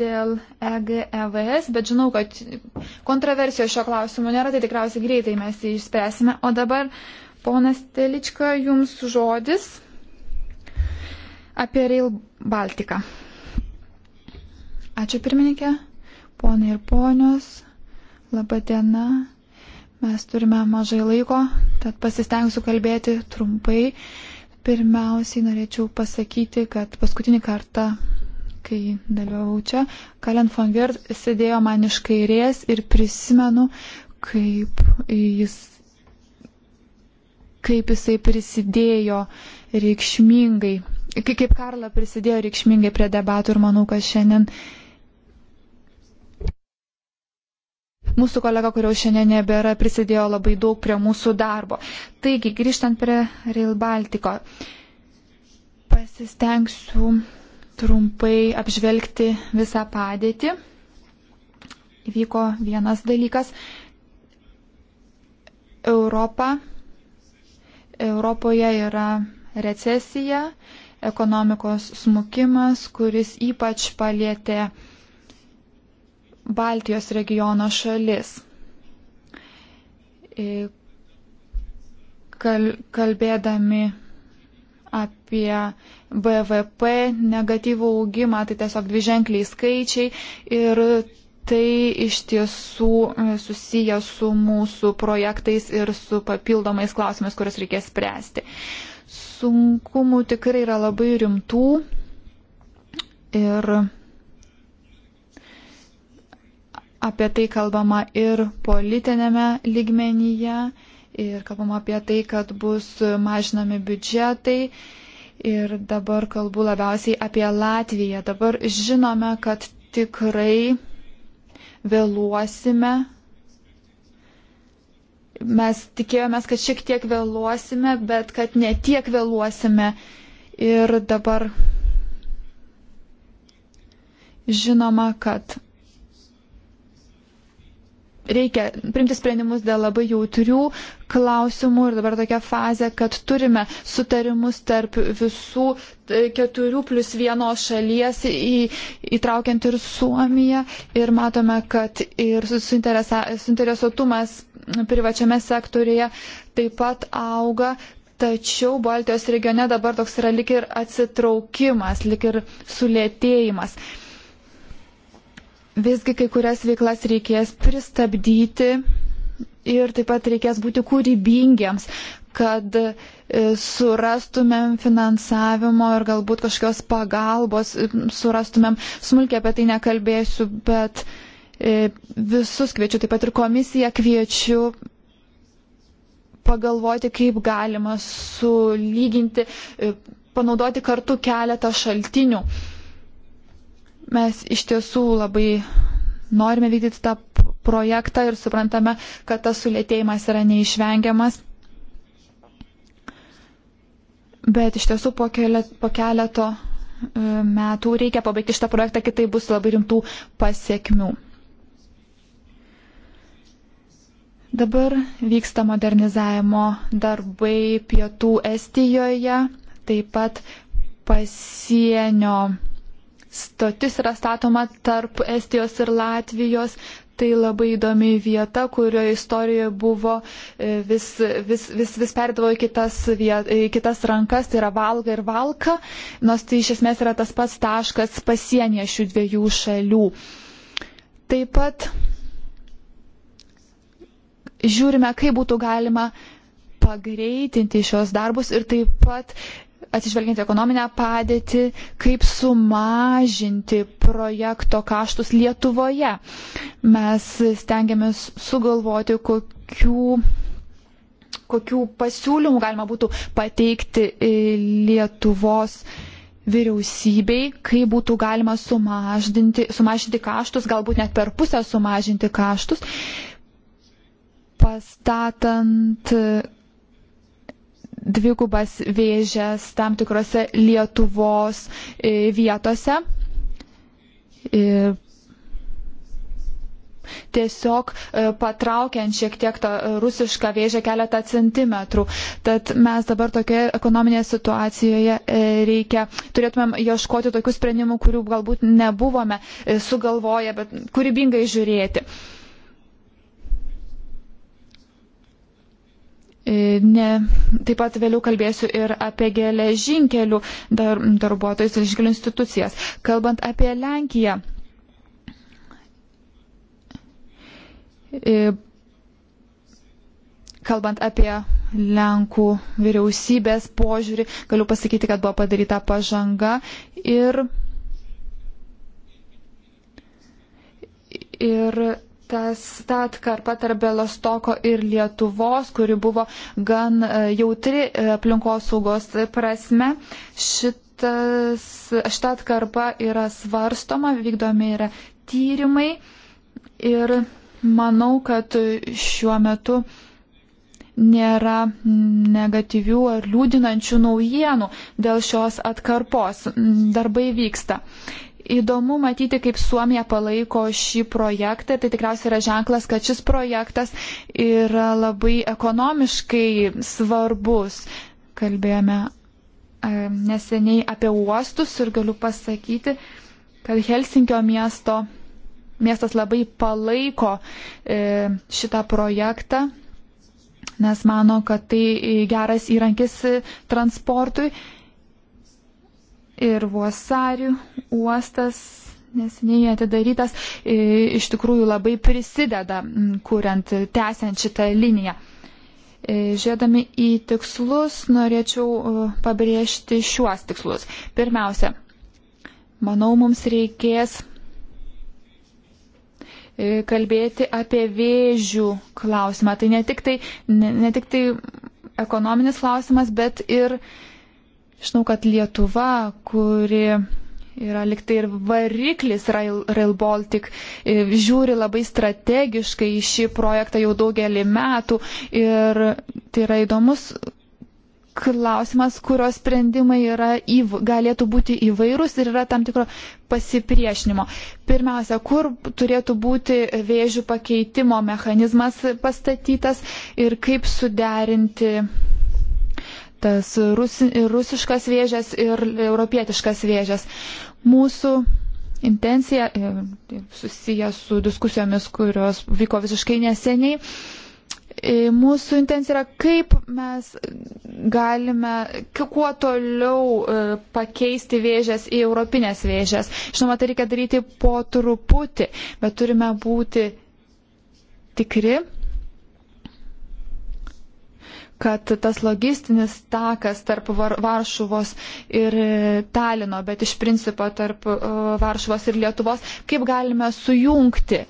dėl EGEVS, bet žinau, kad kontroversijos šio klausimo nėra, tai tikriausiai greitai mes jį išspręsime. O dabar, ponas Telička, jums žodis apie Rail Baltica. Ačiū pirmininkė, ponai ir ponios, laba diena. Mes turime mažai laiko, tad pasistengsiu kalbėti trumpai. Pirmiausiai norėčiau pasakyti, kad paskutinį kartą, kai dalyvau čia, Kalen von Gert sėdėjo man iš kairės ir prisimenu, kaip jis kaip jisai prisidėjo reikšmingai kaip Karla prisidėjo reikšmingai prie debatų ir manau, kad šiandien mūsų kolega, kurio šiandien nebėra, prisidėjo labai daug prie mūsų darbo. Taigi, grįžtant prie Rail Baltico, pasistengsiu trumpai apžvelgti visą padėtį. Įvyko vienas dalykas. Europa, Europoje yra recesija, ekonomikos smukimas, kuris ypač palėtė Baltijos regiono šalis. E, kalbėdami apie BVP negatyvų augimą, tai tiesiog dviženkliai skaičiai ir tai iš tiesų e, susiję su mūsų projektais ir su papildomais klausimais, kuriuos reikės spręsti. Uh, sunkumų tikrai yra labai rimtų ir apie tai kalbama ir politinėme lygmenyje, ir kalbama apie tai, kad bus mažinami biudžetai. Ir dabar kalbu labiausiai apie Latviją. Dabar žinome, kad tikrai vėluosime mes tikėjomės, kad šiek tiek vėluosime, bet kad ne tiek vėluosime. Ir dabar žinoma, kad reikia primti sprendimus dėl labai jautrių klausimų ir dabar tokia fazė, kad turime sutarimus tarp visų e, keturių plus vienos šalies, į, įtraukiant ir Suomiją. Ir matome, kad ir suinteresuotumas privačiame sektorėje taip pat auga. Tačiau Baltijos regione dabar toks yra lik ir atsitraukimas, lik ir sulėtėjimas visgi kai kurias veiklas reikės pristabdyti ir taip pat reikės būti kūrybingiems, kad e, surastumėm finansavimo ir galbūt kažkokios pagalbos, e, surastumėm, smulkiai apie tai nekalbėsiu, bet e, visus kviečiu, taip pat ir komisiją kviečiu pagalvoti, kaip galima sulyginti, panaudoti kartu keletą šaltinių Mes iš tiesų labai norime vykdyti tą projektą ir suprantame, kad tas sulėtėjimas yra neišvengiamas. Bet iš tiesų po, kelet, po keleto e, metų reikia pabaigti šitą projektą, kitai bus labai rimtų pasiekmių. Dabar vyksta modernizavimo darbai pietų Estijoje, taip pat pasienio stotis yra statoma tarp Estijos ir Latvijos. Tai labai įdomi vieta, kurioje istorijoje buvo e, vis, vis, vis, vis perdavo į kitas, viet, į kitas rankas, tai yra valga ir valka, nors tai iš esmės yra tas pats taškas pasienyje šių dviejų šalių. Taip pat žiūrime, kaip būtų galima pagreitinti šios darbus ir taip pat atsižvelgiant ekonominę padėtį, kaip sumažinti projekto kaštus Lietuvoje. Mes stengiamės sugalvoti, kokių, kokių pasiūlymų galima būtų pateikti e, Lietuvos vyriausybei, kaip būtų galima sumažinti, sumažinti kaštus, galbūt net per pusę sumažinti kaštus, pastatant dvigubas vėžės tam tikrose Lietuvos e, vietose. Ir e, tiesiog e, patraukiant šiek tiek tą rusišką vėžę keletą centimetrų. Tad mes dabar tokioje ekonominėje situacijoje reikia, turėtumėm ieškoti tokių sprendimų, kurių galbūt nebuvome sugalvoję, bet kūrybingai žiūrėti. E, ne, taip pat vėliau kalbėsiu ir apie geležinkelių dar, darbuotojus, geležinkelių institucijas. Kalbant apie Lenkiją. E, kalbant apie Lenkų vyriausybės požiūrį, galiu pasakyti, kad buvo padaryta pažanga ir, ir tas, ta atkarpa tarp Belostoko ir Lietuvos, kuri buvo gan e, jautri e, aplinkosaugos prasme. Šitas, šita atkarpa yra svarstoma, vykdomi yra tyrimai ir manau, kad šiuo metu nėra negatyvių ar liūdinančių naujienų dėl šios atkarpos. Darbai vyksta. Įdomu matyti, kaip Suomija palaiko šį projektą. Tai tikriausiai yra ženklas, kad šis projektas yra labai ekonomiškai svarbus. Kalbėjome e, neseniai apie uostus ir galiu pasakyti, kad Helsinkio miesto, miestas labai palaiko e, šitą projektą, nes mano, kad tai geras įrankis transportui ir Vuosarių uostas neseniai atidarytas, iš tikrųjų labai prisideda, kuriant, tęsiant šitą liniją. Žiūrėdami į tikslus, norėčiau pabrėžti šiuos tikslus. Pirmiausia, manau, mums reikės kalbėti apie vėžių klausimą. Tai ne tik tai, ne, ne tik tai ekonominis klausimas, bet ir uh, Žinau, kad Lietuva, kuri yra liktai ir variklis Rail, Rail Baltic, e, žiūri labai strategiškai į šį projektą jau daugelį metų ir tai yra įdomus klausimas, kurio sprendimai yra, įv, galėtų būti įvairūs ir yra tam tikro pasipriešinimo. Pirmiausia, kur turėtų būti vėžių pakeitimo mechanizmas pastatytas ir kaip suderinti tas rusi, rusiškas vėžės ir europietiškas vėžės. Mūsų intencija e, susijęs su diskusijomis, kurios vyko visiškai neseniai. E, mūsų intencija yra, kaip mes galime, kuo toliau e, pakeisti vėžės į europinės vėžės. Žinoma, tai reikia daryti po truputį, bet turime būti tikri, kad tas logistinis takas tarp Var Varšuvos ir e, Talino, bet iš principo tarp e, Varšuvos ir Lietuvos, kaip galime sujungti.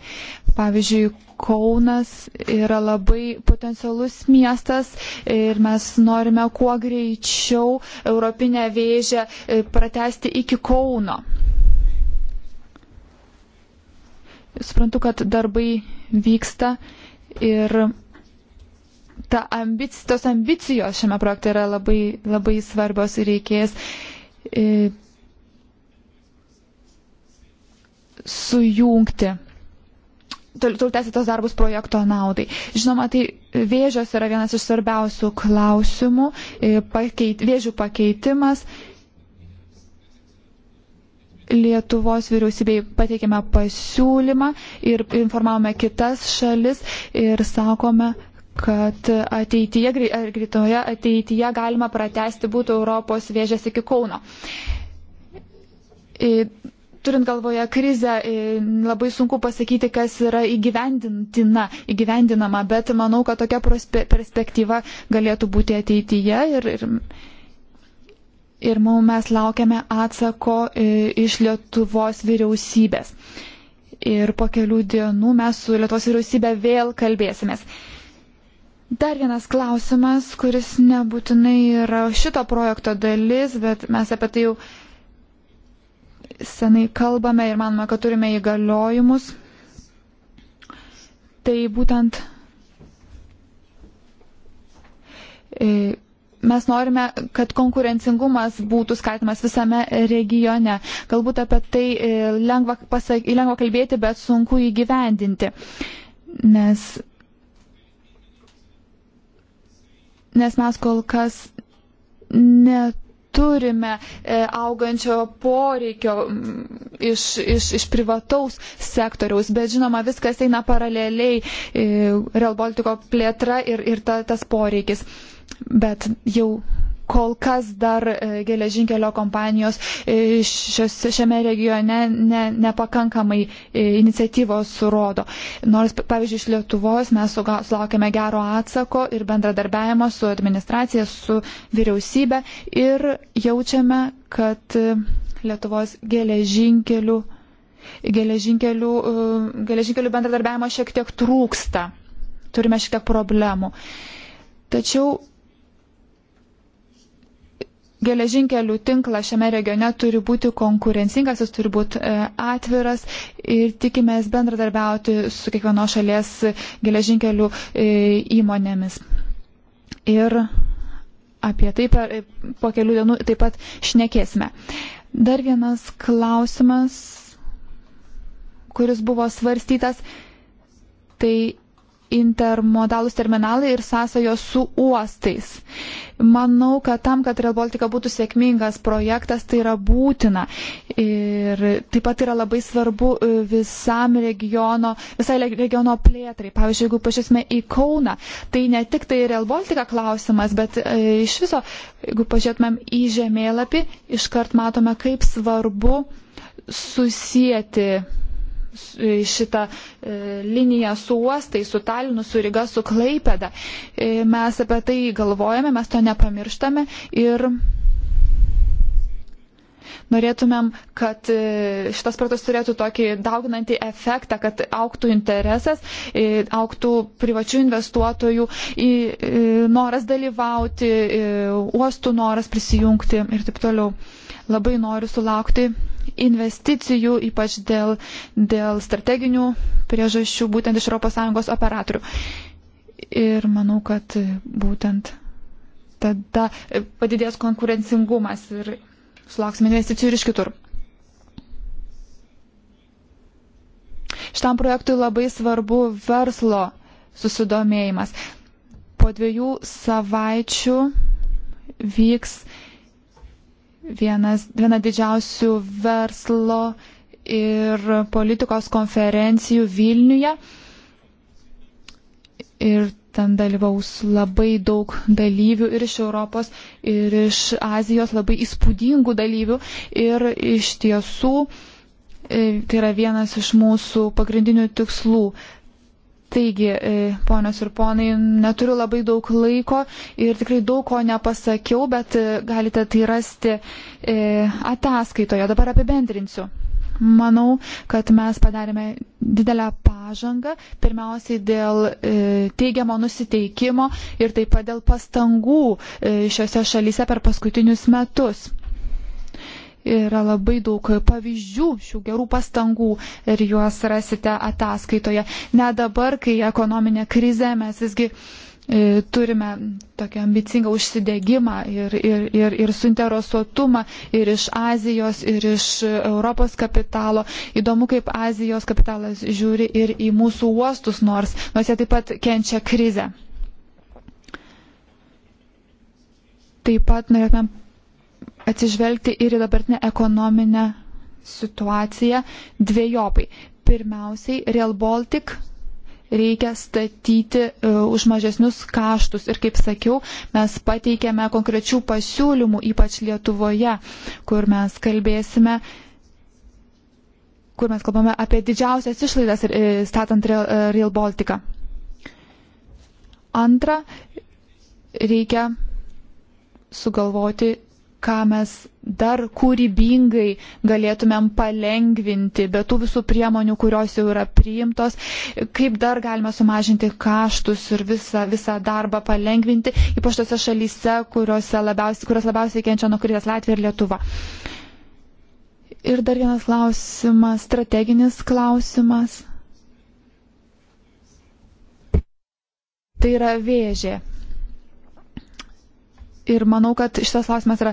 Pavyzdžiui, Kaunas yra labai potencialus miestas ir mes norime kuo greičiau Europinę vėžę e, pratesti iki Kauno. Suprantu, kad darbai vyksta ir ta ambic, tos ambicijos šiame projekte yra labai, labai svarbios ir reikės e, sujungti. Toliau tęsti tos darbus projekto naudai. Žinoma, tai vėžios yra vienas iš svarbiausių klausimų, e, pakeit, vėžių pakeitimas. Lietuvos vyriausybei pateikėme pasiūlymą ir informavome kitas šalis ir sakome, kad ateityje, greitoje ateityje galima pratesti būtų Europos vėžės iki Kauno. Turint galvoje krizę, labai sunku pasakyti, kas yra įgyvendintina, įgyvendinama, bet manau, kad tokia perspektyva galėtų būti ateityje ir, ir, ir mes laukiame atsako iš Lietuvos vyriausybės. Ir po kelių dienų mes su Lietuvos vyriausybė vėl kalbėsimės. Dar vienas klausimas, kuris nebūtinai yra šito projekto dalis, bet mes apie tai jau senai kalbame ir manome, kad turime įgaliojimus. Tai būtent e, mes norime, kad konkurencingumas būtų skatimas visame regione. Galbūt apie tai e, lengva, pasak, lengva kalbėti, bet sunku įgyvendinti. Nes nes mes kol kas neturime e, augančio poreikio iš, iš, iš privataus sektoriaus, bet žinoma, viskas eina paraleliai e, Real Baltico plėtra ir, ir ta, tas poreikis. Bet jau kol kas dar e, geležinkelio kompanijos e, šios, šiame regione ne, nepakankamai e, iniciatyvos rodo. Nors, pavyzdžiui, iš Lietuvos mes sulaukėme gero atsako ir bendradarbiavimo su administracija, su vyriausybė ir jaučiame, kad Lietuvos geležinkelių, geležinkelių, geležinkelių bendradarbiavimo šiek tiek trūksta. Turime šiek tiek problemų. Tačiau geležinkelių tinklas šiame regione turi būti konkurencingas, jis turi būti e, atviras ir tikimės bendradarbiauti su kiekvienos šalies geležinkelių e, įmonėmis. Ir apie tai per, e, po kelių dienų taip pat šnekėsime. Dar vienas klausimas, kuris buvo svarstytas, tai intermodalus terminalai ir sąsajos su uostais. Manau, kad tam, kad Real Baltica būtų sėkmingas projektas, tai yra būtina. Ir taip pat yra labai svarbu e, visam regiono, visai regiono plėtrai. Pavyzdžiui, jeigu pažiūrėsime į Kauną, tai ne tik tai Real Baltica klausimas, bet e, iš viso, jeigu pažiūrėtumėm į žemėlapį, iškart matome, kaip svarbu susijęti šitą e, liniją su uostai, su Talinu, su Riga, su Klaipeda. E, mes apie tai galvojame, mes to nepamirštame ir norėtumėm, kad e, šitas projektas turėtų tokį dauginantį efektą, kad auktų interesas, auktų privačių investuotojų į noras dalyvauti, uostų noras prisijungti ir taip toliau. Labai noriu sulaukti investicijų, ypač dėl, dėl strateginių priežasčių, būtent iš ES operatorių. Ir manau, kad būtent tada padidės konkurencingumas ir sulauksime investicijų ir iš kitur. Šitam projektui labai svarbu verslo susidomėjimas. Po dviejų savaičių vyks vienas, viena didžiausių verslo ir politikos konferencijų Vilniuje. Ir ten dalyvaus labai daug dalyvių ir iš Europos, ir iš Azijos, labai įspūdingų dalyvių. Ir iš tiesų e, tai yra vienas iš mūsų pagrindinių tikslų Taigi, e, ponios ir ponai, neturiu labai daug laiko ir tikrai daug ko nepasakiau, bet e, galite tai rasti e, ataskaitoje. Dabar apibendrinsiu. Manau, kad mes padarėme didelę pažangą, pirmiausiai dėl e, teigiamo nusiteikimo ir taip pat dėl pastangų e, šiuose šalyse per paskutinius metus. Yra labai daug pavyzdžių šių gerų pastangų ir juos rasite ataskaitoje. Ne dabar, kai ekonominė krize, mes visgi e, turime tokį ambicingą užsidėgymą ir, ir, ir, ir suinteresuotumą ir iš Azijos, ir iš Europos kapitalo. Įdomu, kaip Azijos kapitalas žiūri ir į mūsų uostus, nors, nors jie taip pat kenčia krizę. Taip pat norėtumėm atsižvelgti ir į dabartinę ekonominę situaciją dviejopai. Pirmiausiai, Real Baltic reikia statyti uh, už mažesnius kaštus. Ir kaip sakiau, mes pateikėme konkrečių pasiūlymų, ypač Lietuvoje, kur mes kalbėsime kur mes kalbame apie didžiausias išlaidas e, statant Real e, Baltica. Antra, reikia sugalvoti ką mes dar kūrybingai galėtumėm palengvinti, be tų visų priemonių, kurios jau yra priimtos, kaip dar galime sumažinti kaštus ir visą, visą darbą palengvinti, ypač tose šalyse, kurios labiausiai, kurios labiausiai kenčia nuo krizės Latvija ir Lietuva. Ir dar vienas klausimas, strateginis klausimas. Tai yra vėžė. Ir manau, kad šitas klausimas yra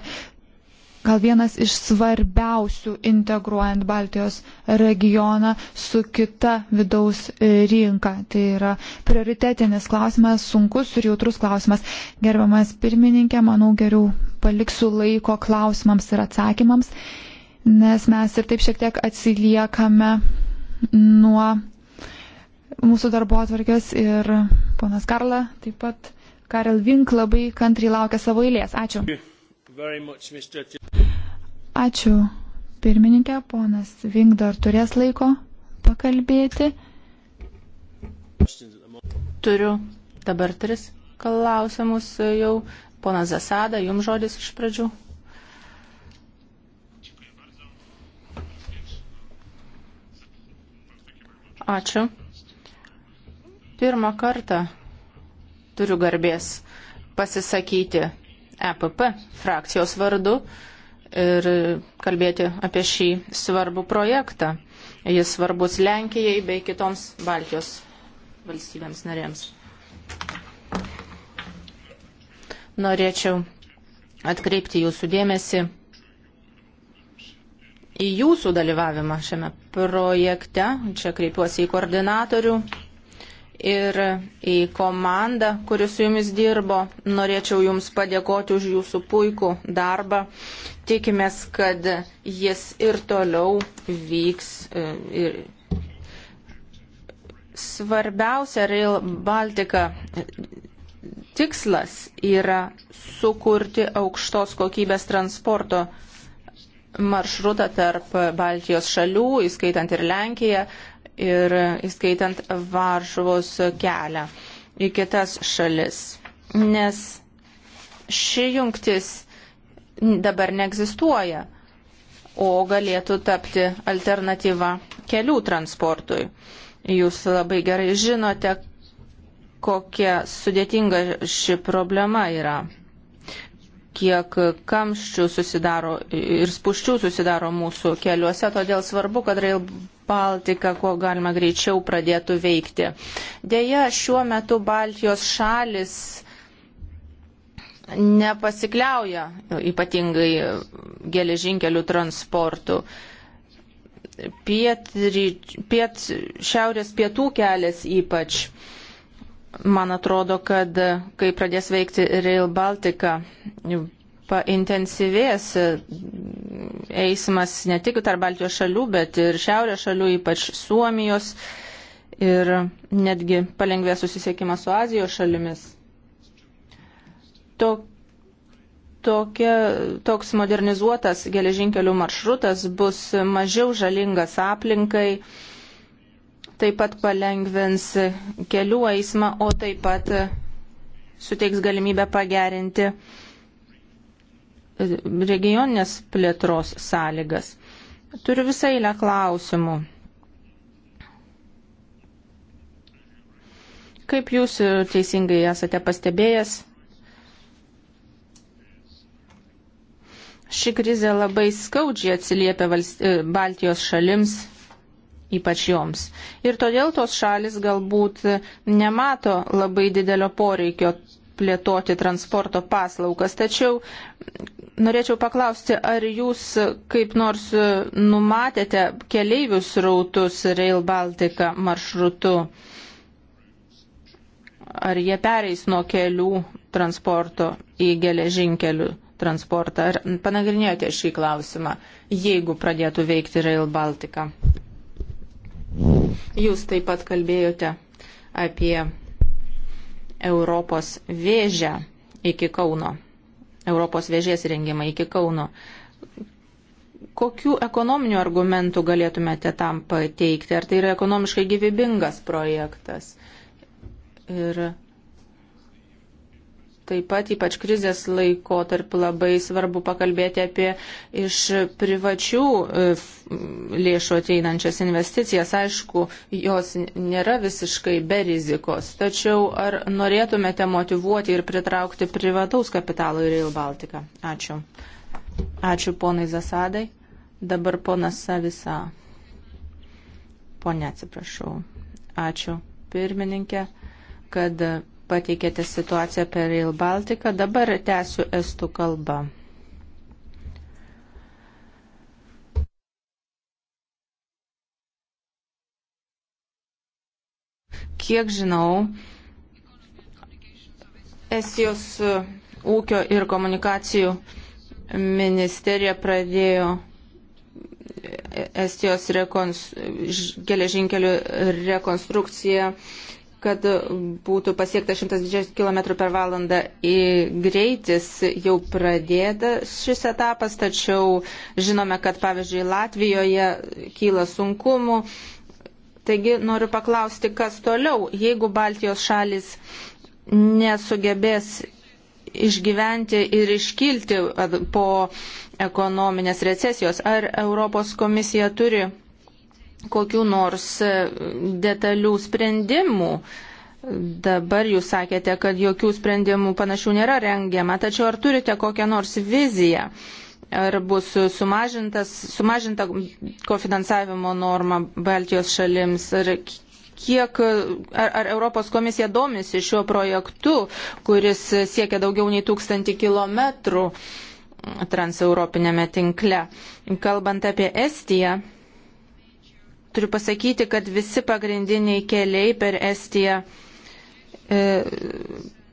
gal vienas iš svarbiausių integruojant Baltijos regioną su kita vidaus rinka. Tai yra prioritetinis klausimas, sunkus ir jautrus klausimas. Gerbiamas pirmininkė, manau geriau paliksiu laiko klausimams ir atsakymams, nes mes ir taip šiek tiek atsiliekame nuo mūsų darbo atvarkės ir ponas Karla taip pat Karel Vink labai kantriai laukia savo eilės. Ačiū. Ačiū. Pirmininkė, ponas Vink dar turės laiko pakalbėti. Turiu dabar tris klausimus jau. Pona Zasada, jums žodis iš pradžių. Ačiū. Pirmą kartą turiu garbės pasisakyti EPP frakcijos vardu ir kalbėti apie šį svarbų projektą. Jis svarbus Lenkijai bei kitoms Baltijos valstybėms narėms. Norėčiau atkreipti jūsų dėmesį į jūsų dalyvavimą šiame projekte. Čia kreipiuosi į koordinatorių ir į komandą, kuris su jumis dirbo. Norėčiau jums padėkoti už jūsų puikų darbą. Tikimės, kad jis ir toliau vyks. E, ir svarbiausia Rail Baltica e, tikslas yra sukurti aukštos kokybės transporto maršrutą tarp Baltijos šalių, įskaitant ir Lenkiją, ir įskaitant Varšuvos kelią į kitas šalis. Nes ši jungtis dabar neegzistuoja, o galėtų tapti alternatyva kelių transportui. Jūs labai gerai žinote, kokia sudėtinga ši problema yra kiek kamščių susidaro ir spuščių susidaro mūsų keliuose, todėl svarbu, kad Rail Baltica kuo galima greičiau pradėtų veikti. Deja, šiuo metu Baltijos šalis nepasikliauja ypatingai geležinkelių transportu. Piet, piet, šiaurės pietų kelias ypač Man atrodo, kad kai pradės veikti Rail Baltica, paintensyvės eismas ne tik tarp Baltijos šalių, bet ir šiaurės šalių, ypač Suomijos ir netgi palengvės susisiekimas su Azijos šalimis. To, tokia, toks modernizuotas geležinkelių maršrutas bus mažiau žalingas aplinkai taip pat palengvins kelių eismą, o taip pat e, suteiks galimybę pagerinti e, regioninės plėtros sąlygas. Turiu visą eilę klausimų. Kaip jūs teisingai esate pastebėjęs, ši krizė labai skaudžiai atsiliepia e, Baltijos šalims ypač joms. Ir todėl tos šalis galbūt nemato labai didelio poreikio plėtoti transporto paslaugas. Tačiau norėčiau paklausti, ar jūs kaip nors numatėte keleivius rautus Rail Baltica maršrutu? Ar jie pereis nuo kelių transporto į geležinkelių transportą? Ar panagrinėjote šį klausimą, jeigu pradėtų veikti Rail Baltica? Jūs taip pat kalbėjote apie Europos vėžę iki Kauno, Europos vėžės rengimą iki Kauno. Kokių ekonominių argumentų galėtumėte tam pateikti? Ar tai yra ekonomiškai gyvybingas projektas? Ir Taip pat ypač krizės laiko tarp labai svarbu pakalbėti apie iš privačių e, lėšų ateinančias investicijas. Aišku, jos nėra visiškai be rizikos. Tačiau ar norėtumėte motivuoti ir pritraukti privataus kapitalo į Rail Baltica? Ačiū. Ačiū ponai Zasadai. Dabar ponas Savisa. Pone atsiprašau. Ačiū pirmininkė, kad pateikėte situaciją per Rail Baltica. Dabar tęsiu estų kalbą. Kiek žinau, Estijos ūkio ir komunikacijų ministerija pradėjo Estijos rekons, geležinkelių rekonstrukciją kad būtų pasiektas 120 km per valandą į greitis jau pradėta šis etapas, tačiau žinome, kad pavyzdžiui Latvijoje kyla sunkumų. Taigi noriu paklausti, kas toliau, jeigu Baltijos šalis nesugebės išgyventi ir iškilti po ekonominės recesijos, ar Europos komisija turi kokiu nors e, detalių sprendimų. Dabar jūs sakėte, kad jokių sprendimų panašių nėra rengiama, tačiau ar turite kokią nors viziją? Ar bus sumažinta kofinansavimo norma Baltijos šalims? Ar kiek, ar, ar Europos komisija domisi šiuo projektu, kuris siekia daugiau nei tūkstantį kilometrų transeuropinėme tinkle? Kalbant apie Estiją. Turiu pasakyti, kad visi pagrindiniai keliai per Estiją e,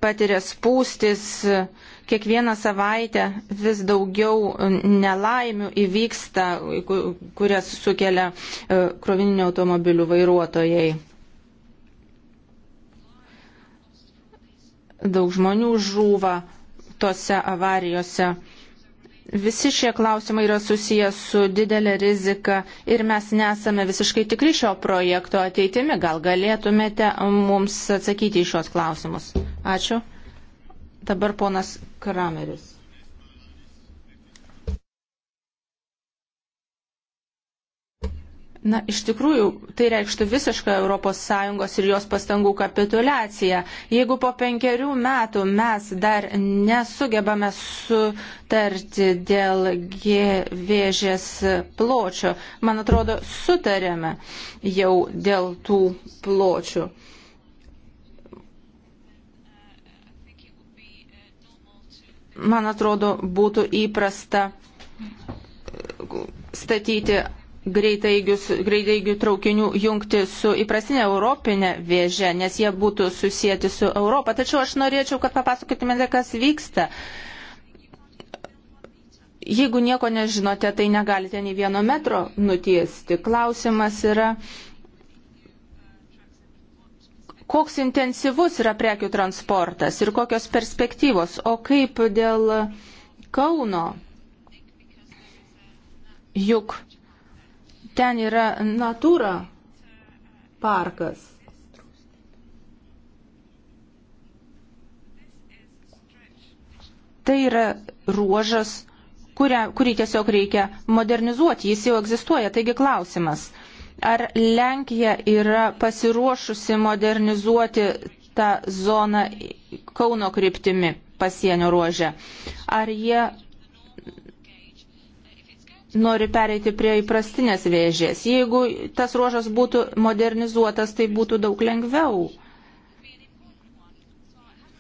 patiria spūstis, kiekvieną savaitę vis daugiau nelaimių įvyksta, kurias sukelia e, krovininių automobilių vairuotojai. Daug žmonių žūva tose avarijose. Visi šie klausimai yra susijęs su didelė rizika ir mes nesame visiškai tikri šio projekto ateitimi. Gal galėtumėte mums atsakyti į šios klausimus? Ačiū. Dabar ponas Krameris. Na, iš tikrųjų, tai reikštų visišką ES ir jos pastangų kapitulaciją. Jeigu po penkerių metų mes dar nesugebame sutarti dėl gėvėžės pločio, man atrodo, sutarėme jau dėl tų pločių. Man atrodo, būtų įprasta statyti greitaigių traukinių jungti su įprastinė europinė vėže, nes jie būtų susijęti su Europą. Tačiau aš norėčiau, kad papasakotumėte, kas vyksta. Jeigu nieko nežinote, tai negalite nei vieno metro nutiesti. Klausimas yra, koks intensyvus yra prekių transportas ir kokios perspektyvos, o kaip dėl Kauno. Juk Ten yra natūra parkas. Tai yra ruožas, kurią, kurį tiesiog reikia modernizuoti, jis jau egzistuoja. Taigi klausimas, ar Lenkija yra pasiruošusi modernizuoti tą zoną Kauno kryptimi pasienio ruožę? Ar jie nori pereiti prie įprastinės vėžės. Jeigu tas ruožas būtų modernizuotas, tai būtų daug lengviau.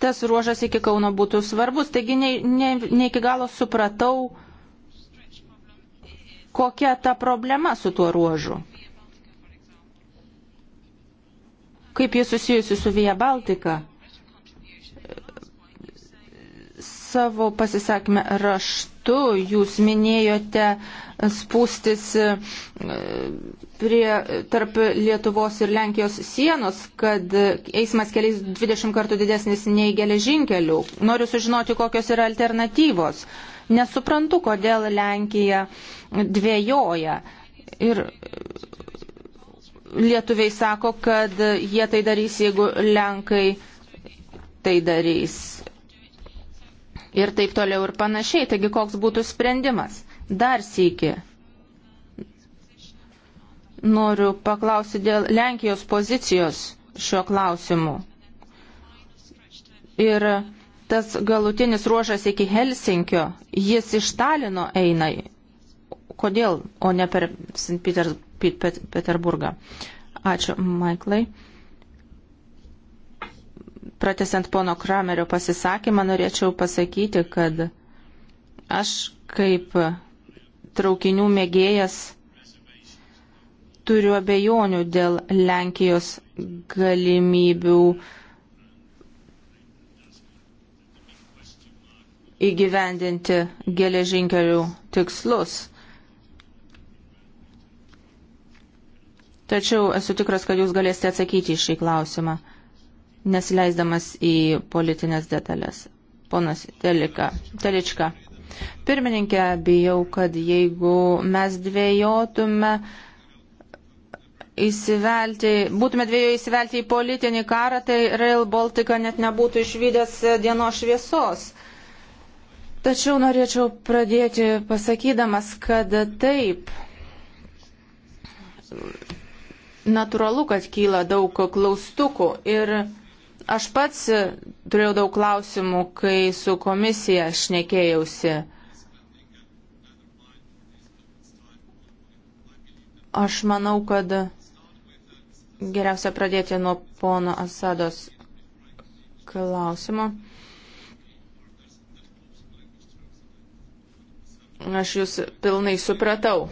Tas ruožas iki Kauno būtų svarbus, taigi ne, ne, ne iki galo supratau, kokia ta problema su tuo ruožu. Kaip jis susijusi su Via Baltica? Savo pasisakymę raštu metu jūs minėjote spūstis e, prie, tarp Lietuvos ir Lenkijos sienos, kad eismas keliais 20 kartų didesnis nei geležinkelių. Noriu sužinoti, kokios yra alternatyvos. Nesuprantu, kodėl Lenkija dvėjoja. Ir lietuviai sako, kad jie tai darys, jeigu Lenkai tai darys ir taip toliau ir panašiai. Taigi koks būtų sprendimas? Dar sėki. Noriu paklausyti dėl Lenkijos pozicijos šiuo klausimu. Ir tas galutinis ruožas iki Helsinkio, jis iš Talino eina. Kodėl, o ne per St. Petersburgą? Ačiū, Maiklai pratesant pono Kramerio pasisakymą, norėčiau pasakyti, kad aš kaip traukinių mėgėjas turiu abejonių dėl Lenkijos galimybių įgyvendinti geležinkelių tikslus. Tačiau esu tikras, kad jūs galėsite atsakyti į šį klausimą nesileisdamas į politinės detalės. Ponas Telika, Telička, pirmininkė, bijau, kad jeigu mes dvėjotume, įsivelti, būtume dviejų įsivelti į politinį karą, tai Rail Baltica net nebūtų išvykęs dienos šviesos. Tačiau norėčiau pradėti pasakydamas, kad taip, natūralu, kad kyla daug klaustukų ir Aš pats e, turėjau daug klausimų, kai su komisija šnekėjausi. Aš manau, kad geriausia pradėti nuo pono Asados klausimo. Aš jūs pilnai supratau,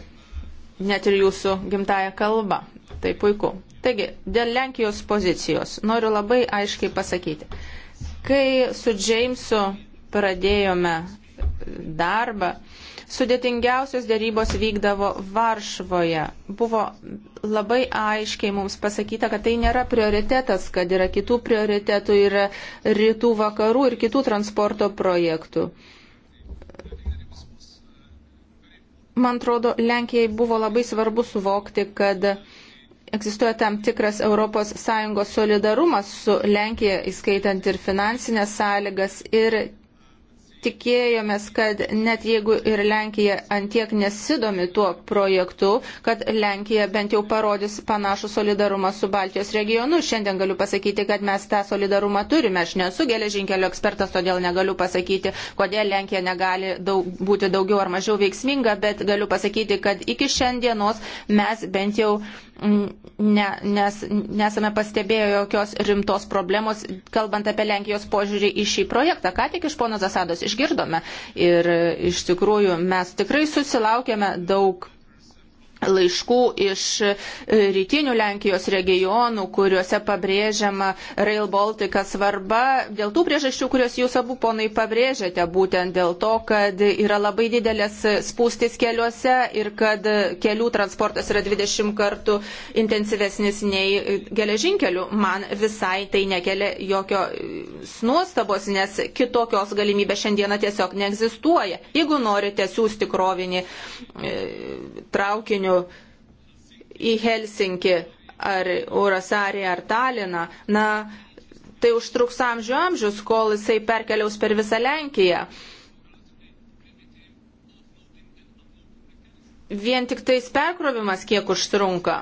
net ir jūsų gimtają kalbą. Tai puiku. Taigi, dėl Lenkijos pozicijos noriu labai aiškiai pasakyti. Kai su Džeimsu pradėjome darbą, sudėtingiausios dėrybos vykdavo Varšvoje. Buvo labai aiškiai mums pasakyta, kad tai nėra prioritetas, kad yra kitų prioritetų, yra rytų vakarų ir kitų transporto projektų. Man atrodo, Lenkijai buvo labai svarbu suvokti, kad egzistuoja tam tikras ES solidarumas su Lenkija, įskaitant ir finansinės sąlygas, ir tikėjomės, kad net jeigu ir Lenkija antiek nesidomi tuo projektu, kad Lenkija bent jau parodys panašų solidarumą su Baltijos regionu. Šiandien galiu pasakyti, kad mes tą solidarumą turime. Aš nesu geležinkelio ekspertas, todėl negaliu pasakyti, kodėl Lenkija negali daug, būti daugiau ar mažiau veiksminga, bet galiu pasakyti, kad iki šiandienos mes bent jau. Mm, ne, nes nesame pastebėję jokios rimtos problemos, kalbant apie Lenkijos požiūrį į šį projektą. Ką tik iš pono Zasados išgirdome ir iš tikrųjų mes tikrai susilaukėme daug laiškų iš e, rytinių Lenkijos regionų, kuriuose pabrėžiama Rail Baltica svarba, dėl tų priežasčių, kurias jūs abu ponai pabrėžiate, būtent dėl to, kad yra labai didelės spūstis keliuose ir kad kelių transportas yra 20 kartų intensyvesnis nei geležinkelių. Man visai tai nekelia jokio e, nuostabos, nes kitokios galimybės šiandieną tiesiog neegzistuoja. Jeigu norite siūsti krovinį e, traukiniu, į Helsinkį ar Urasarį ar Taliną, na, tai užtruks amžių amžius, kol jisai perkeliaus per visą Lenkiją. Vien tik tais perkrovimas kiek užtrunka.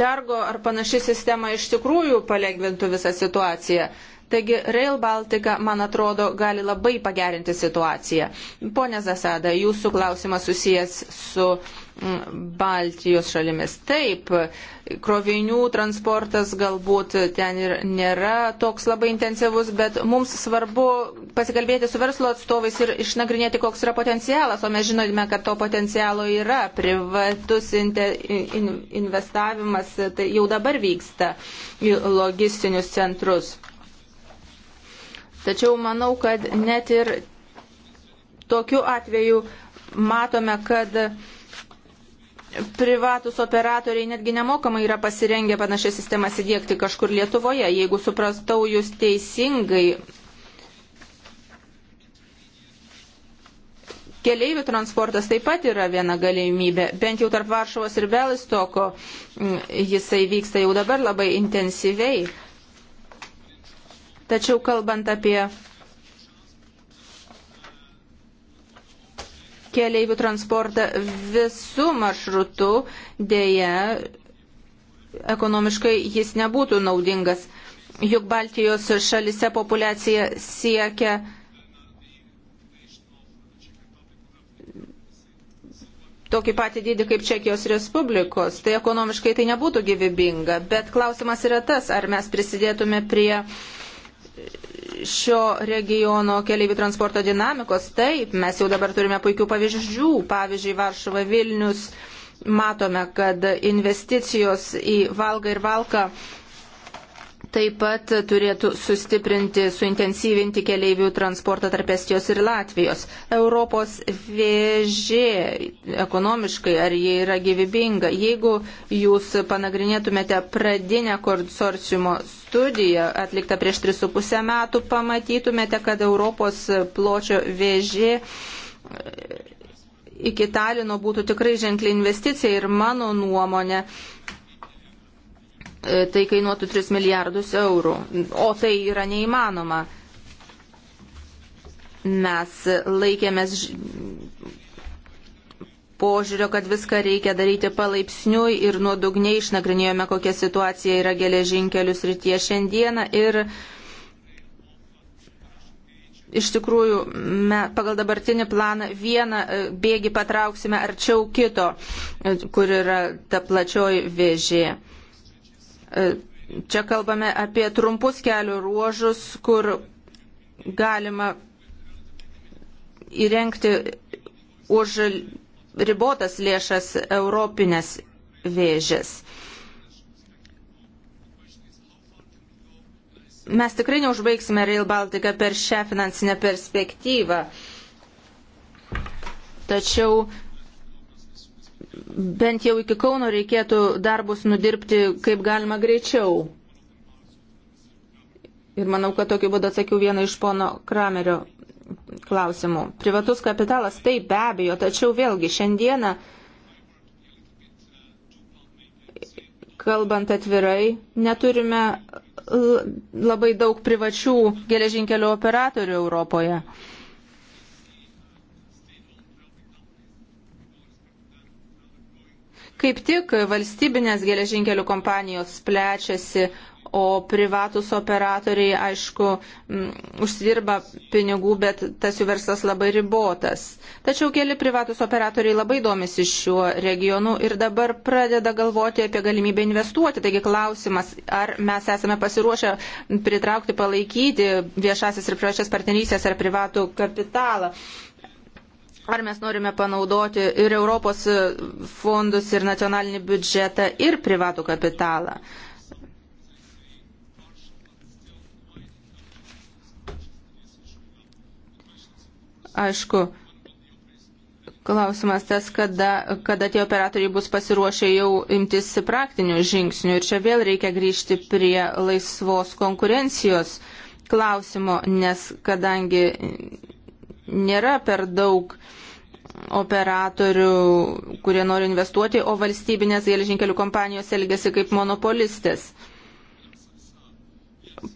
Targo ar panaši sistema iš tikrųjų palengvintų visą situaciją. Taigi Rail Baltica, man atrodo, gali labai pagerinti situaciją. Pone Zasada, jūsų klausimas susijęs su mm, Baltijos šalimis. Taip, krovinių transportas galbūt ten ir nėra toks labai intensyvus, bet mums svarbu pasikalbėti su verslo atstovais ir išnagrinėti, koks yra potencialas, o mes žinome, kad to potencialo yra. Privatus investavimas tai jau dabar vyksta į logistinius centrus. Tačiau manau, kad net ir tokiu atveju matome, kad privatus operatoriai netgi nemokamai yra pasirengę panašias sistemas įdėkti kažkur Lietuvoje. Jeigu suprastau jūs teisingai, Keleivių transportas taip pat yra viena galimybė. Bent jau tarp Varšuvos ir Belistoko mm, jisai vyksta jau dabar labai intensyviai. Tačiau kalbant apie keleivių transportą visų maršrutų, dėja, ekonomiškai jis nebūtų naudingas. Juk Baltijos šalise populiacija siekia tokį patį dydį kaip Čekijos Respublikos. Tai ekonomiškai tai nebūtų gyvybinga. Bet klausimas yra tas, ar mes prisidėtume prie uh, šio regiono keliaivių transporto dinamikos, taip, mes jau dabar turime puikių pavyzdžių, pavyzdžiui, Varšuva Vilnius, matome, kad investicijos į Valgą ir Valką taip pat turėtų sustiprinti, suintensyvinti keleivių transportą tarp Estijos ir Latvijos. Europos vėžė ekonomiškai, ar jie yra gyvybinga. Jeigu jūs panagrinėtumėte pradinę konsorciumo studiją atliktą prieš 3,5 metų, pamatytumėte, kad Europos pločio vėžė e, iki Talino būtų tikrai ženkli investicija ir mano nuomonė E, tai kainuotų 3 milijardus eurų, o tai yra neįmanoma. Mes laikėmės požiūrio, kad viską reikia daryti palaipsniui ir nuodugniai išnagrinėjome, kokia situacija yra geležinkelius rytie šiandieną ir iš tikrųjų me, pagal dabartinį planą vieną e, bėgį patrauksime arčiau kito, e, kur yra ta plačioji vėžė. E, čia kalbame apie trumpus kelių ruožus, kur galima įrengti už ribotas lėšas europinės vėžės. Mes tikrai neužbaigsime Rail Baltica per šią finansinę perspektyvą. Tačiau bent jau iki Kauno reikėtų darbus nudirbti kaip galima greičiau. Ir manau, kad tokiu būdu atsakiau vieną iš pono Kramerio klausimų. Privatus kapitalas, taip be abejo, tačiau vėlgi šiandieną, kalbant atvirai, neturime labai daug privačių geležinkelio operatorių Europoje. Kaip tik valstybinės geležinkelių kompanijos plečiasi, o privatus operatoriai, aišku, m, užsidirba pinigų, bet tas jų verslas labai ribotas. Tačiau keli privatus operatoriai labai domisi šiuo regionu ir dabar pradeda galvoti apie galimybę investuoti. Taigi klausimas, ar mes esame pasiruošę pritraukti, palaikyti viešasis ir privačias partnerysės ar privatų kapitalą ar mes norime panaudoti ir Europos fondus, ir nacionalinį biudžetą, ir privatų kapitalą. Aišku, klausimas tas, kada, kada tie operatoriai bus pasiruošę jau imtis praktinių žingsnių. Ir čia vėl reikia grįžti prie laisvos konkurencijos klausimo, nes kadangi nėra per daug operatorių, kurie nori investuoti, o valstybinės geležinkelių kompanijos elgesi kaip monopolistės.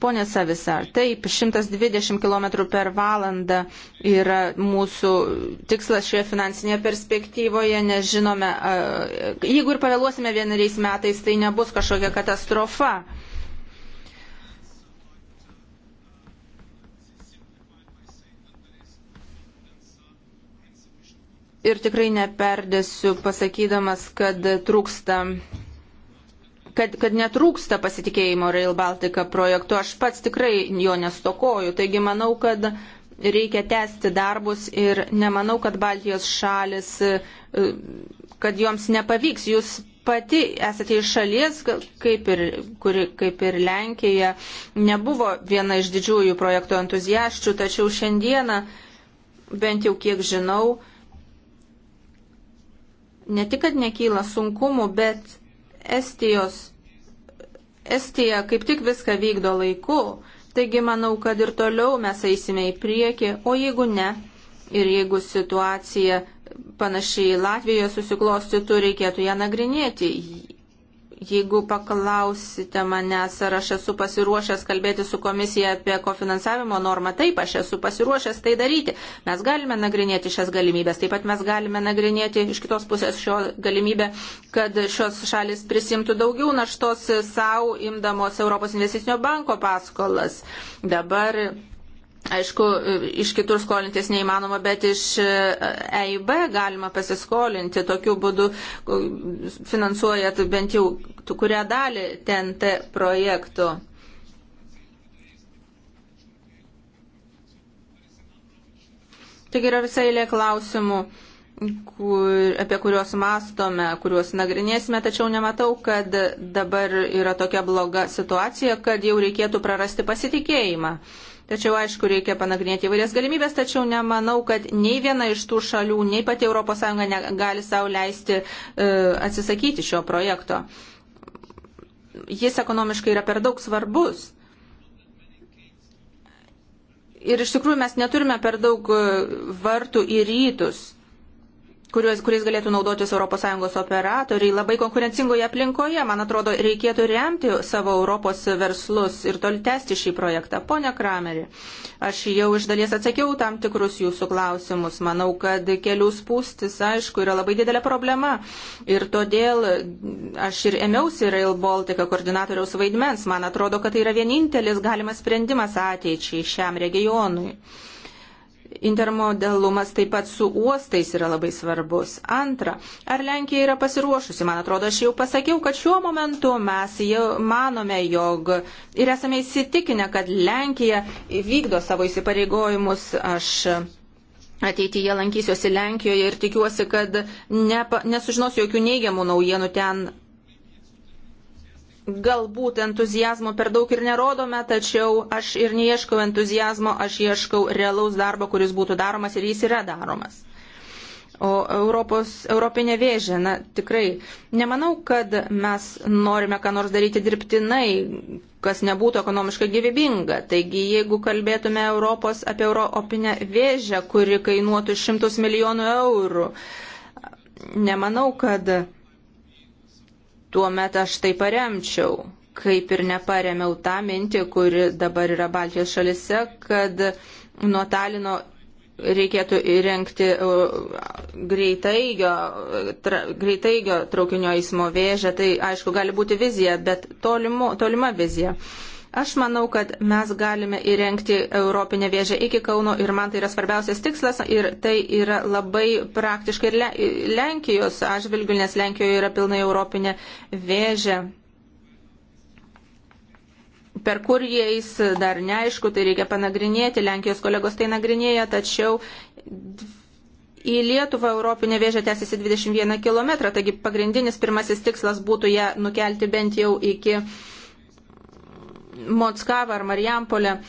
Pone Savisar, taip, 120 km per valandą yra mūsų tikslas šioje finansinėje perspektyvoje, nes žinome, jeigu ir pavėluosime vieneriais metais, tai nebus kažkokia katastrofa. ir tikrai neperdėsiu pasakydamas, kad trūksta. Kad, kad netrūksta pasitikėjimo Rail Baltica projektu, aš pats tikrai jo nestokoju. Taigi manau, kad reikia tęsti darbus ir nemanau, kad Baltijos šalis, e, kad joms nepavyks. Jūs pati esate iš šalies, kaip ir, kuri, kaip ir Lenkija, nebuvo viena iš didžiųjų projektų entuziasčių, tačiau šiandieną, bent jau kiek žinau, ne tik, kad nekyla sunkumų, bet Estijos, Estija kaip tik viską vykdo laiku. Taigi manau, kad ir toliau mes eisime į priekį, o jeigu ne, ir jeigu situacija panašiai Latvijoje susiklostytų, reikėtų ją nagrinėti. Jeigu paklausite manęs, ar aš esu pasiruošęs kalbėti su komisija apie kofinansavimo normą, taip, aš esu pasiruošęs tai daryti. Mes galime nagrinėti šias galimybės, taip pat mes galime nagrinėti iš kitos pusės šio galimybę, kad šios šalis prisimtų daugiau naštos savo imdamos Europos investicinio banko paskolas. Dabar Aišku, iš kitur skolintis neįmanoma, bet iš EIB e galima pasiskolinti. Tokiu būdu finansuojat bent jau kurią dalį TNT projektų. Taigi yra visai lė klausimų, kur, apie kuriuos mastome, kuriuos nagrinėsime, tačiau nematau, kad dabar yra tokia bloga situacija, kad jau reikėtų prarasti pasitikėjimą. Uh, Tačiau, aišku, reikia panagrinėti įvairias galimybės, tačiau nemanau, kad nei viena iš tų šalių, nei pati ES negali savo leisti e, atsisakyti šio projekto. Jis ekonomiškai yra per daug svarbus. Ir iš tikrųjų mes neturime per daug e, vartų į rytus kuriuos, kuriais galėtų naudotis ES operatoriai labai konkurencingoje aplinkoje. Man atrodo, reikėtų remti savo Europos verslus ir tol tęsti šį projektą. Pone Krameri, aš jau iš dalies atsakiau tam tikrus jūsų klausimus. Manau, kad kelių spūstis, aišku, yra labai didelė problema. Ir todėl aš ir ėmiausi Rail Baltica koordinatoriaus vaidmens. Man atrodo, kad tai yra vienintelis galimas sprendimas ateičiai šiam regionui. Intermodalumas taip pat su uostais yra labai svarbus. Antra, ar Lenkija yra pasiruošusi? Man atrodo, aš jau pasakiau, kad šiuo momentu mes jau manome, jog ir esame įsitikinę, kad Lenkija vykdo savo įsipareigojimus. Aš ateityje lankysiuosi Lenkijoje ir tikiuosi, kad ne, nesužinosiu jokių neigiamų naujienų ten galbūt entuzijazmo per daug ir nerodome, tačiau aš ir neieškau entuzijazmo, aš ieškau realaus darbo, kuris būtų daromas ir jis yra daromas. O Europos, Europinė vėžė, na tikrai, nemanau, kad mes norime ką nors daryti dirbtinai, kas nebūtų ekonomiškai gyvybinga. Taigi, jeigu kalbėtume Europos apie Europinę vėžę, kuri kainuotų šimtus milijonų eurų, nemanau, kad tuomet aš tai paremčiau, kaip ir neparemiau tą mintį, kuri dabar yra Baltijos šalise, kad nuo Talino reikėtų įrengti e, greitaigio, tra, greitaigio traukinio eismo vėžę. Tai aišku, gali būti vizija, bet tolimo, tolima vizija. Uh, Aš manau, kad mes galime įrengti Europinę vėžę iki Kauno ir man tai yra svarbiausias tikslas ir tai yra labai praktiškai ir Le Lenkijos atžvilgių, nes Lenkijoje yra pilnai Europinė vėžė. Per kur jais dar neaišku, tai reikia panagrinėti, Lenkijos kolegos tai nagrinėja, tačiau į Lietuvą Europinė vėžė tęsiasi 21 km, taigi pagrindinis pirmasis tikslas būtų ją nukelti bent jau iki Mockavą ar Marijampolę.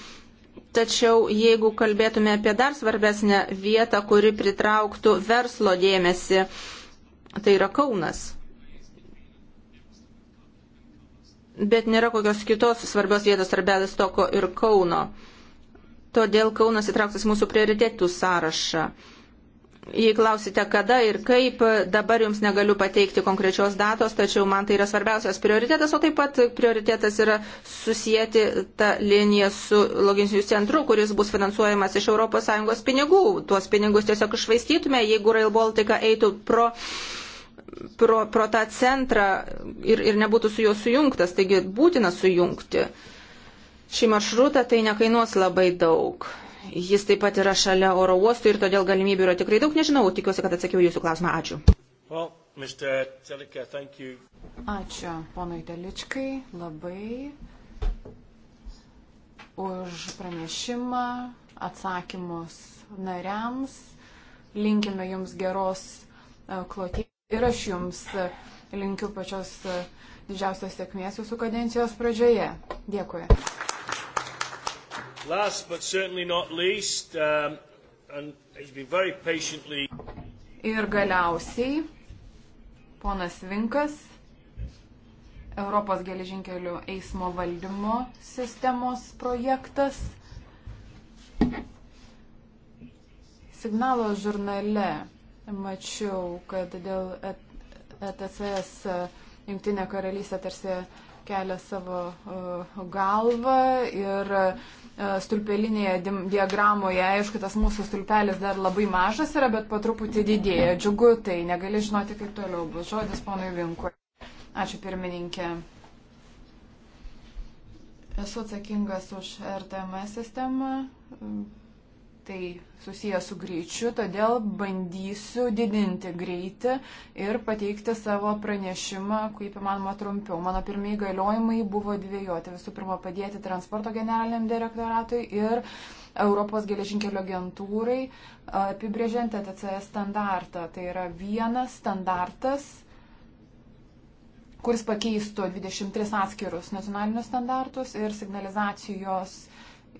Tačiau jeigu kalbėtume apie dar svarbesnę vietą, kuri pritrauktų verslo dėmesį, tai yra Kaunas. Bet nėra kokios kitos svarbios vietos tarp Belistoko ir Kauno. Todėl Kaunas įtrauktas mūsų prioritėtų sąrašą. Jei klausite, kada ir kaip, dabar jums negaliu pateikti konkrečios datos, tačiau man tai yra svarbiausias prioritetas, o taip pat prioritetas yra susijęti tą liniją su logistiniu centru, kuris bus finansuojamas iš ES pinigų. Tuos pinigus tiesiog išvaistytume, jeigu Rail Baltica eitų pro pro, pro tą centrą ir, ir nebūtų su juo sujungtas, taigi būtina sujungti. Šį maršrutą tai nekainuos labai daug. Jis taip pat yra šalia oro uostų ir todėl galimybių yra tikrai daug. Nežinau, tikiuosi, kad atsakiau jūsų klausimą. Ačiū. Well, Telika, Ačiū ponui Teličkai labai už pranešimą, atsakymus nariams. Linkime jums geros e, kloties ir aš jums e, linkiu pačios e, didžiausios sėkmės jūsų kadencijos pradžioje. Dėkui. Last but certainly not least, um, and he's been very patiently. Ir galiausiai, ponas Vinkas, Europos geležinkelių eismo valdymo sistemos projektas. Signalo žurnale mačiau, kad dėl ETCS Junktinė karalystė tarsi kelia savo uh, galvą ir E, stulpelinėje diagramoje, aišku, tas mūsų stulpelis dar labai mažas yra, bet po truputį didėja. Džiugu, tai negali žinoti, kaip toliau bus. Žodis ponui Vinkui. Ačiū pirmininkė. Esu atsakingas už RTMS sistemą, tai susijęs su greičiu, todėl bandysiu didinti greitį ir pateikti savo pranešimą, kaip įmanoma, trumpiau. Mano pirmieji galiojimai buvo dviejoti. Visų pirma, padėti transporto generaliniam direktoratui ir Europos geležinkelio agentūrai apibrėžiant TCS standartą. Tai yra vienas standartas kuris pakeistų 23 atskirus nacionalinius standartus ir signalizacijos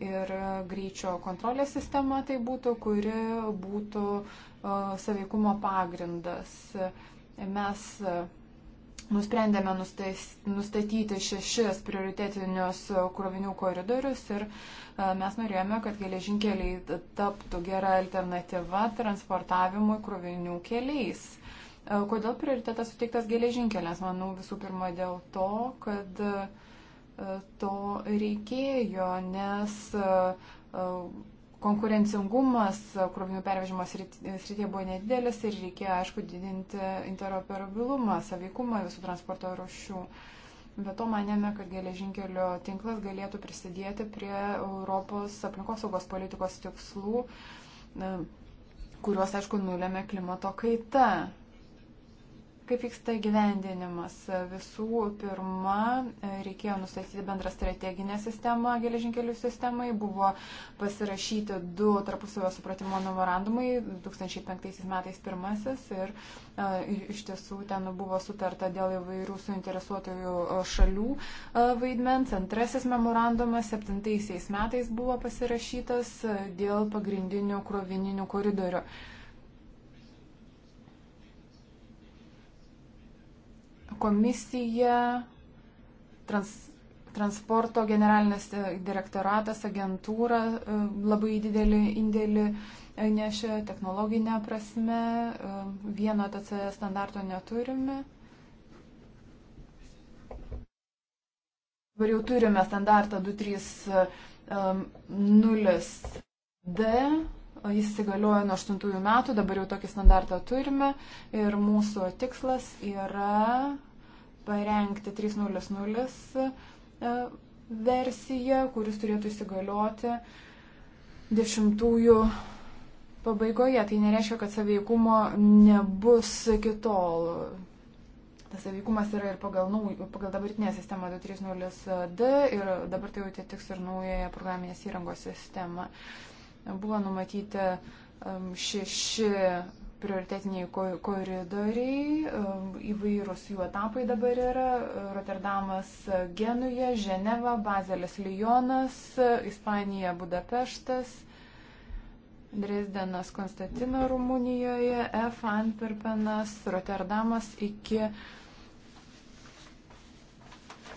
ir greičio kontrolės sistema tai būtų, kuri būtų e, saveikumo pagrindas. Mes e, nusprendėme nustatyti šešis prioritetinius krovinių koridorius ir e, mes norėjome, kad geležinkeliai taptų gera alternatyva transportavimui krovinių keliais. Kodėl prioritetas suteiktas geležinkeliams? Manau visų pirma dėl to, kad uh, to reikėjo, nes e, konkurencingumas e, krovinių pervežimo srityje buvo nedidelis ir reikėjo, aišku, didinti interoperabilumą, saveikumą visų transporto rušių. Be to manėme, kad geležinkelio tinklas galėtų prisidėti prie Europos aplinkosaugos politikos tikslų, e, kuriuos, aišku, nulėmė klimato kaita. Kaip vyksta gyvendinimas? Visų pirma, reikėjo nustatyti bendrą strateginę sistemą geležinkelių sistemai. Buvo pasirašyti du tarpusavio supratimo memorandumai, 2005 metais pirmasis ir, e, ir iš tiesų ten buvo sutarta dėl įvairių suinteresuotojų e, šalių e, vaidmens. Antrasis memorandumas 2007 metais buvo pasirašytas dėl pagrindinių krovininių koridorių. komisija, trans, transporto generalinis e, direktoratas, agentūra e, labai didelį indėlį e, nešė technologinę prasme. Vieno TC standarto neturime. Dabar jau turime standartą 230D. Jis įsigaliojo nuo 8 metų, dabar jau tokį standartą turime ir mūsų tikslas yra parengti 3.0.0 e, versiją, kuris turėtų įsigalioti dešimtųjų pabaigoje. Tai nereiškia, kad saveikumo nebus iki tol. Tas saveikumas yra ir pagal, nu, pagal dabartinę sistemą 230D e, ir dabar tai jau atitiks ir naująją programinės įrangos sistemą. Buvo numatyti um, šeši prioritetiniai koridoriai, um, įvairūs jų etapai dabar yra - Rotterdamas, Genuje, Ženeva, Bazelis, Lyonas, Ispanija, Budapeštas, Dresdenas, Konstantino Rumunijoje, F. Antverpenas, Rotterdamas iki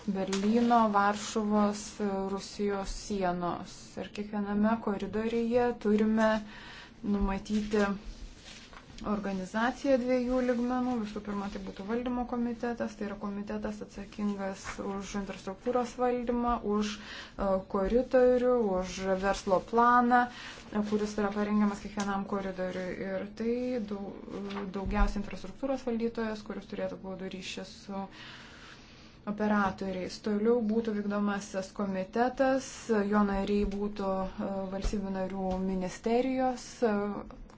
Berlyno, Varšuvos, Rusijos sienos. Ir kiekviename koridoriuje turime numatyti organizacija dviejų ligmenų. Visų pirma, tai būtų valdymo komitetas, tai yra komitetas atsakingas už infrastruktūros valdymą, už e, koridorių, už verslo planą, e, kuris yra parengiamas kiekvienam koridoriui. Ir tai e, daugiausia infrastruktūros valdytojas, kuris turėtų glaudų ryšį su operatoriais. Toliau būtų vykdomasis komitetas, jo nariai būtų valstybių narių ministerijos,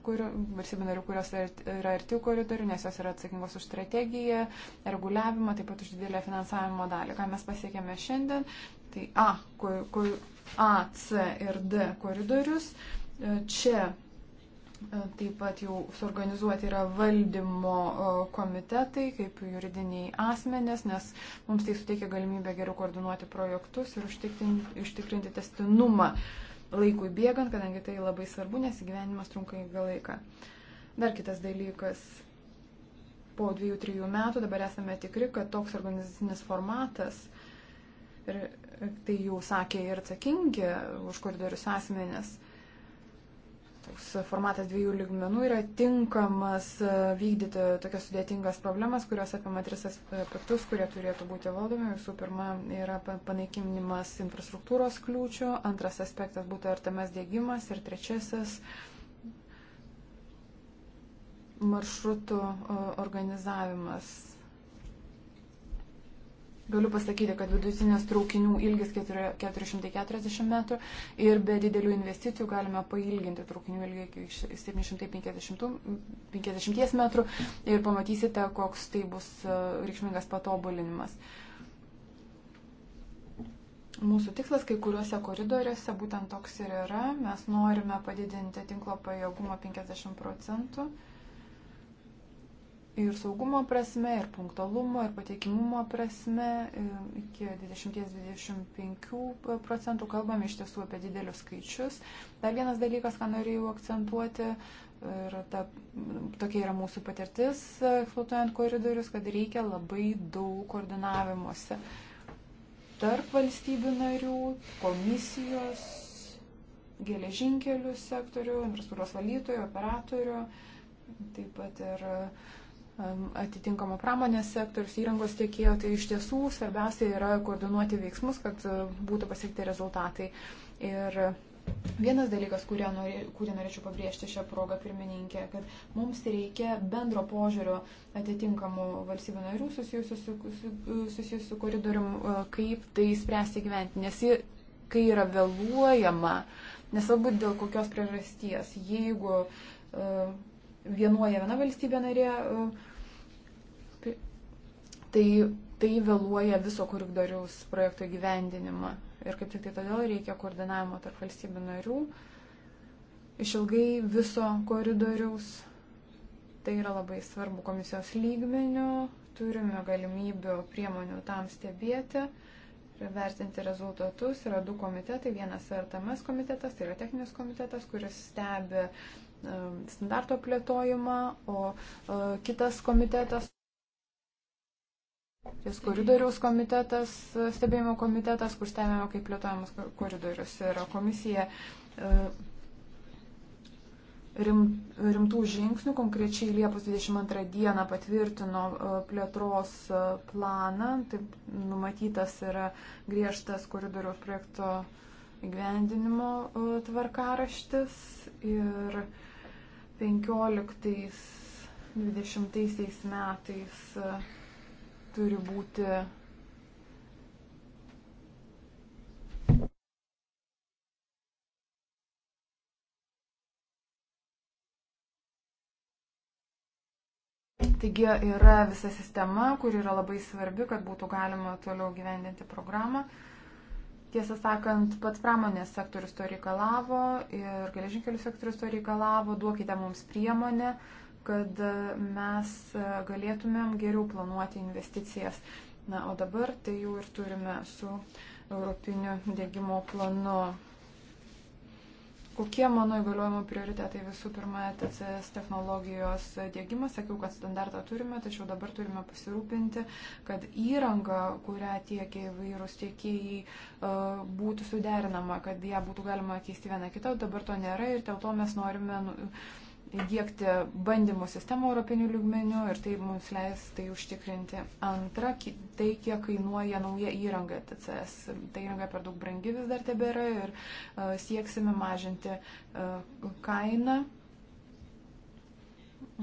kur, valstybių narių, kurios yra arti koridorių, nes jos yra atsakingos už strategiją, reguliavimą, taip pat už didelę finansavimo dalį. Ką mes pasiekėme šiandien, tai A, kur, kur, A, C ir D koridorius. E, čia e, Taip pat jau suorganizuoti yra valdymo komitetai kaip juridiniai asmenės, nes mums tai suteikia galimybę geriau koordinuoti projektus ir užtikrinti testinumą. Uh, laikui bėgant, kadangi tai labai svarbu, nes gyvenimas trunka ilgą laiką. Dar kitas dalykas. Po dviejų, trijų metų dabar esame tikri, kad toks organizacinis formatas, ir tai jau sakė ir atsakingi už koridorius asmenės, toks formatas dviejų lygmenų yra tinkamas e, vykdyti tokias sudėtingas problemas, kurios apima tris aspektus, kurie turėtų būti valdomi. Visų pirma, yra panaikinimas infrastruktūros kliūčių, antras aspektas būtų artimas dėgymas ir trečiasis maršrutų organizavimas. Galiu pasakyti, kad vidutinės traukinių ilgis 440 metrų ir be didelių investicijų galime pailginti traukinių ilgį iki 750 metrų ir pamatysite, koks tai bus e, reikšmingas patobulinimas. Mūsų tikslas kai kuriuose koridoriuose būtent toks ir yra. Mes norime padidinti tinklo pajėgumą 50 procentų ir saugumo prasme, ir punktualumo, ir patikimumo prasme iki 20-25 procentų kalbame iš tiesų apie didelius skaičius. Dar vienas dalykas, ką norėjau akcentuoti, ir ta, tokia yra mūsų patirtis flotuojant koridorius, kad reikia labai daug koordinavimuose tarp valstybių narių, komisijos, geležinkelių sektorių, infrastruktūros valytojų, operatorių, taip pat ir uh, Um, atitinkamo pramonės sektorius, įrangos tiekėjo, tai iš tiesų svarbiausia yra koordinuoti veiksmus, kad uh, būtų pasiekti rezultatai. Ir vienas dalykas, kurį, norė, kurį norėčiau pabrėžti šią progą pirmininkė, kad mums reikia bendro požiūrio atitinkamų valstybių narių susijusių su, susijusiu su koridorium, uh, kaip tai spręsti gyventi. Nes kai yra vėluojama, nesvarbu dėl kokios priežasties, jeigu uh, vienuoja viena valstybė narė, e, tai, tai vėluoja viso koridoriaus projekto gyvendinimą. Ir kaip tik tai todėl reikia koordinavimo tarp valstybių narių, išilgai viso koridoriaus. Tai yra labai svarbu komisijos lygmenių, turime galimybių priemonių tam stebėti ir vertinti rezultatus. Yra du komitetai, vienas RTMS komitetas, tai yra techninis komitetas, kuris stebi Um, standarto plėtojimą, o uh, kitas komitetas. Jis koridoriaus komitetas, uh, stebėjimo komitetas, kur stebėjome, kaip plėtojamas koridorius. Ir komisija uh, rim, rimtų žingsnių, konkrečiai Liepos 22 dieną patvirtino plėtros planą, taip numatytas yra griežtas koridoriaus projekto įgyvendinimo tvarkaraštis ir 15-20 metais e, turi būti Taigi yra visa sistema, kur yra labai svarbi, kad būtų galima toliau gyvendinti programą. Uh, Tiesą sakant, pats pramonės sektorius to reikalavo ir geležinkelių sektorius to reikalavo, duokite mums priemonę, kad mes galėtumėm geriau planuoti investicijas. Na, o dabar tai jau ir turime su Europiniu dėgymo planu. Kokie mano įgaliojimų prioritetai visų pirma TCS technologijos dėgymas? Sakiau, kad standartą turime, tačiau dabar turime pasirūpinti, kad įranga, kurią tiekia įvairūs tiekėjai, e, būtų suderinama, kad ją būtų galima keisti vieną kitą. Dabar to nėra ir dėl to mes norime nu, įdėkti bandymų sistemą europinių lygmenių ir tai mums leis tai užtikrinti. Antra, tai kiek kainuoja nauja įranga TCS. Ta įranga per daug brangi vis dar tebėra ir e, sieksime mažinti e, kainą.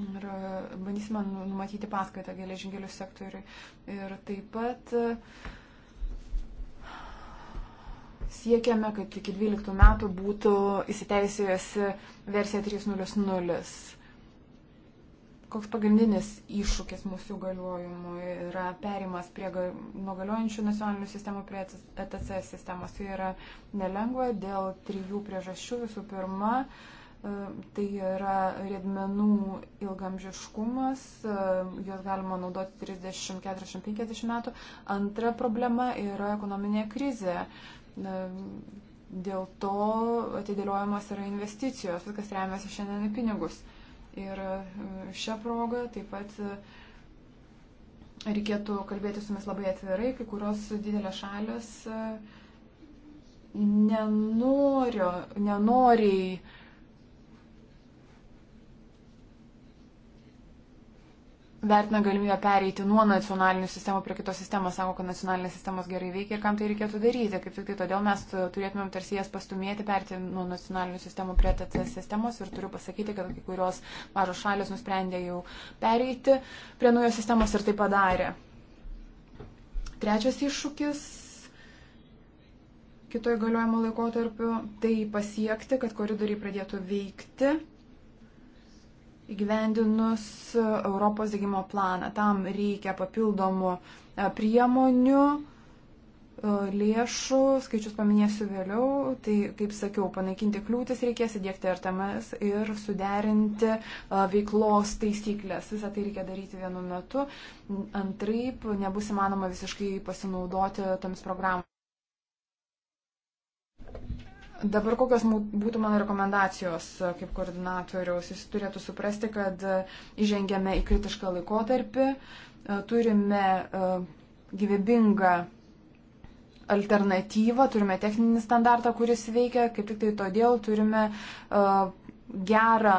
Ir e, bandysime nu, numatyti paskaitą geležinkelių sektoriui. Ir taip pat uh, siekiame, kad iki 12 metų būtų įsiteisėjusi versija 3.0.0. Koks pagrindinis iššūkis mūsų galiojimui yra perimas prie nugaliojančių nacionalinių sistemų prie ETC sistemos. Tai yra nelengva dėl trijų priežasčių. Visų pirma, e, tai yra riedmenų ilgamžiškumas, e, juos galima naudoti 30, 40, 50 metų. Antra problema yra ekonominė krizė na, dėl to atidėliojamos yra investicijos, viskas remiasi šiandien į pinigus. Ir e, šią progą taip pat e, reikėtų kalbėti su jumis labai atvirai, kai kurios didelės šalės e, nenori, nenoriai vertina galimybę pereiti nuo nacionalinių sistemų prie kitos sistemos, sako, kad nacionalinės sistemos gerai veikia ir kam tai reikėtų daryti. Kaip tik tai todėl mes turėtumėm tarsi jas pastumėti, perti nuo nacionalinių sistemų prie TT sistemos ir turiu pasakyti, kad kai kurios mažos šalis nusprendė jau pereiti prie naujos sistemos ir tai padarė. Trečias iššūkis kitoje galiojimo laikotarpiu - tai pasiekti, kad koridoriai pradėtų veikti įgyvendinus Europos dėgymo planą. Tam reikia papildomų e, priemonių, e, lėšų, skaičius paminėsiu vėliau. Tai, kaip sakiau, panaikinti kliūtis reikės įdėkti RTMS ir suderinti e, veiklos taisyklės. Visą tai reikia daryti vienu metu. Antraip nebus įmanoma visiškai pasinaudoti tomis programomis. Dabar kokios būtų mano rekomendacijos e, kaip koordinatoriaus? Jis turėtų suprasti, kad e, įžengėme į kritišką laikotarpį, e, turime gyvybingą alternatyvą, turime techninį standartą, kuris veikia, kaip tik tai todėl turime gerą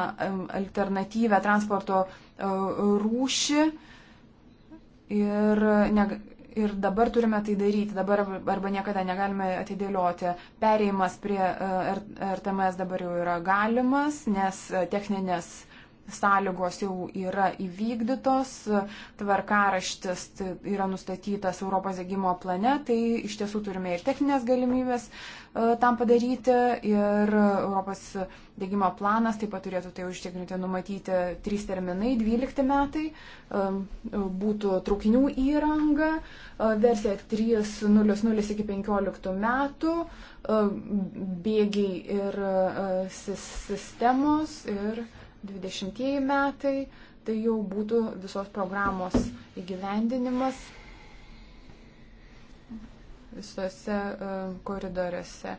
alternatyvę transporto rūšį ir ne, Ir dabar turime tai daryti, dabar arba niekada negalime atidėlioti. Perėjimas prie e, RTMS dabar jau yra galimas, nes e, techninės uh, sąlygos jau yra įvykdytos, tvarkaraštis yra nustatytas Europos dėgymo plane, tai iš tiesų turime ir techninės galimybės e, tam padaryti ir Europos dėgymo planas taip pat turėtų tai užtikrinti numatyti trys terminai, 12 metai, e, būtų traukinių įranga, e, versija 3.00 iki 15 metų, bėgiai ir sistemos ir 20 metai, tai jau būtų visos programos įgyvendinimas visose e, koridoriuose.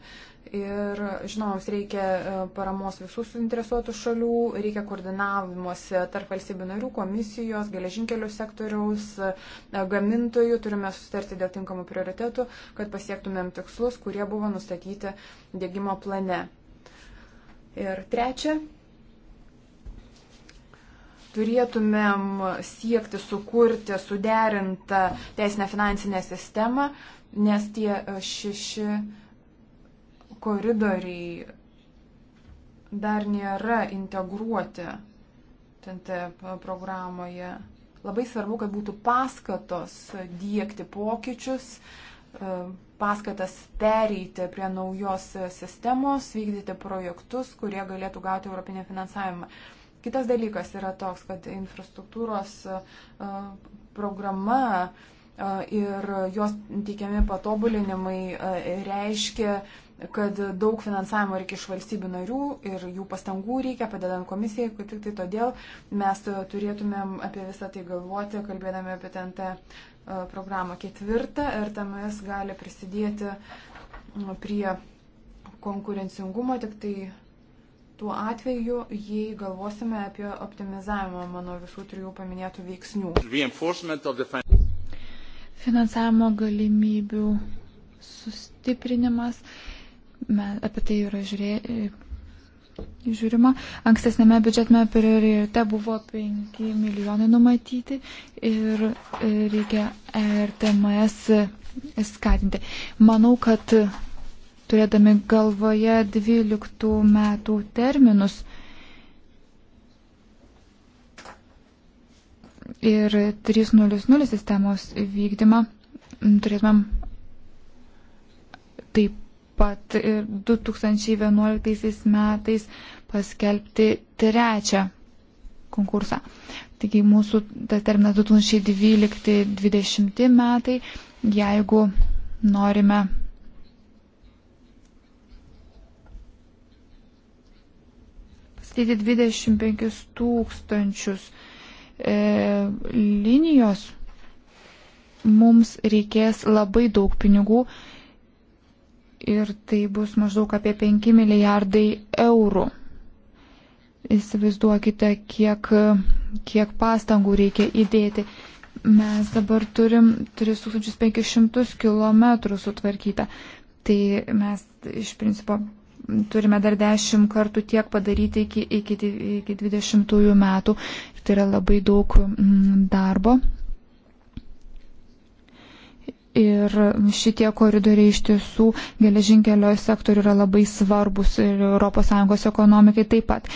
Ir žinoma, mums reikia e, paramos visų suinteresuotų šalių, reikia koordinavimuose tarp valstybių narių, komisijos, geležinkelių sektoriaus, e, gamintojų, turime sustarti dėl tinkamų prioritetų, kad pasiektumėm tikslus, kurie buvo nustatyti dėgymo plane. Ir trečia, turėtumėm siekti sukurti suderintą teisinę finansinę sistemą, nes tie e, šeši koridoriai dar nėra integruoti TNT programoje. Labai svarbu, kad būtų paskatos dėkti pokyčius, e, paskatas pereiti prie naujos sistemos, vykdyti projektus, kurie galėtų gauti europinį finansavimą. Kitas dalykas yra toks, kad infrastruktūros e, programa e, ir jos teikiami patobulinimai e, reiškia, kad daug finansavimo reikia iš valstybių narių ir jų pastangų reikia, padedant komisijai, kad tik tai todėl mes turėtumėm apie visą tai galvoti, kalbėdami apie TNT programą. Ketvirta, RTMS gali prisidėti prie konkurencingumo, tik tai tuo atveju, jei galvosime apie optimizavimą mano visų trijų paminėtų veiksnių. Finansavimo galimybių sustiprinimas, apie tai yra žiūrė, e, žiūrima. Ankstesnėme biudžetme priorite buvo 5 milijonai numatyti ir e, reikia RTMS skatinti. Manau, kad turėdami galvoje 12 metų terminus. Ir 3.0.0 sistemos vykdymą turėtumėm taip pat ir 2011 metais paskelbti trečią konkursą. Taigi mūsų ta terminas 2012-2020 metai, jeigu norime iki 25 tūkstančius e, linijos mums reikės labai daug pinigų ir tai bus maždaug apie 5 milijardai eurų. Įsivaizduokite, kiek, kiek pastangų reikia įdėti. Mes dabar turim 3500 km sutvarkytą. Tai mes iš principo turime dar dešimt kartų tiek padaryti iki, iki, iki 20 metų. Ir tai yra labai daug mm, darbo. Ir šitie koridoriai iš tiesų geležinkelio sektoriu yra labai svarbus ir ES ekonomikai taip pat.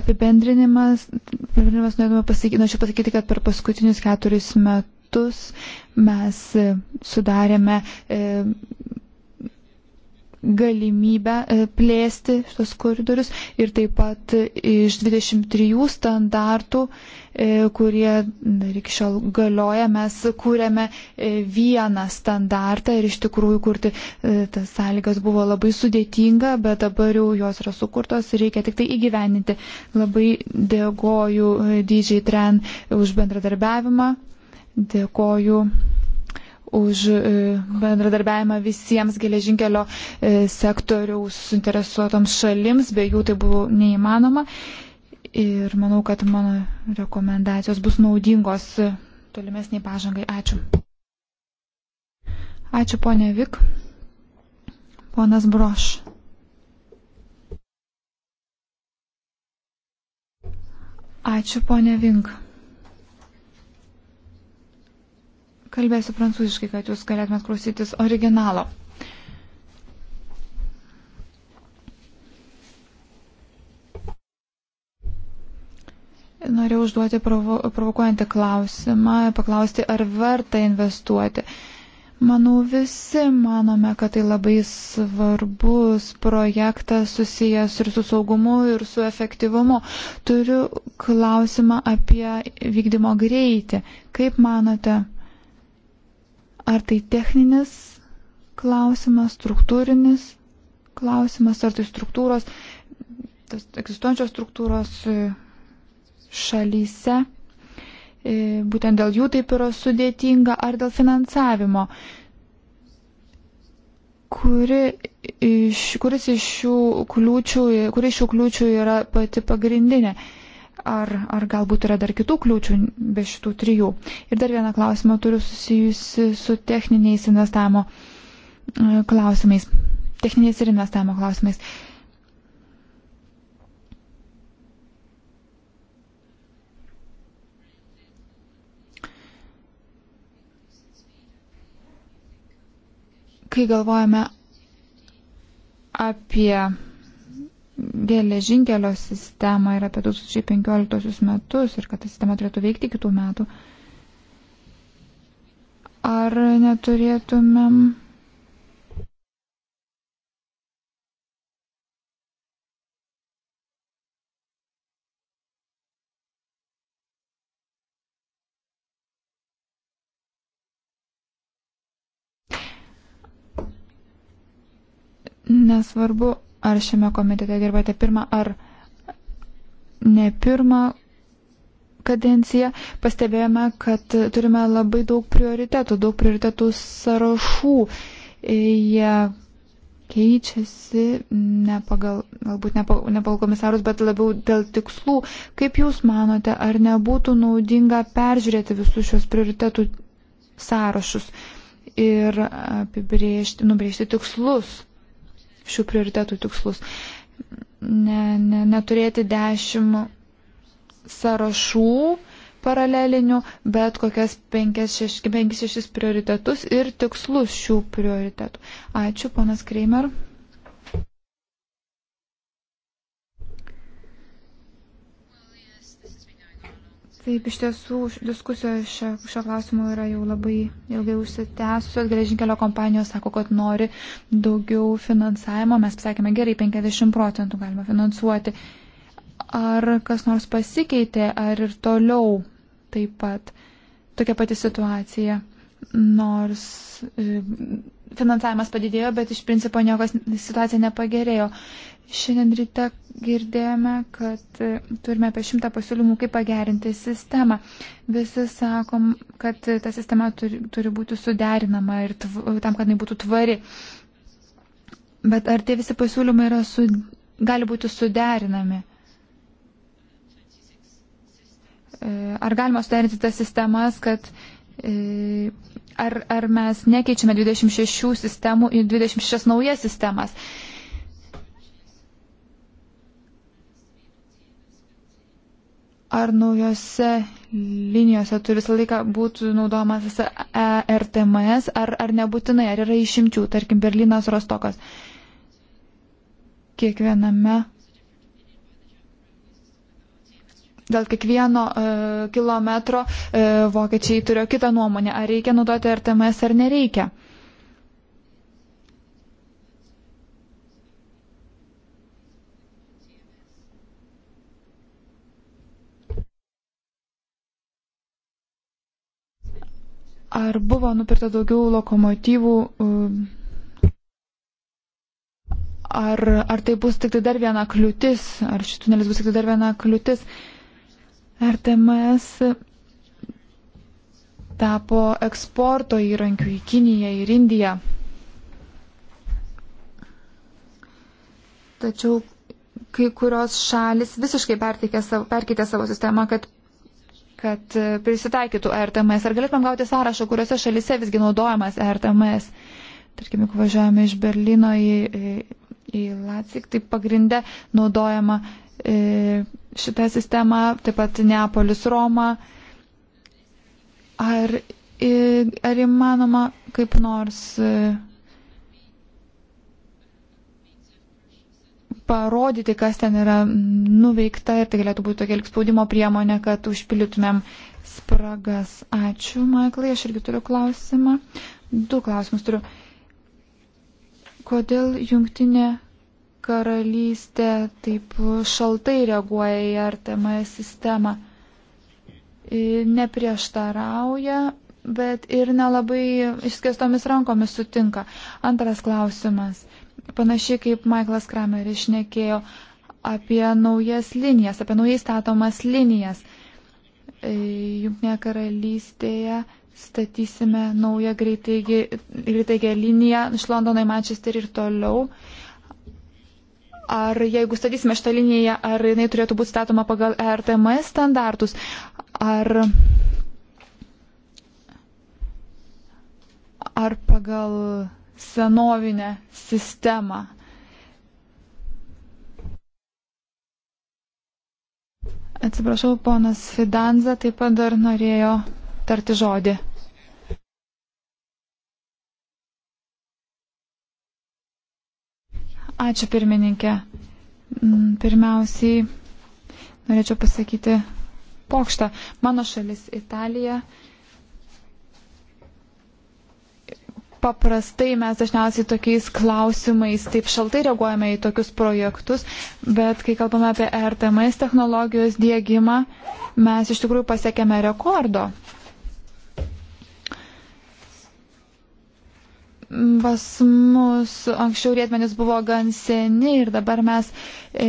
Apibendrinimas, apibendrinimas norėtume pasakyti, norėčiau pasakyti, kad per paskutinius keturis metus mes e, sudarėme. E, galimybę e, plėsti šitos koridorius ir taip pat e, iš 23 standartų, e, kurie dar iki šiol galioja, mes kūrėme vieną standartą ir iš tikrųjų kurti tas sąlygas buvo labai sudėtinga, bet dabar jau jos yra sukurtos ir reikia tik tai įgyveninti. Labai dėkoju DJ Tren už bendradarbiavimą. Dėkoju už e, bendradarbiavimą visiems geležinkelio e, sektoriaus suinteresuotoms šalims, be jų tai buvo neįmanoma. Ir manau, kad mano rekomendacijos bus naudingos tolimesniai pažangai. Ačiū. Ačiū, ponė Vik. Ponas Broš. Ačiū, ponė Vink. Kalbėsiu prancūziškai, kad jūs galėtumėt klausytis originalo. Norėjau užduoti provo provokuojantį klausimą, paklausti, ar verta investuoti. Manau, visi manome, kad tai labai svarbus projektas susijęs ir su saugumu, ir su efektyvumu. Turiu klausimą apie vykdymo greitį. Kaip manote, Ar tai techninis klausimas, struktūrinis klausimas, ar tai struktūros, tas egzistuojančios struktūros e, šalyse, e, būtent dėl jų taip yra sudėtinga, ar dėl finansavimo, kuri iš, kuris iš šių kliūčių, kuri iš šių kliūčių yra pati pagrindinė. Ar, ar galbūt yra dar kitų kliūčių be šitų trijų? Ir dar vieną klausimą turiu susijusi su techniniais investavimo e, klausimais. Techniniais ir investavimo klausimais. Kai galvojame apie geležinkelio sistemą ir apie 2015 metus ir kad ta sistema turėtų veikti kitų metų. Ar neturėtumėm. Nesvarbu, ar šiame komitete dirbate pirmą ar ne pirmą kadenciją, pastebėjome, kad turime labai daug prioritetų, daug prioritetų sąrašų. Jie keičiasi, ne pagal, galbūt ne pagal, ne pagal komisarus, bet labiau dėl tikslų. Kaip Jūs manote, ar nebūtų naudinga peržiūrėti visus šios prioritetų sąrašus ir apibriežti, nubriežti tikslus? šių prioritetų tikslus. Ne, ne, neturėti dešimt sąrašų paralelinių, bet kokias 5-6 prioritetus ir tikslus šių prioritetų. Ačiū, ponas Kreimer. Taip, iš tiesų diskusijos šio, šio klausimu yra jau labai ilgai užsitęsusios. Geležinkelio kompanijos sako, kad nori daugiau finansavimo. Mes pasakėme, gerai, 50 procentų galima finansuoti. Ar kas nors pasikeitė, ar ir toliau taip pat tokia pati situacija? Nors e, finansavimas padidėjo, bet iš principo niekas situacija nepagerėjo. Šiandien ryte girdėjome, kad e, turime apie šimtą pasiūlymų, kaip pagerinti sistemą. Visi sakom, kad ta sistema turi, turi būti suderinama ir tv, tam, kad jinai būtų tvari. Bet ar tie visi pasiūlymai su, gali būti suderinami? E, ar galima suderinti tas sistemas, kad e, ar, ar mes nekeičiame 26 sistemų į 26 naujas sistemas? ar naujose linijose turi visą laiką būti naudojamas e RTMS, ar, ar nebūtinai, ar yra išimčių, tarkim, Berlynas, Rostokas. Kiekviename. Dėl kiekvieno e, kilometro e, vokiečiai turėjo kitą nuomonę, ar reikia naudoti RTMS ar nereikia. E, Ar buvo nupirta daugiau lokomotyvų? Um, ar, ar tai bus tik tai dar viena kliūtis? Ar šis tunelis bus tik tai dar viena kliūtis? RTMS tapo eksporto įrankiu į Kiniją ir Indiją. Tačiau kai kurios šalis visiškai perkeitė savo, perkeitė savo sistemą, kad kad prisitaikytų RTMS. Ar galėtumėm gauti sąrašą, kuriuose šalise visgi naudojamas RTMS? Tarkim, jeigu važiuojame iš Berlyno į, į, į Latsik, tai pagrindę naudojama e, šitą sistemą, taip pat Neapolis, Roma. Ar, ar įmanoma kaip nors e, parodyti, kas ten yra nuveikta ir tai galėtų būti tokia spaudimo priemonė, kad užpildytumėm spragas. Ačiū, Maiklai, aš irgi turiu klausimą. Du klausimus turiu. Kodėl jungtinė karalystė taip šaltai reaguoja į RTM sistemą? Neprieštarauja, bet ir nelabai išskėstomis rankomis sutinka. Antras klausimas panašiai kaip Michaelas Krameris šnekėjo apie naujas linijas, apie naujai statomas linijas. E, Junknėje karalystėje statysime naują greitaigę liniją iš Londono į Manchesterį ir toliau. Ar jeigu statysime šitą liniją, ar jinai turėtų būti statoma pagal e RTMS standartus, ar, ar pagal senovinę sistemą. Atsiprašau, ponas Fidanza taip pat dar norėjo tarti žodį. Ačiū pirmininkė. Mm, pirmiausiai norėčiau pasakyti pokštą. Mano šalis Italija paprastai mes dažniausiai tokiais klausimais taip šaltai reaguojame į tokius projektus, bet kai kalbame apie RTMS technologijos dėgymą, mes iš tikrųjų pasiekėme rekordo. Pas mus anksčiau riedmenys buvo gan seni ir dabar mes e,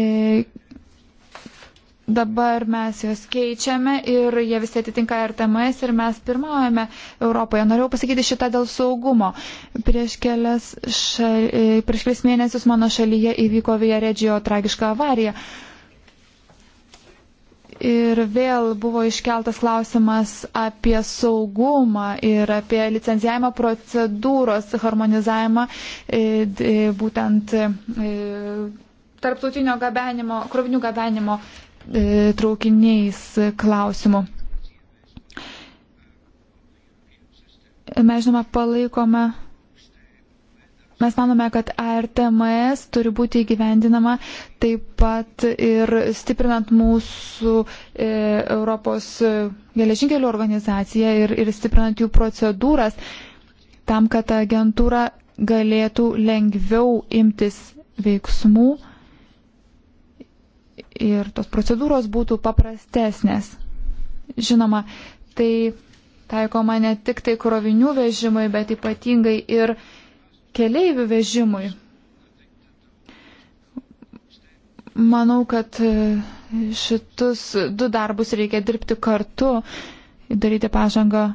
Dabar mes juos keičiame ir jie visi atitinka RTMS ir mes pirmaujame Europoje. Norėjau pasakyti šitą dėl saugumo. Prieš kelias, šal... Prieš kelias mėnesius mano šalyje įvyko Vija Redžio tragiška avarija. Ir vėl buvo iškeltas klausimas apie saugumą ir apie licenzijavimo procedūros harmonizavimą e, e, būtent e, tarptautinio gabenimo, krovinių gabenimo E, traukiniais klausimu. Mes žinoma palaikome Mes manome, kad ARTMS turi būti įgyvendinama taip pat ir stiprinant mūsų e, Europos geležinkelių organizaciją ir, ir stiprinant jų procedūras tam, kad agentūra galėtų lengviau imtis veiksmų ir tos procedūros būtų paprastesnės. Žinoma, tai taikoma ne tik tai krovinių vežimui, bet ypatingai ir keleivių vežimui. Manau, kad e, šitus du darbus reikia dirbti kartu, daryti pažangą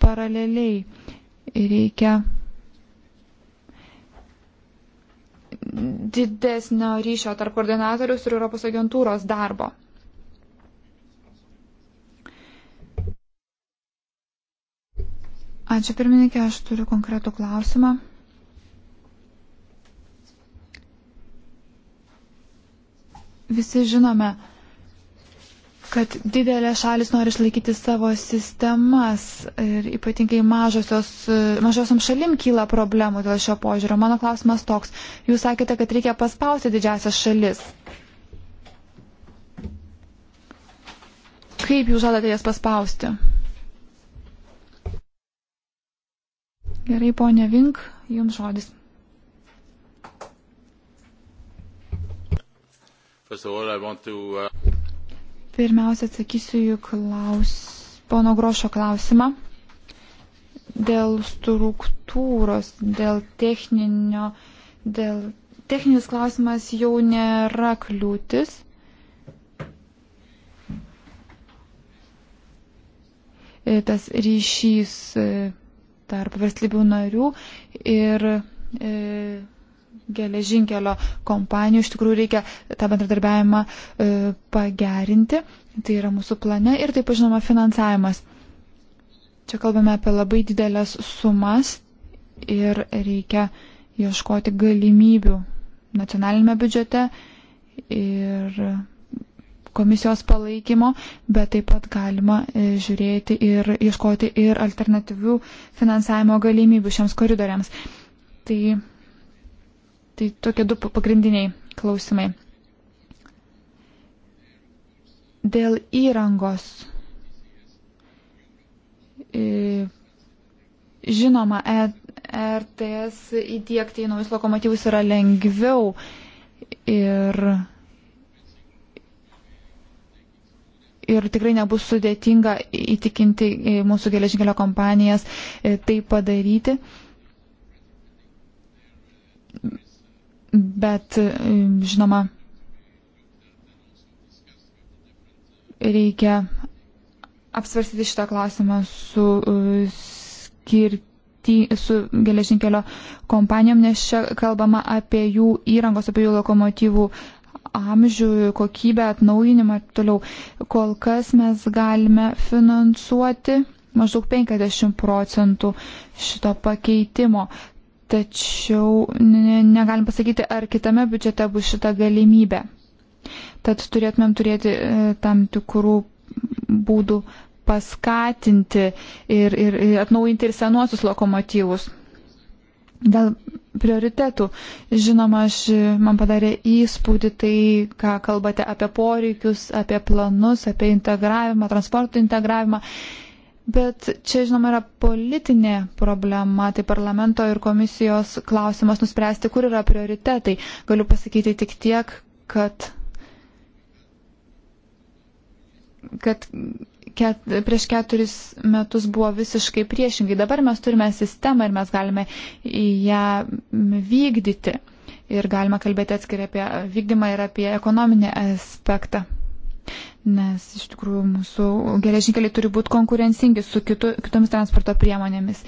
paraleliai. Reikia didesnio ryšio tarp koordinatorius ir Europos agentūros darbo. Ačiū pirmininkė, aš turiu konkretų klausimą. Visi žinome, kad didelės šalis nori išlaikyti savo sistemas ir ypatingai mažosios, mažosiam šalim kyla problemų dėl šio požiūrio. Mano klausimas toks. Jūs sakėte, kad reikia paspausti didžiasias šalis. Kaip jūs žadate jas paspausti? Gerai, ponia Vink, jums žodis. First of all, I want to uh... Pirmiausia, atsakysiu į klaus... pono Grošo klausimą dėl struktūros, dėl techninio, dėl techninis klausimas jau nėra kliūtis. E, tas ryšys e, tarp verslybių narių ir e, geležinkelio kompanijų. Iš tikrųjų reikia tą bendradarbiavimą e, pagerinti. Tai yra mūsų plane ir taip žinoma finansavimas. Čia kalbame apie labai didelės sumas ir reikia ieškoti galimybių nacionalinėme biudžete ir komisijos palaikymo, bet taip pat galima e, žiūrėti ir ieškoti ir alternatyvių finansavimo galimybių šiems koridoriams. Tai Tai tokie du pagrindiniai klausimai. Dėl įrangos. E, žinoma, e, RTS įtiekti į naujus lokomotyvus yra lengviau ir, ir tikrai nebus sudėtinga įtikinti e, mūsų geležinkelio kompanijas tai padaryti Bet, e, žinoma, reikia apsvarstyti šitą klausimą su, e, skirti, su geležinkelio kompanijom, nes čia kalbama apie jų įrangos, apie jų lokomotyvų amžių, kokybę, atnaujinimą ir toliau. Kol kas mes galime finansuoti maždaug 50 procentų šito pakeitimo tačiau negalim pasakyti, ar kitame biudžete bus šita galimybė. Tad turėtumėm turėti e, tam tikrų būdų paskatinti ir, ir, ir atnaujinti ir senuosius lokomotyvus. Dėl prioritetų, žinoma, aš, e, man padarė įspūdį tai, ką kalbate apie poreikius, apie planus, apie integravimą, transporto integravimą. Uh, Bet čia, žinoma, yra politinė problema, tai parlamento ir komisijos klausimas nuspręsti, kur yra prioritetai. Galiu pasakyti tik tiek, kad, kad ket, prieš keturis metus buvo visiškai priešingai. Dabar mes turime sistemą ir mes galime ją vykdyti. Ir galima kalbėti atskirai apie vykdymą ir apie ekonominį aspektą. Nes iš tikrųjų mūsų geležinkeliai turi būti konkurencingi su kitu, kitomis transporto priemonėmis.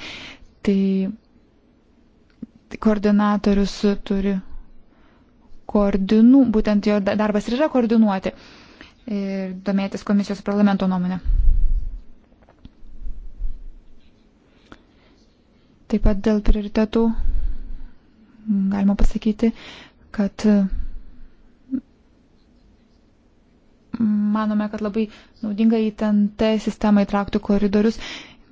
Tai koordinatorius turi koordinu, būtent jo darbas ir yra koordinuoti ir domėtis komisijos parlamento nuomonę. Taip pat dėl prioritetų galima pasakyti, kad manome, kad labai naudinga į TNT sistemą įtraukti koridorius,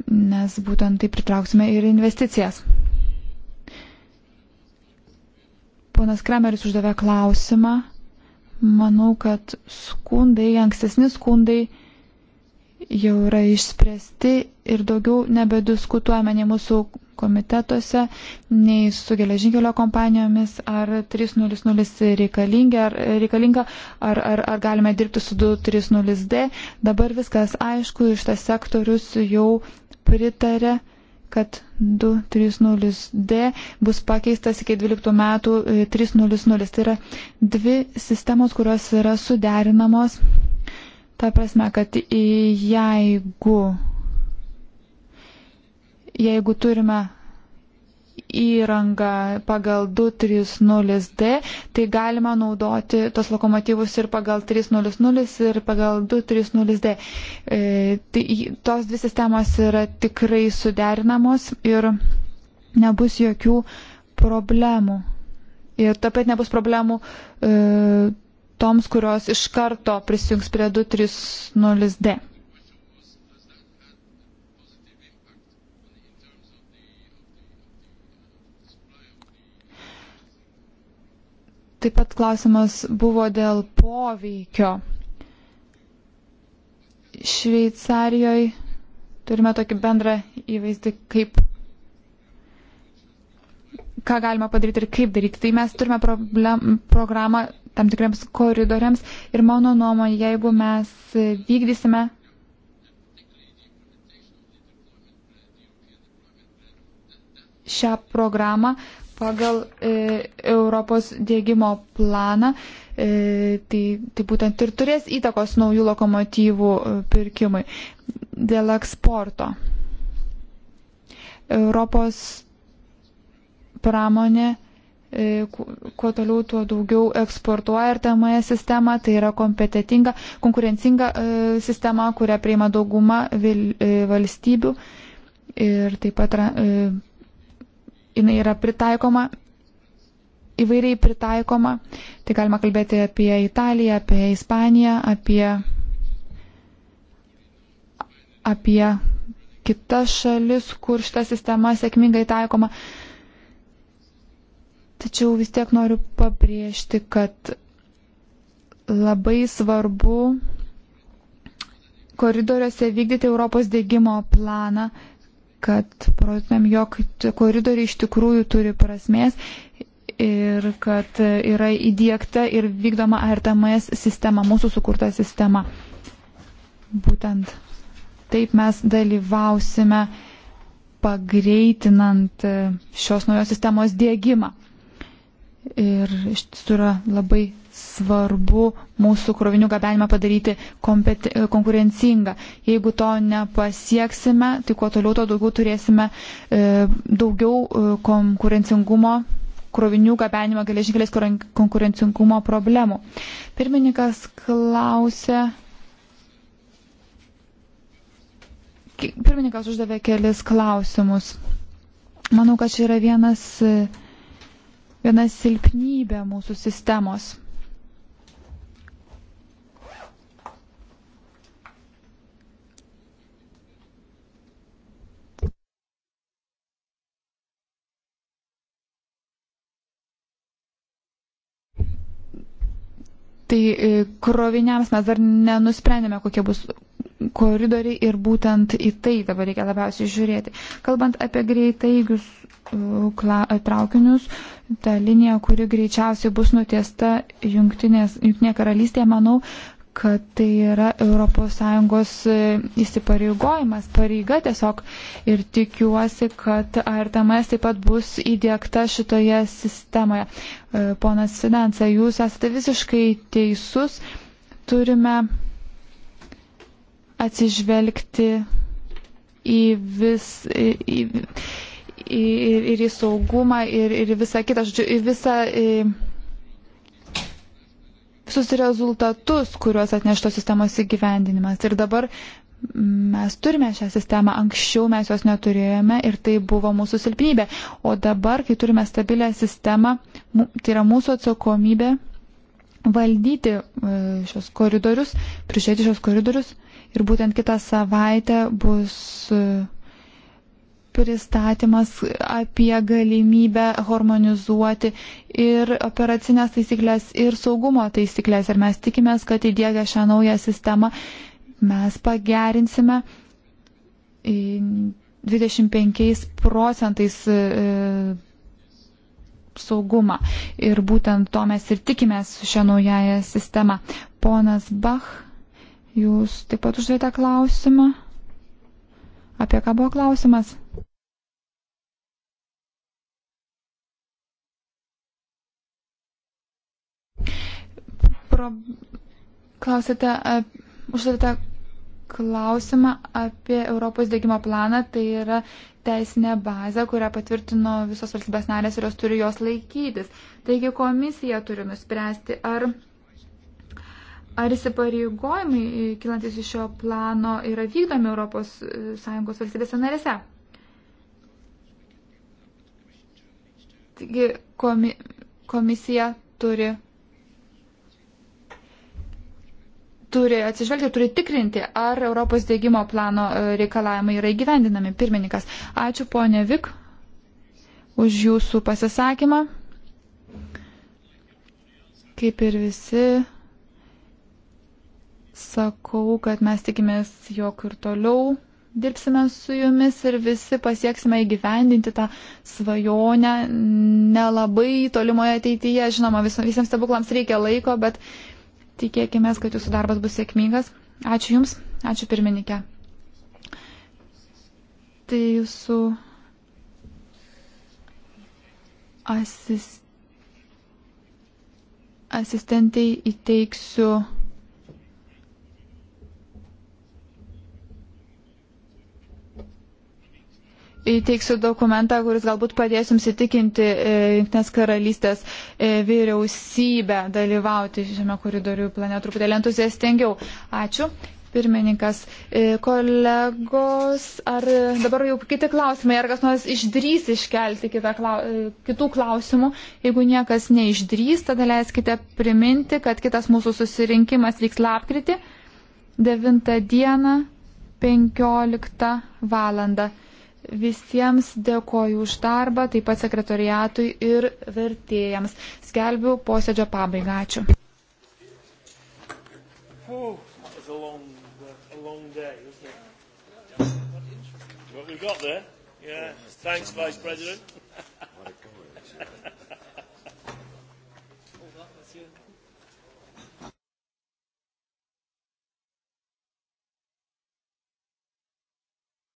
nes būtent taip pritrauksime ir investicijas. Ponas Kremeris uždavė klausimą. Manau, kad skundai, ankstesni skundai jau yra išspręsti ir daugiau nebediskutuojame nei mūsų komitetuose, nei su geležinkelio kompanijomis, ar 300 reikalinga, ar, reikalinga, ar, ar, ar galime dirbti su 230D. Dabar viskas aišku, iš tas sektorius jau pritarė kad 230D bus pakeistas iki 12 metų 300. E, tai yra dvi sistemos, kurios yra suderinamos. Ta prasme, kad jeigu jeigu turime įrangą pagal 230D, tai galima naudoti tos lokomotyvus ir pagal 300 ir pagal 230D. E, tai tos dvi sistemos yra tikrai suderinamos ir nebus jokių problemų. Ir taip pat nebus problemų e, toms, kurios iš karto prisijungs prie 230D. Taip pat klausimas buvo dėl poveikio. Šveicarijoje turime tokį bendrą įvaizdį, kaip, ką galima padaryti ir kaip daryti. Tai mes turime problem, programą tam tikriams koridoriams ir mano nuomonė, jeigu mes vykdysime šią programą, pagal e, Europos dėgymo planą, e, tai, tai būtent ir turės įtakos naujų lokomotyvų e, pirkimui dėl eksporto. Europos pramonė e, kuo toliau, tuo daugiau eksportuoja artamoje sistema, tai yra kompetitinga, konkurencinga e, sistema, kurią priima dauguma valstybių ir taip pat jinai yra pritaikoma, įvairiai pritaikoma. Tai galima kalbėti apie Italiją, apie Ispaniją, apie, apie kitas šalis, kur šita sistema sėkmingai taikoma. Tačiau vis tiek noriu pabrėžti, kad labai svarbu koridoriuose vykdyti Europos dėgymo planą kad parodytumėm, jog koridoriai iš tikrųjų turi prasmės ir kad yra įdėkta ir vykdoma RTMS sistema, mūsų sukurta sistema. Būtent taip mes dalyvausime pagreitinant šios naujos sistemos dėgymą. Ir iš tiesų yra labai svarbu mūsų krovinių gabenimą padaryti konkurencingą. Jeigu to nepasieksime, tai kuo toliau, tuo daugiau turėsime e, daugiau e, konkurencingumo krovinių gabenimą geležinkeliais konkurencingumo problemų. Pirmininkas klausė. Pirmininkas uždavė kelis klausimus. Manau, kad čia yra vienas, vienas silpnybė mūsų sistemos. Tai e, kroviniams mes dar nenusprendėme, kokie bus koridoriai ir būtent į tai dabar reikia labiausiai žiūrėti. Kalbant apie greitaigius e, e, traukinius, ta linija, kuri greičiausiai bus nutiesta Junktinė karalystė, manau, kad tai yra ES e, įsipareigojimas, pareiga tiesiog ir tikiuosi, kad ARTMS taip pat bus įdėkta šitoje sistemoje. E, ponas Finansa, jūs esate visiškai teisus, turime atsižvelgti į vis. Į, į, Ir, ir į saugumą, ir, ir visą kitą, žodžiu, į visą į, visus rezultatus, kuriuos atneštos sistemos įgyvendinimas. Ir dabar mes turime šią sistemą, anksčiau mes jos neturėjome ir tai buvo mūsų silpnybė. O dabar, kai turime stabilę sistemą, tai yra mūsų atsakomybė valdyti e, šios koridorius, prižiūrėti šios koridorius. Ir būtent kitą savaitę bus e, pristatymas apie galimybę harmonizuoti ir operacinės taisyklės, ir saugumo taisyklės. Ir mes tikimės, kad įdėgę šią naują sistemą mes pagerinsime 25 procentais e, saugumą. Ir būtent to mes ir tikimės šią naująją sistemą. Ponas Bach, jūs taip pat uždėte klausimą. Apie ką buvo klausimas? pro... klausėte, ap... E, užduodate klausimą apie Europos dėgymo planą. Tai yra teisinė bazė, kurią patvirtino visos valstybės narės ir jos turi jos laikytis. Taigi komisija turi nuspręsti, ar, ar įsipareigojimai e, kilantis iš šio plano yra vykdomi ES e, valstybėse narėse. Taigi komi, komisija turi turi atsižvelgti, turi tikrinti, ar Europos dėgymo plano e, reikalavimai yra įgyvendinami. Pirmininkas, ačiū ponė Vik už jūsų pasisakymą. Kaip ir visi, sakau, kad mes tikimės, jog ir toliau dirbsime su jumis ir visi pasieksime įgyvendinti tą svajonę nelabai tolimoje ateityje. Žinoma, vis, visiems stebuklams reikia laiko, bet Tikėkime, kad jūsų darbas bus sėkmingas. Ačiū Jums, ačiū pirmininkė. Tai jūsų asist... asistentei įteiksiu. įteiksiu dokumentą, kuris galbūt padės jums įtikinti e, Junktinės karalystės e, vyriausybę dalyvauti šiame koridorių plane truputėlį entuziastingiau. Ačiū. Pirmininkas, e, kolegos, ar dabar jau kiti klausimai, ar kas nors išdrys iškelti klau, kitų klausimų? Jeigu niekas neišdrys, tada leiskite priminti, kad kitas mūsų susirinkimas vyks lapkritį 9 dieną 15 valandą. Visiems dėkoju už darbą, taip pat sekretoriatui ir vertėjams. Skelbiu posėdžio pabaigą. Ačiū. Oh, a long, a long day, What we got there? Yeah. Thanks, Vice President.